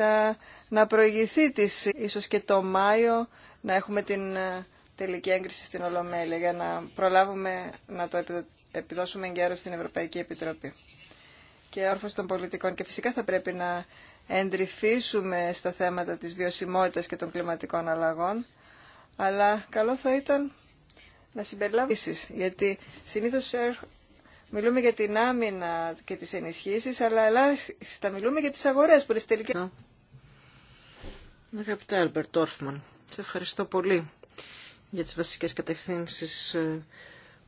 Speaker 1: να προηγηθεί της ίσως και το Μάιο να έχουμε την ε, τελική έγκριση στην Ολομέλεια για να προλάβουμε να το επιδώσουμε εγκαίρως στην Ευρωπαϊκή Επιτροπή και όρφος των πολιτικών και φυσικά θα πρέπει να εντρυφήσουμε στα θέματα της βιωσιμότητας και των κλιματικών αλλαγών αλλά καλό θα ήταν να συμπεριλάβει γιατί συνήθως ε, μιλούμε για την άμυνα και τις ενισχύσεις, αλλά ελάχιστα μιλούμε για τις αγορές που είναι τελικά.
Speaker 3: Αγαπητέ Άλμπερτ Όρφμαν, σε ευχαριστώ πολύ για τις βασικές κατευθύνσει ε,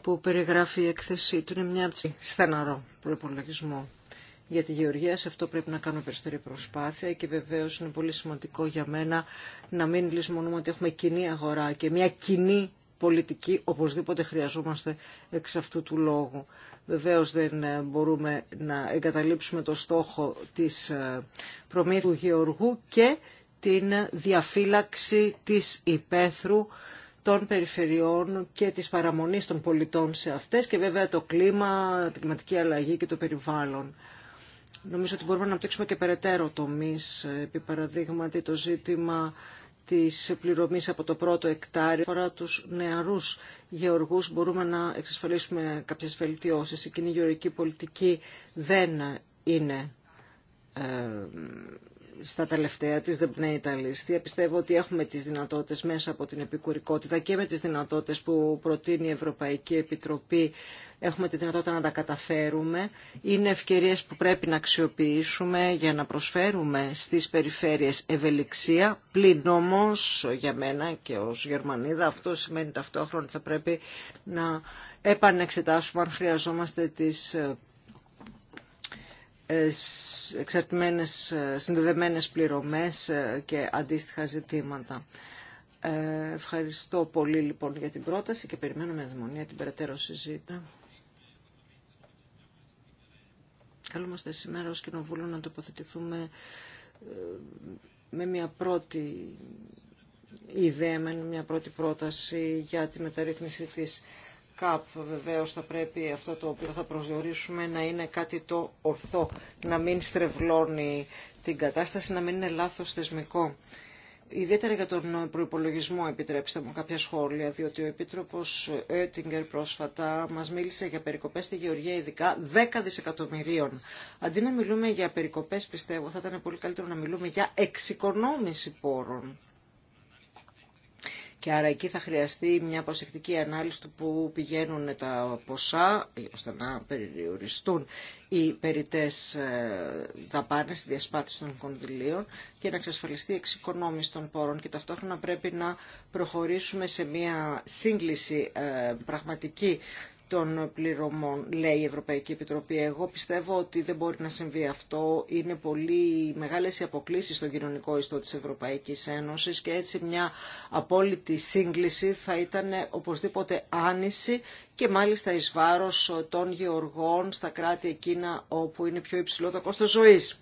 Speaker 3: που περιγράφει η εκθεσή του. Είναι μια από στεναρό προπολογισμό για τη γεωργία. Σε αυτό πρέπει να κάνουμε περισσότερη προσπάθεια και βεβαίω είναι πολύ σημαντικό για μένα να μην λησμονούμε ότι έχουμε κοινή αγορά και μια κοινή πολιτική οπωσδήποτε χρειαζόμαστε εξ αυτού του λόγου. Βεβαίως δεν ε, μπορούμε να εγκαταλείψουμε το στόχο της ε, προμήθειας του Γεωργού και την διαφύλαξη της υπαίθρου των περιφερειών και της παραμονής των πολιτών σε αυτές και βέβαια το κλίμα, την κλιματική αλλαγή και το περιβάλλον. Νομίζω ότι μπορούμε να αναπτύξουμε και περαιτέρω τομείς, ε, επί παραδείγματι το ζήτημα της πληρωμής από το πρώτο εκτάριο. Φορά τους νεαρούς γεωργούς μπορούμε να εξασφαλίσουμε κάποιες βελτιώσεις. Η κοινή γεωργική πολιτική δεν είναι ε, στα τελευταία της τα Ταλίστια. Πιστεύω ότι έχουμε τις δυνατότητες μέσα από την επικουρικότητα και με τις δυνατότητες που προτείνει η Ευρωπαϊκή Επιτροπή έχουμε τη δυνατότητα να τα καταφέρουμε. Είναι ευκαιρίες που πρέπει να αξιοποιήσουμε για να προσφέρουμε στις περιφέρειες ευελιξία. Πλην όμως για μένα και ως Γερμανίδα αυτό σημαίνει ταυτόχρονα ότι θα πρέπει να επανεξετάσουμε αν χρειαζόμαστε τις εξαρτημένες, ε, συνδεδεμένες πληρωμές ε, και αντίστοιχα ζητήματα. Ε, ευχαριστώ πολύ λοιπόν για την πρόταση και περιμένουμε δημονία την περαιτέρω συζήτηση. Καλούμαστε σήμερα ως Κοινοβούλιο να τοποθετηθούμε με μια πρώτη ιδέα, με μια πρώτη πρόταση για τη μεταρρύθμιση της ΚΑΠ βεβαίως θα πρέπει αυτό το οποίο θα προσδιορίσουμε να είναι κάτι το ορθό, να μην στρεβλώνει την κατάσταση, να μην είναι λάθος θεσμικό. Ιδιαίτερα για τον προπολογισμό, επιτρέψτε μου κάποια σχόλια, διότι ο Επίτροπο Έττιγκερ πρόσφατα μα μίλησε για περικοπέ στη Γεωργία, ειδικά 10 δισεκατομμυρίων. Αντί να μιλούμε για περικοπέ, πιστεύω θα ήταν πολύ καλύτερο να μιλούμε για εξοικονόμηση πόρων. Και άρα εκεί θα χρειαστεί μια προσεκτική ανάλυση του που πηγαίνουν τα ποσά, ώστε να περιοριστούν οι περιτές ε, δαπάνες, η διασπάθηση των κονδυλίων και να εξασφαλιστεί η εξοικονόμηση των πόρων και ταυτόχρονα πρέπει να προχωρήσουμε σε μια σύγκληση ε, πραγματική των πληρωμών, λέει η Ευρωπαϊκή Επιτροπή. Εγώ πιστεύω ότι δεν μπορεί να συμβεί αυτό. Είναι πολύ μεγάλες οι αποκλήσεις στον κοινωνικό ιστό της Ευρωπαϊκής Ένωσης και έτσι μια απόλυτη σύγκληση θα ήταν οπωσδήποτε άνηση και μάλιστα εις βάρος των γεωργών στα κράτη εκείνα όπου είναι πιο υψηλό το κόστος ζωής.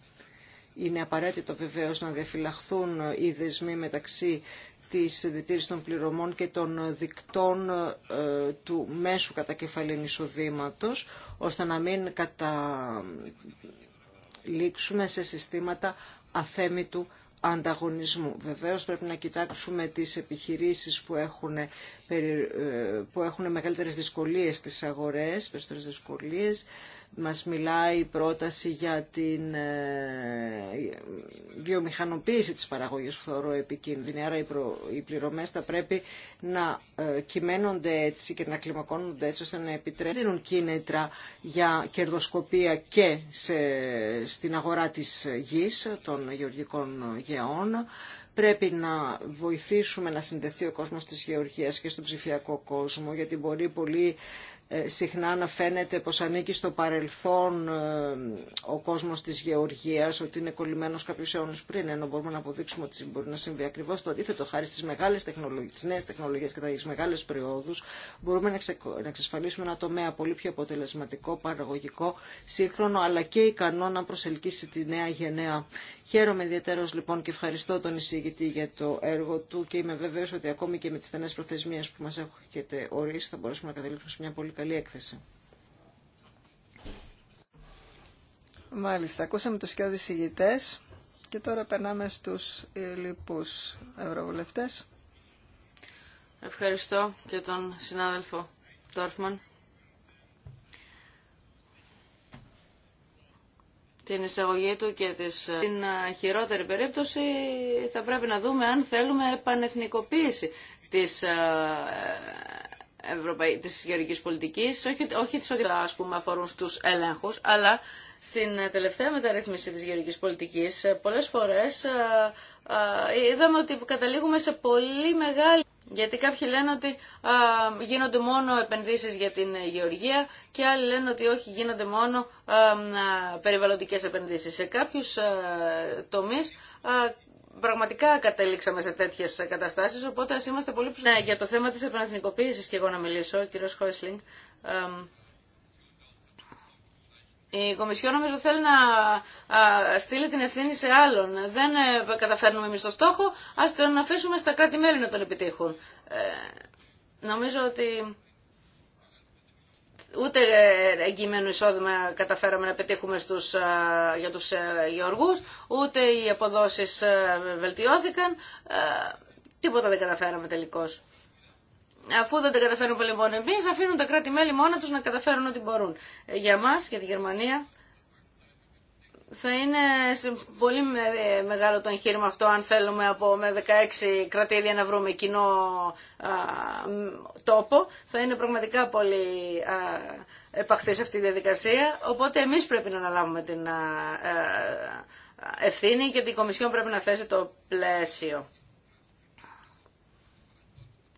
Speaker 3: Είναι απαραίτητο βεβαίως να διαφυλαχθούν οι δεσμοί μεταξύ της διτήρησης των πληρωμών και των δικτών ε, του μέσου κατακεφαλήν εισοδήματος, ώστε να μην καταλήξουμε σε συστήματα αθέμητου ανταγωνισμού. Βεβαίως πρέπει να κοιτάξουμε τις επιχειρήσεις που έχουν, ε, που έχουν μεγαλύτερες δυσκολίες στις αγορές, περισσότερες δυσκολίες, μας μιλάει η πρόταση για την ε, βιομηχανοποίηση της παραγωγής που θεωρώ επικίνδυνη. Άρα οι πληρωμές θα πρέπει να ε, κυμαίνονται έτσι και να κλιμακώνονται έτσι ώστε να επιτρέπουν κίνητρα για κερδοσκοπία και σε, στην αγορά της γης των γεωργικών γεών. Πρέπει να βοηθήσουμε να συνδεθεί ο κόσμος της γεωργίας και στον ψηφιακό κόσμο, γιατί μπορεί πολύ ε, συχνά να φαίνεται πως ανήκει στο παρελθόν ε, ο κόσμος της γεωργίας, ότι είναι κολλημένος κάποιους αιώνες πριν, ενώ μπορούμε να αποδείξουμε ότι μπορεί να συμβεί ακριβώς το αντίθετο. Χάρη στις, μεγάλες τεχνολογίες, νέες τεχνολογίες και τις μεγάλες περιόδους, μπορούμε να, να εξασφαλίσουμε ένα τομέα πολύ πιο αποτελεσματικό, παραγωγικό, σύγχρονο, αλλά και ικανό να προσελκύσει τη νέα γενναία Χαίρομαι ιδιαίτερω λοιπόν και ευχαριστώ τον εισηγητή για το έργο του και είμαι βέβαιος ότι ακόμη και με τις στενές προθεσμίες που μας έχετε ορίσει θα μπορέσουμε να καταλήξουμε σε μια πολύ καλή έκθεση.
Speaker 1: Μάλιστα, ακούσαμε τους και εισηγητές και τώρα περνάμε στους
Speaker 2: λοιπούς ευρωβουλευτές. Ευχαριστώ και τον συνάδελφο Τόρφμαν. την εισαγωγή του και της... Ε, την ε, χειρότερη περίπτωση θα πρέπει να δούμε αν θέλουμε επανεθνικοποίηση της ε, της γεωργικής πολιτικής, όχι, όχι τις ότι ας πούμε αφορούν στους έλεγχους, αλλά στην τελευταία μεταρρύθμιση της γεωργικής πολιτικής πολλές φορές είδαμε ότι καταλήγουμε σε πολύ μεγάλη γιατί κάποιοι λένε ότι α, γίνονται μόνο επενδύσεις για την γεωργία και άλλοι λένε ότι όχι γίνονται μόνο α, α, περιβαλλοντικές επενδύσεις. Σε κάποιους τομείς πραγματικά κατέληξαμε σε τέτοιες καταστάσεις, οπότε ας είμαστε πολύ προσεκτικοί. Ναι, για το θέμα της επαναθνικοποίησης και εγώ να μιλήσω, ο κύριος Χόισλινγκ. Η Κομισιόν νομίζω θέλει να στείλει την ευθύνη σε άλλον. Δεν ε, καταφέρνουμε εμεί το στόχο, α να αφήσουμε στα κράτη-μέλη να τον επιτύχουν. Ε, νομίζω ότι ούτε ε, εγγυημένο εισόδημα καταφέραμε να πετύχουμε στους, για τους γεωργούς, ούτε οι αποδόσεις βελτιώθηκαν, τίποτα δεν καταφέραμε τελικώς. Αφού δεν τα πολύ μόνο εμεί, αφήνουν τα κράτη-μέλη μόνα του να καταφέρουν ό,τι μπορούν. Ε, για εμά, και τη Γερμανία θα είναι πολύ ε, μεγάλο το εγχείρημα αυτό αν θέλουμε από με 16 κρατήδια να βρούμε κοινό τόπο. Θα είναι πραγματικά πολύ επαχθής αυτή η διαδικασία. Οπότε εμείς πρέπει να αναλάβουμε την α, ε, ευθύνη και την Κομισιόν πρέπει να θέσει το πλαίσιο.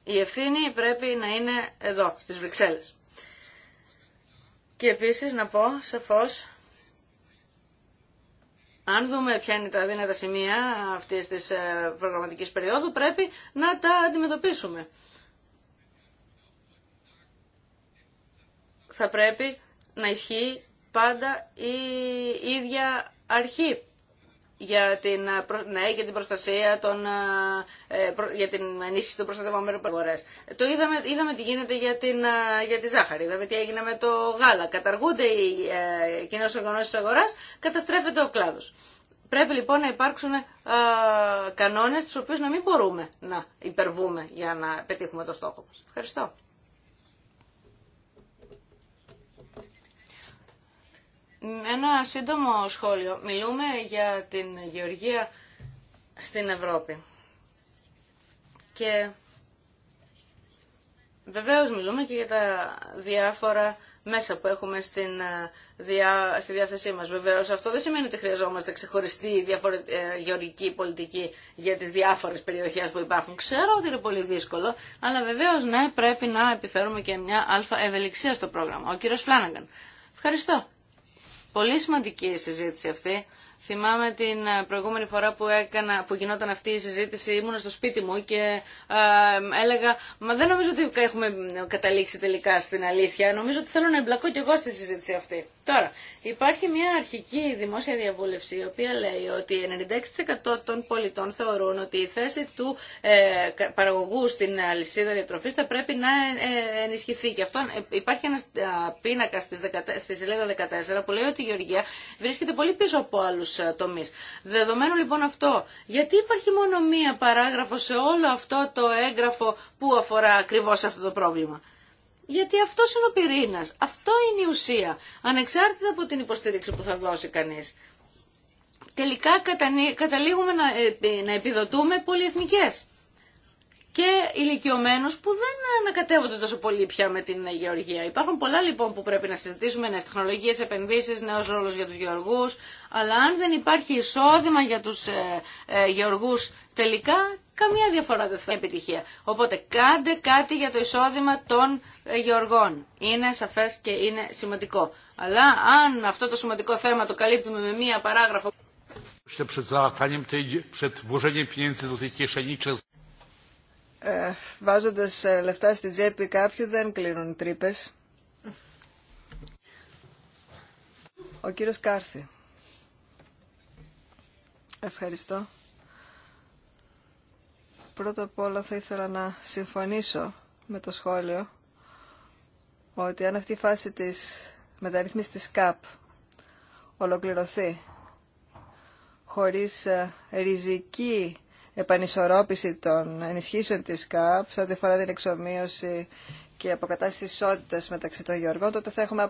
Speaker 2: Η ευθύνη πρέπει να είναι εδώ, στις Βρυξέλλες. Και επίσης να πω σαφώς, αν δούμε ποια είναι τα δύνατα σημεία αυτής της ε, προγραμματικής περίοδου, πρέπει να τα αντιμετωπίσουμε. Θα πρέπει να ισχύει πάντα η ίδια αρχή για την, ε, ναι, για την προστασία, των, ε, ε, για την ενίσχυση των προστατευόμενων αγορές. Το είδαμε, είδαμε τι γίνεται για, την, για τη ζάχαρη, είδαμε τι έγινε με το γάλα. Καταργούνται οι ε, κοινές οργανώσεις αγοράς, καταστρέφεται ο κλάδος. Πρέπει λοιπόν να υπάρξουν ε, κανόνες τους οποίους να μην μπορούμε να υπερβούμε για να πετύχουμε το στόχο μας. Ευχαριστώ. Ένα σύντομο σχόλιο. Μιλούμε για την γεωργία στην Ευρώπη. Και βεβαίως μιλούμε και για τα διάφορα μέσα που έχουμε στην, ε, διά, στη διάθεσή μας. Βεβαίως αυτό δεν σημαίνει ότι χρειαζόμαστε ξεχωριστή διαφορε, ε, γεωργική πολιτική για τις διάφορες περιοχές που υπάρχουν. Ξέρω ότι είναι πολύ δύσκολο, αλλά βεβαίως ναι πρέπει να επιφέρουμε και μια αλφα ευελιξία στο πρόγραμμα. Ο κύριος Φλάναγκαν. Ευχαριστώ. Πολύ σημαντική η συζήτηση αυτή. Θυμάμαι την ε, προηγούμενη φορά που, έκανα, που γινόταν αυτή η συζήτηση, ήμουν στο σπίτι μου και ε, έλεγα «Μα δεν νομίζω ότι έχουμε ε, καταλήξει τελικά στην αλήθεια, νομίζω ότι θέλω να εμπλακώ κι εγώ στη συζήτηση αυτή». Τώρα, υπάρχει μια αρχική δημόσια διαβούλευση η οποία λέει ότι 96% των πολιτών θεωρούν ότι η θέση του ε, παραγωγού στην ε, αλυσίδα διατροφής θα πρέπει να ε, ενισχυθεί. Και αυτό υπάρχει ένας πίνακας στις, στη σελίδα 14 που λέει ότι η Γεωργία βρίσκεται πολύ πίσω από άλλους τομείς. Δεδομένου λοιπόν αυτό, γιατί υπάρχει μόνο μία παράγραφο σε όλο αυτό το έγγραφο που αφορά ακριβώς αυτό το πρόβλημα γιατί αυτό είναι ο πυρήνα. Αυτό είναι η ουσία. Ανεξάρτητα από την υποστήριξη που θα δώσει κανεί. Τελικά καταλήγουμε να ε, ε, επιδοτούμε πολυεθνικέ. και ηλικιωμένου που δεν ανακατεύονται τόσο πολύ πια με την γεωργία. Υπάρχουν πολλά λοιπόν που πρέπει να συζητήσουμε, νέε τεχνολογίε, επενδύσει, νέο ρόλο για του γεωργού. Αλλά αν δεν υπάρχει εισόδημα για του ε, ε γεωργού τελικά, καμία διαφορά δεν θα είναι επιτυχία. Οπότε κάντε κάτι για το εισόδημα των ε, γεωργών. Είναι σαφές και είναι σημαντικό. Αλλά αν αυτό το σημαντικό θέμα το καλύπτουμε με μία παράγραφο... Βάζοντα
Speaker 1: ε, βάζοντας ε, λεφτά στην τσέπη κάποιου δεν κλείνουν τρύπε. Ο κύριος Κάρθη. Ευχαριστώ. Πρώτα απ' όλα θα ήθελα να συμφωνήσω με το σχόλιο ότι αν αυτή η φάση της μεταρρύθμισης της ΚΑΠ ολοκληρωθεί χωρίς ε, ριζική επανισορρόπηση των ενισχύσεων της ΚΑΠ σε ό,τι αφορά την εξομοίωση και αποκατάσταση ισότητας μεταξύ των γεωργών, τότε θα έχουμε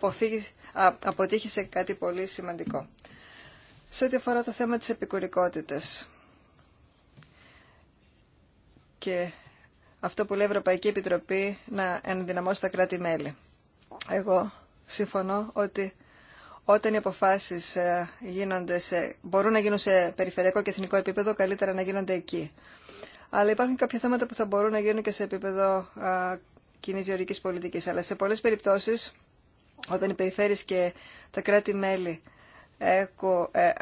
Speaker 1: αποτύχει σε κάτι πολύ σημαντικό. Σε ό,τι αφορά το θέμα της επικουρικότητας και αυτό που λέει η Ευρωπαϊκή Επιτροπή να ενδυναμώσει τα κράτη-μέλη. Εγώ συμφωνώ ότι όταν οι αποφάσεις ε, μπορούν να γίνουν σε περιφερειακό και εθνικό επίπεδο, καλύτερα να γίνονται εκεί. Αλλά υπάρχουν κάποια θέματα που θα μπορούν να γίνουν και σε επίπεδο κοινή γεωργική πολιτική. Αλλά σε πολλές περιπτώσεις, όταν οι περιφέρειες και τα κράτη-μέλη ε, ε,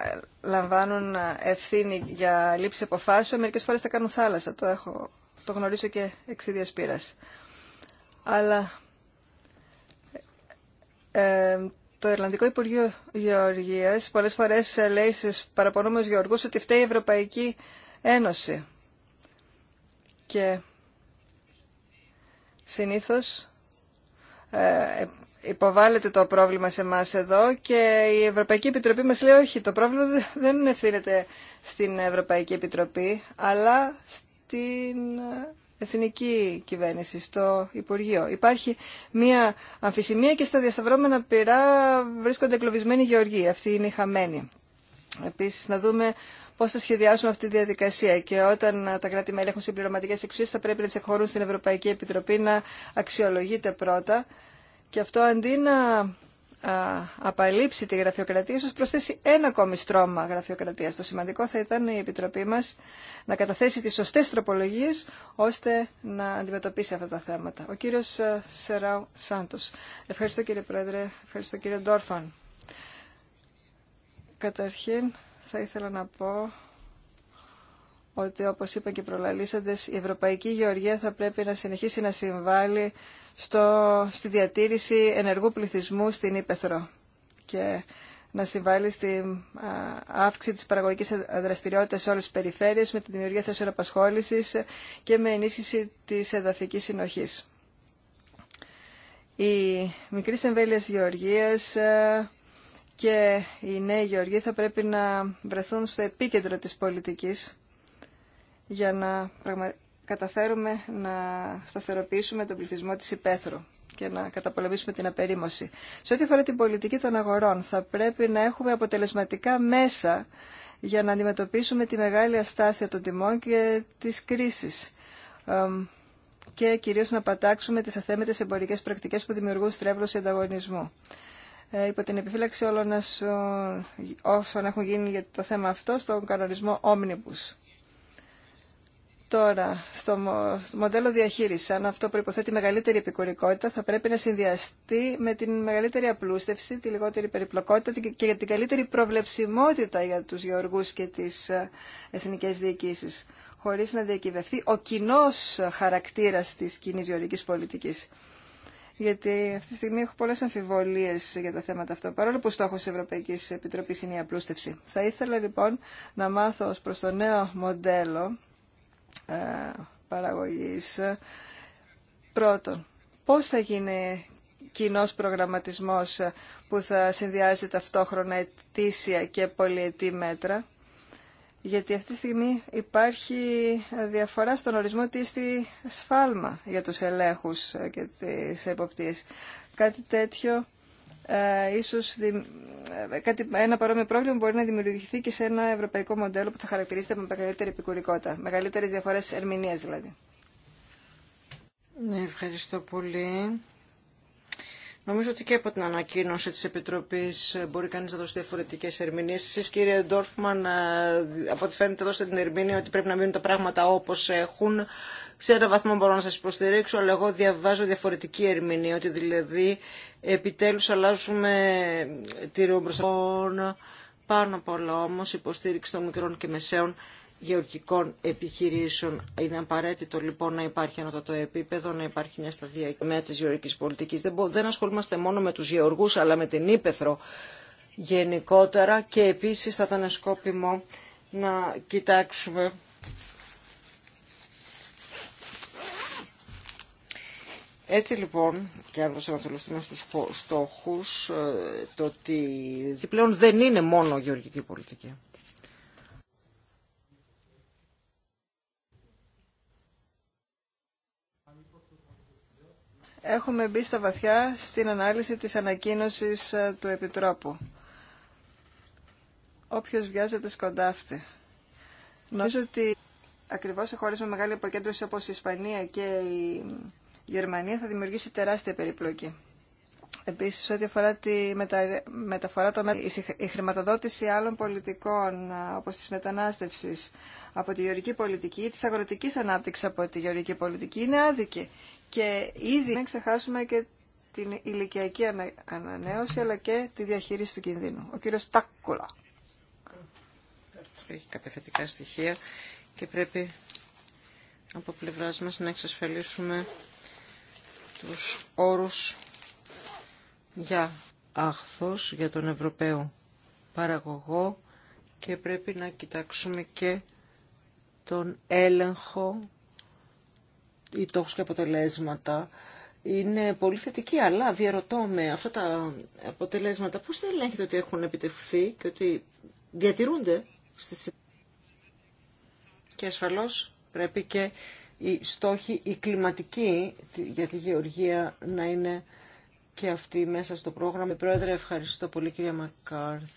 Speaker 1: λαμβάνουν ευθύνη για λήψη αποφάσεων, μερικέ φορέ θα κάνουν θάλασσα. Το, έχω, το γνωρίζω και εξ ίδιας Αλλά ε, το Ιρλανδικό Υπουργείο Γεωργίας πολλέ φορέ λέει στου παραπονούμενου γεωργούς ότι φταίει η Ευρωπαϊκή Ένωση. Και συνήθως ε, υποβάλλεται το πρόβλημα σε εμά εδώ και η Ευρωπαϊκή Επιτροπή μα λέει όχι, το πρόβλημα δεν ευθύνεται στην Ευρωπαϊκή Επιτροπή, αλλά στην εθνική κυβέρνηση, στο Υπουργείο. Υπάρχει μια αμφισημία και στα διασταυρώμενα πυρά βρίσκονται εκλοβισμένοι γεωργοί. Αυτοί είναι οι χαμένοι. Επίσης να δούμε πώς θα σχεδιάσουμε αυτή τη διαδικασία και όταν τα κράτη-μέλη έχουν συμπληρωματικές εξουσίες θα πρέπει να τις εκχωρούν στην Ευρωπαϊκή Επιτροπή να αξιολογείται πρώτα και αυτό αντί να απαλείψει τη γραφειοκρατία, ίσως προσθέσει ένα ακόμη στρώμα γραφειοκρατίας. Το σημαντικό θα ήταν η Επιτροπή μας να καταθέσει τις σωστές τροπολογίες, ώστε να αντιμετωπίσει αυτά τα θέματα. Ο κύριος Σεράου Σάντος. Ευχαριστώ κύριε Πρόεδρε, ευχαριστώ κύριε Ντόρφαν. Καταρχήν θα ήθελα να πω ότι όπως είπα και προλαλήσαντες η Ευρωπαϊκή Γεωργία θα πρέπει να συνεχίσει να συμβάλλει στο, στη διατήρηση ενεργού πληθυσμού στην Ήπεθρο και να συμβάλλει στη αύξηση της παραγωγικής δραστηριότητας σε όλες τις περιφέρειες με τη δημιουργία θέσεων απασχόλησης και με ενίσχυση της εδαφικής συνοχής. Οι μικρές εμβέλειες γεωργίας ε, και οι νέοι γεωργοί θα πρέπει να βρεθούν στο επίκεντρο της πολιτικής για να πραγμα... καταφέρουμε να σταθεροποιήσουμε τον πληθυσμό της υπαίθρου και να καταπολεμήσουμε την απερίμωση. Σε ό,τι αφορά την πολιτική των αγορών, θα πρέπει να έχουμε αποτελεσματικά μέσα για να αντιμετωπίσουμε τη μεγάλη αστάθεια των τιμών και της κρίσης και κυρίως να πατάξουμε τις αθέμετες εμπορικές πρακτικές που δημιουργούν στρέβλωση ανταγωνισμού. Ε, υπό την επιφύλαξη όλων όσων έχουν γίνει για το θέμα αυτό στον κανονισμό Omnibus. Τώρα, στο μοντέλο διαχείριση, αν αυτό προϋποθέτει μεγαλύτερη επικουρικότητα, θα πρέπει να συνδυαστεί με την μεγαλύτερη απλούστευση, τη λιγότερη περιπλοκότητα και την καλύτερη προβλεψιμότητα για τους γεωργούς και τις ε, εθνικές διοικήσεις, χωρίς να διακυβευτεί ο κοινό χαρακτήρας της κοινή γεωργικής πολιτικής. Γιατί αυτή τη στιγμή έχω πολλέ αμφιβολίες για τα θέματα αυτά, παρόλο που στόχο τη Ευρωπαϊκή Επιτροπή είναι η απλούστευση. Θα ήθελα λοιπόν να μάθω ω προ το νέο μοντέλο ε, παραγωγής. Πρώτον, πώς θα γίνει κοινό προγραμματισμός που θα συνδυάζει ταυτόχρονα ετήσια και πολυετή μέτρα. Γιατί αυτή τη στιγμή υπάρχει διαφορά στον ορισμό τι στη σφάλμα για τους ελέγχους και τις εποπτείες. Κάτι τέτοιο ε, ίσως ε, κάτι, ένα παρόμοιο πρόβλημα μπορεί να δημιουργηθεί και σε ένα ευρωπαϊκό μοντέλο που θα χαρακτηρίζεται με μεγαλύτερη επικουρικότητα, μεγαλύτερες διαφορές ερμηνείας δηλαδή.
Speaker 3: Ναι, ευχαριστώ πολύ. Νομίζω ότι και από την ανακοίνωση της Επιτροπής ε, μπορεί κανείς να δώσει διαφορετικές ερμηνείες. Εσείς κύριε Ντόρφμαν, από ό,τι φαίνεται δώσετε την ερμηνεία ότι πρέπει να μείνουν τα πράγματα όπως έχουν. Ξέρω ένα βαθμό μπορώ να σας υποστηρίξω, αλλά εγώ διαβάζω διαφορετική ερμηνεία, ότι δηλαδή επιτέλους αλλάζουμε τη μπροστά. Λοιπόν, πάνω απ' όλα όμως υποστήριξη των μικρών και μεσαίων γεωργικών επιχειρήσεων. Είναι απαραίτητο λοιπόν να υπάρχει ένα το επίπεδο, να υπάρχει μια σταδιακή με τη γεωργική πολιτική. Δεν, δεν ασχολούμαστε μόνο με του γεωργού, αλλά με την ύπεθρο γενικότερα και επίση θα ήταν σκόπιμο να κοιτάξουμε Έτσι λοιπόν, και αν προσανατολιστούμε στους στόχους, ε, το ότι πλέον δεν είναι μόνο γεωργική πολιτική.
Speaker 1: Έχουμε μπει στα βαθιά στην ανάλυση της ανακοίνωσης ε, του Επιτρόπου. Όποιος βιάζεται σκοντάφτει. Νομίζω ότι ακριβώς σε χώρες με μεγάλη αποκέντρωση όπως η Ισπανία και η Γερμανία θα δημιουργήσει τεράστια περιπλοκή. Επίση, ό,τι αφορά τη μεταφορά των η χρηματοδότηση άλλων πολιτικών, όπως τη μετανάστευση από τη γεωρική πολιτική ή της αγροτικής ανάπτυξης από τη γεωρική πολιτική, είναι άδικη. Και ήδη να ξεχάσουμε και την ηλικιακή ανανέωση, αλλά και τη διαχείριση του κινδύνου. Ο κύριο
Speaker 3: Τάκουλα. Έχει κάποια θετικά στοιχεία και πρέπει από πλευρά μα να εξασφαλίσουμε τους όρους για άχθος για τον Ευρωπαίο παραγωγό και πρέπει να κοιτάξουμε και τον έλεγχο ή τόχους και αποτελέσματα. Είναι πολύ θετική, αλλά διαρωτώ με αυτά τα αποτελέσματα πώς θα ελέγχεται ότι έχουν επιτευχθεί και ότι διατηρούνται Και ασφαλώς πρέπει και οι στόχοι, οι κλιματικοί για τη γεωργία να είναι και αυτοί μέσα στο πρόγραμμα. Πρόεδρε, ευχαριστώ πολύ κυρία Μακάρθη.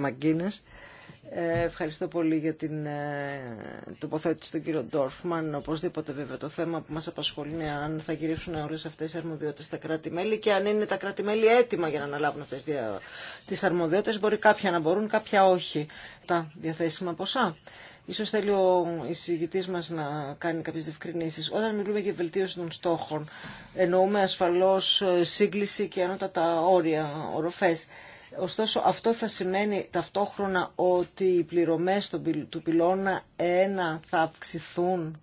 Speaker 3: Μαγκίνες. Ε, ευχαριστώ πολύ για την ε, τοποθέτηση του κύριου Ντόρφμαν. Οπωσδήποτε βέβαια το θέμα που μας απασχολεί είναι αν θα γυρίσουν όλες αυτές οι αρμοδιότητες στα κράτη-μέλη και αν είναι τα κράτη-μέλη έτοιμα για να αναλάβουν αυτές τις αρμοδιότητες. Μπορεί κάποια να μπορούν, κάποια όχι. Τα διαθέσιμα ποσά. Ίσως θέλει ο εισηγητής μας να κάνει κάποιες διευκρινήσεις. Όταν μιλούμε για βελτίωση των στόχων, εννοούμε ασφαλώς ε, σύγκληση και ανώτατα όρια, οροφές. Ωστόσο αυτό θα σημαίνει ταυτόχρονα ότι οι πληρωμές του πυλώνα ένα θα αυξηθούν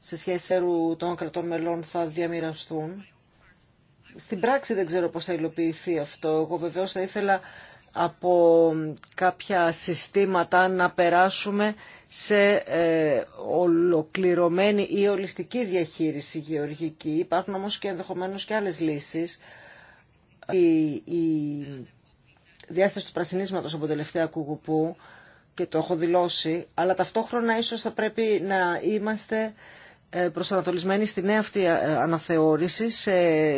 Speaker 3: σε σχέση με των κρατών μελών θα διαμοιραστούν. Στην πράξη δεν ξέρω πώς θα υλοποιηθεί αυτό. Εγώ βεβαίως θα ήθελα από κάποια συστήματα να περάσουμε σε ε, ολοκληρωμένη ή ολιστική διαχείριση γεωργική. Υπάρχουν όμως και ενδεχομένως και άλλες λύσεις. Η, η διάσταση του πρασινίσματος από τελευταία κουγουπού και το έχω δηλώσει, αλλά ταυτόχρονα ίσως θα πρέπει να είμαστε ε, προσανατολισμένοι στη νέα αυτή ε, αναθεώρηση σε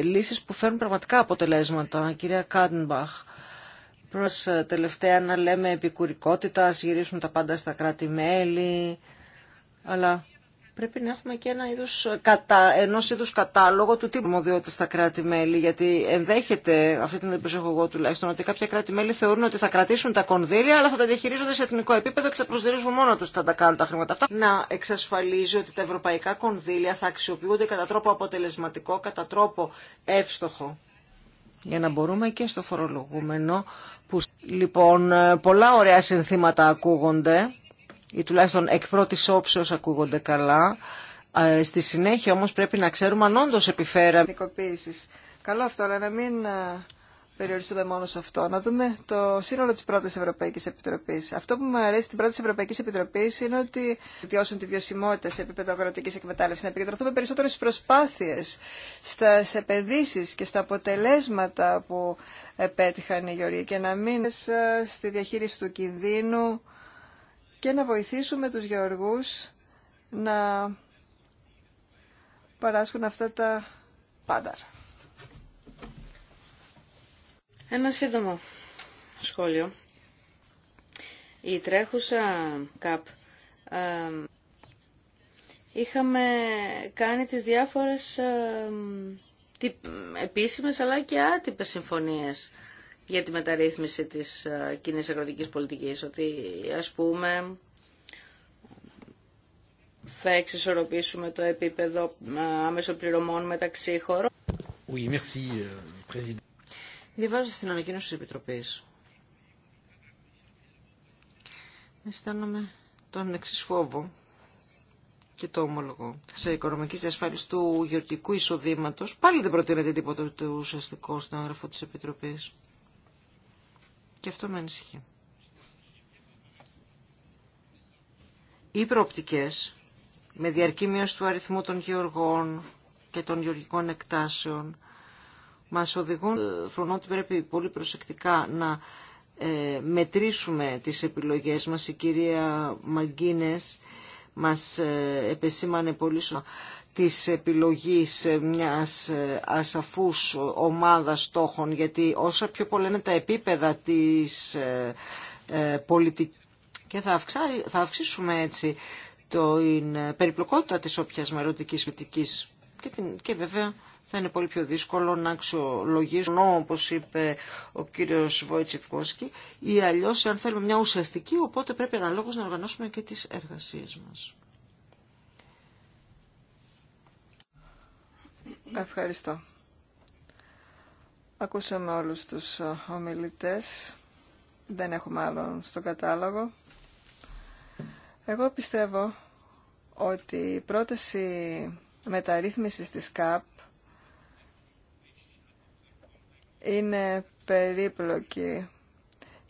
Speaker 3: λύσεις που φέρνουν πραγματικά αποτελέσματα. Κυρία Κάντενμπαχ, προς ε, τελευταία να λέμε επικουρικότητα, ας γυρίσουν τα πάντα στα κράτη-μέλη, αλλά πρέπει να έχουμε και ένα είδους, ε, κατα... ενός είδους κατάλογο του τύπου αρμοδιότητα στα κράτη-μέλη, γιατί ενδέχεται, αυτή την εντύπωση έχω εγώ τουλάχιστον, ότι κάποια κράτη-μέλη θεωρούν ότι θα κρατήσουν τα κονδύλια, αλλά θα τα διαχειρίζονται σε εθνικό επίπεδο και θα προσδιορίζουν μόνο τους θα τα κάνουν τα χρήματα αυτά. Να εξασφαλίζει ότι τα ευρωπαϊκά κονδύλια θα αξιοποιούνται κατά τρόπο αποτελεσματικό, κατά τρόπο εύστοχο για να μπορούμε και στο φορολογούμενο που λοιπόν πολλά ωραία συνθήματα ακούγονται ή τουλάχιστον εκ πρώτης όψεως ακούγονται καλά. Ε, στη συνέχεια όμως πρέπει να ξέρουμε αν όντως επιφέραμε.
Speaker 1: Καλό αυτό, αλλά να μην ε, περιοριστούμε μόνο σε αυτό. Να δούμε το σύνολο τη πρώτη Ευρωπαϊκή Επιτροπή. Αυτό που μου αρέσει στην πρώτη Ευρωπαϊκή Επιτροπή είναι ότι βελτιώσουν τη βιωσιμότητα σε επίπεδο αγροτική εκμετάλλευση. Να επικεντρωθούμε περισσότερο στι προσπάθειε, στι επενδύσει και στα αποτελέσματα που επέτυχαν οι Γεωργοί και να μην στη διαχείριση του κινδύνου και να βοηθήσουμε τους γεωργούς να παράσχουν αυτά τα
Speaker 2: πάντα. Ένα σύντομο σχόλιο. Η τρέχουσα ΚΑΠ είχαμε κάνει τις διάφορες επίσημες αλλά και άτυπες συμφωνίες για τη μεταρρύθμιση της ε, κοινή αγροτικής πολιτικής. Ότι ας πούμε θα εξισορροπήσουμε το επίπεδο ε, άμεσων πληρωμών μεταξύ χωρών. Oui, merci, euh,
Speaker 3: Διαβάζω στην ανακοίνωση της Επιτροπής. Αισθάνομαι τον εξή φόβο και το ομολογώ. Σε οικονομική διασφάλιση του γεωργικού εισοδήματο, πάλι δεν προτείνεται τίποτα ούτε ουσιαστικό στον έγγραφο τη Επιτροπή. Και αυτό με ανησυχεί. Οι προοπτικέ με διαρκή μείωση του αριθμού των γεωργών και των γεωργικών εκτάσεων, μας οδηγούν, ε, φρονώ ότι πρέπει πολύ προσεκτικά να ε, μετρήσουμε τις επιλογές μας. Η κυρία Μαγκίνες μας ε, επεσήμανε πολύ σωστά της επιλογής μιας ασαφούς ομάδας στόχων, γιατί όσα πιο πολλά είναι τα επίπεδα της πολιτικής και θα, θα αυξήσουμε έτσι την περιπλοκότητα της όποιας μερωτικής πολιτικής και, την, και βέβαια θα είναι πολύ πιο δύσκολο να αξιολογήσουν, όπως είπε ο κύριος Βοητσικόσκι ή αλλιώς αν θέλουμε μια ουσιαστική, οπότε πρέπει αναλόγως να οργανώσουμε και τις εργασίες μας.
Speaker 1: Ευχαριστώ. Ακούσαμε όλους τους ομιλητές. Δεν έχουμε άλλον στο κατάλογο. Εγώ πιστεύω ότι η πρόταση μεταρρύθμισης της ΚΑΠ είναι περίπλοκη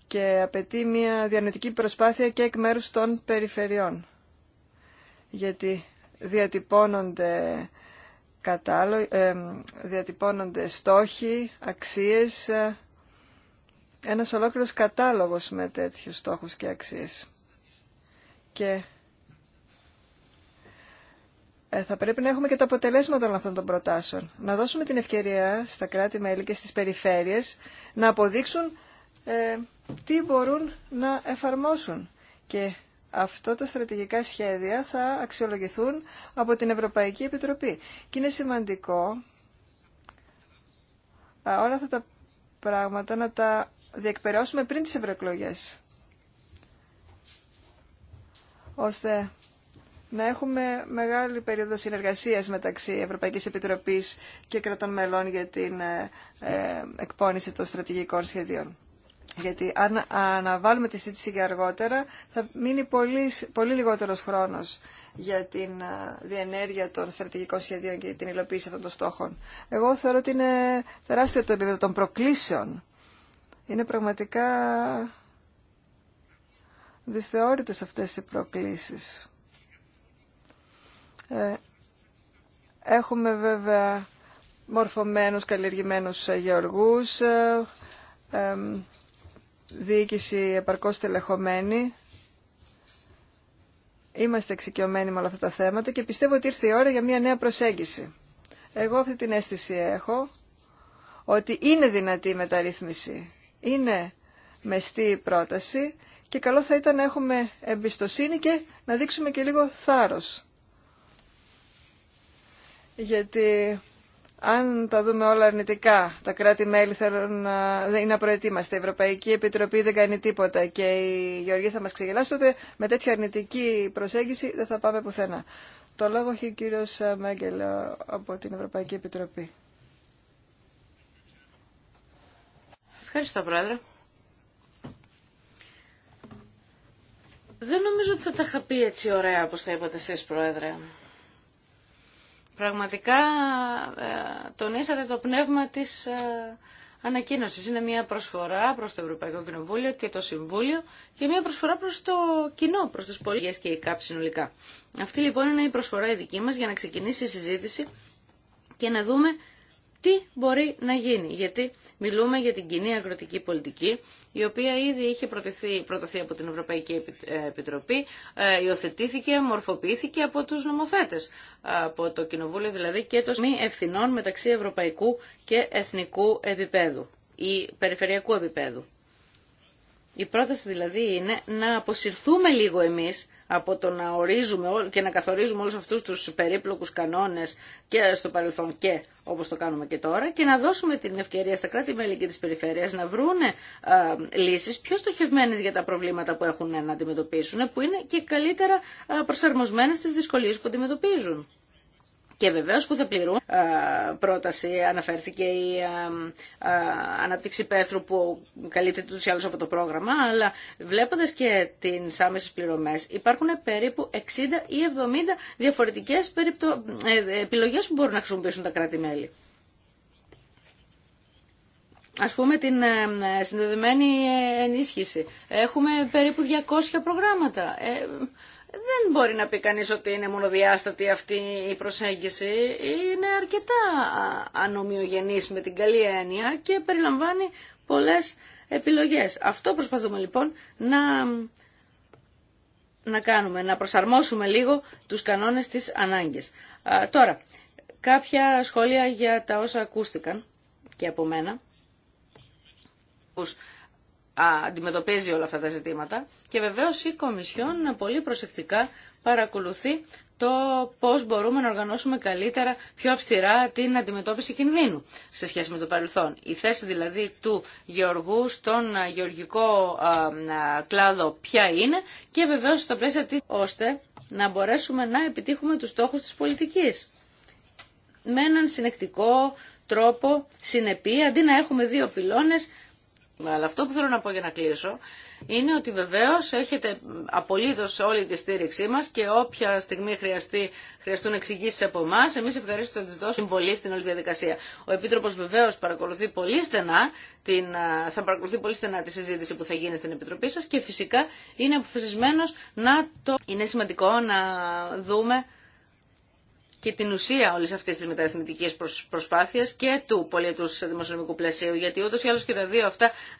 Speaker 1: και απαιτεί μια διανοητική προσπάθεια και εκ μέρους των περιφερειών. Γιατί διατυπώνονται, κατάλο, διατυπώνονται στόχοι, αξίες, ε, ένας ολόκληρος κατάλογος με τέτοιους στόχους και αξίες. Και ε, θα πρέπει να έχουμε και τα αποτελέσματα όλων αυτών των προτάσεων. Να δώσουμε την ευκαιρία στα κράτη-μέλη και στις περιφέρειες να αποδείξουν ε, τι μπορούν να εφαρμόσουν. Και αυτό τα στρατηγικά σχέδια θα αξιολογηθούν από την Ευρωπαϊκή Επιτροπή. Και είναι σημαντικό ε, όλα αυτά τα πράγματα να τα διεκπαιρεώσουμε πριν τις ευρωεκλογές. ώστε να έχουμε μεγάλη περίοδο συνεργασίας μεταξύ Ευρωπαϊκής Επιτροπής και κρατών μελών για την ε, ε, εκπόνηση των στρατηγικών σχεδίων. Γιατί αν αναβάλουμε τη σύντηση για αργότερα, θα μείνει πολύ, πολύ λιγότερος χρόνος για την ε, διενέργεια των στρατηγικών σχεδίων και την υλοποίηση αυτών των στόχων. Εγώ θεωρώ ότι είναι τεράστιο το επίπεδο των προκλήσεων. Είναι πραγματικά δυσθεώρητες αυτές οι προκλήσεις. Ε, έχουμε βέβαια μορφωμένους, καλλιεργημένους ε, γεωργούς, ε, διοίκηση επαρκώς τελεχωμένη. Είμαστε εξοικειωμένοι με όλα αυτά τα θέματα και πιστεύω ότι ήρθε η ώρα για μια νέα προσέγγιση. Εγώ αυτή την αίσθηση έχω ότι είναι δυνατή η μεταρρύθμιση. Είναι μεστή η πρόταση και καλό θα ήταν να έχουμε εμπιστοσύνη και να δείξουμε και λίγο θάρρος γιατί αν τα δούμε όλα αρνητικά, τα κράτη-μέλη θέλουν να είναι προετοίμαστε, η Ευρωπαϊκή Επιτροπή δεν κάνει τίποτα και η Γεωργία θα μας ξεγελάσει, τότε με τέτοια αρνητική προσέγγιση δεν θα πάμε πουθενά. Το λόγο έχει ο κύριος Μέγκελ από την Ευρωπαϊκή Επιτροπή.
Speaker 2: Ευχαριστώ, Πρόεδρε. Δεν νομίζω ότι θα τα είχα πει έτσι ωραία, όπως τα είπατε εσείς, Πρόεδρε. Πραγματικά ε, τονίσατε το πνεύμα της ε, ανακοίνωσης. Είναι μια προσφορά προς το Ευρωπαϊκό Κοινοβούλιο και το Συμβούλιο και μια προσφορά προς το κοινό, προς τους πολίτες και οι ΚΑΠ συνολικά. Αυτή λοιπόν είναι η προσφορά η δική μας για να ξεκινήσει η συζήτηση και να δούμε τι μπορεί να γίνει. Γιατί μιλούμε για την κοινή αγροτική πολιτική, η οποία ήδη είχε προτεθεί από την Ευρωπαϊκή ε, Επιτροπή, ε, υιοθετήθηκε, μορφοποιήθηκε από τους νομοθέτες, από το Κοινοβούλιο δηλαδή και το μη ευθυνών μεταξύ ευρωπαϊκού και εθνικού επίπεδου ή περιφερειακού επίπεδου. Η πρόταση δηλαδή είναι να αποσυρθούμε λίγο εμείς από το να ορίζουμε και να καθορίζουμε όλους αυτούς τους περίπλοκους κανόνες και στο παρελθόν και όπως το κάνουμε και τώρα και να δώσουμε την ευκαιρία στα κράτη-μέλη και τις περιφέρειες να βρούνε λύσεις πιο στοχευμένες για τα προβλήματα που έχουν να αντιμετωπίσουν που είναι και καλύτερα προσαρμοσμένες στις δυσκολίες που αντιμετωπίζουν και βεβαίως που θα πληρούν πρόταση αναφέρθηκε η ανάπτυξη πέθρου που καλύπτει τους άλλους από το πρόγραμμα αλλά βλέποντας και τις άμεσες πληρωμές υπάρχουν περίπου 60 ή 70 διαφορετικές περιπτω... Ε, επιλογές που μπορούν να χρησιμοποιήσουν τα κράτη-μέλη. Ας πούμε την ε, συνδεδεμένη ενίσχυση. Έχουμε περίπου 200 προγράμματα. Ε, δεν μπορεί να πει κανείς ότι είναι μονοδιάστατη αυτή η προσέγγιση. Είναι αρκετά ανομοιογενής με την καλή έννοια και περιλαμβάνει πολλές επιλογές. Αυτό προσπαθούμε λοιπόν να, να κάνουμε, να προσαρμόσουμε λίγο τους κανόνες της ανάγκης. τώρα, κάποια σχόλια για τα όσα ακούστηκαν και από μένα αντιμετωπίζει όλα αυτά τα ζητήματα και βεβαίως η Κομισιόν πολύ προσεκτικά παρακολουθεί το πώς μπορούμε να οργανώσουμε καλύτερα, πιο αυστηρά την αντιμετώπιση κινδύνου σε σχέση με το παρελθόν. Η θέση δηλαδή του γεωργού στον γεωργικό κλάδο ποια είναι και βεβαίως στα πλαίσια της ώστε να μπορέσουμε να επιτύχουμε τους στόχους της πολιτικής. Με έναν συνεκτικό τρόπο, συνεπή, αντί να έχουμε δύο πυλώνες, αλλά αυτό που θέλω να πω για να κλείσω είναι ότι βεβαίω έχετε απολύτω όλη τη στήριξή μα και όποια στιγμή χρειαστεί, χρειαστούν εξηγήσει από εμά, εμεί ευχαριστούμε να τι δώσουμε συμβολή στην όλη διαδικασία. Ο Επίτροπο βεβαίω παρακολουθεί πολύ στενά την, θα παρακολουθεί πολύ στενά τη συζήτηση που θα γίνει στην Επιτροπή σα και φυσικά είναι αποφασισμένο να το. Είναι σημαντικό να δούμε και την ουσία όλη αυτή τη μεταρρυθμιτική προσπάθεια και του πολιτού δημοσιονομικού πλαισίου. Γιατί ούτω ή άλλω και τα δύο αυτά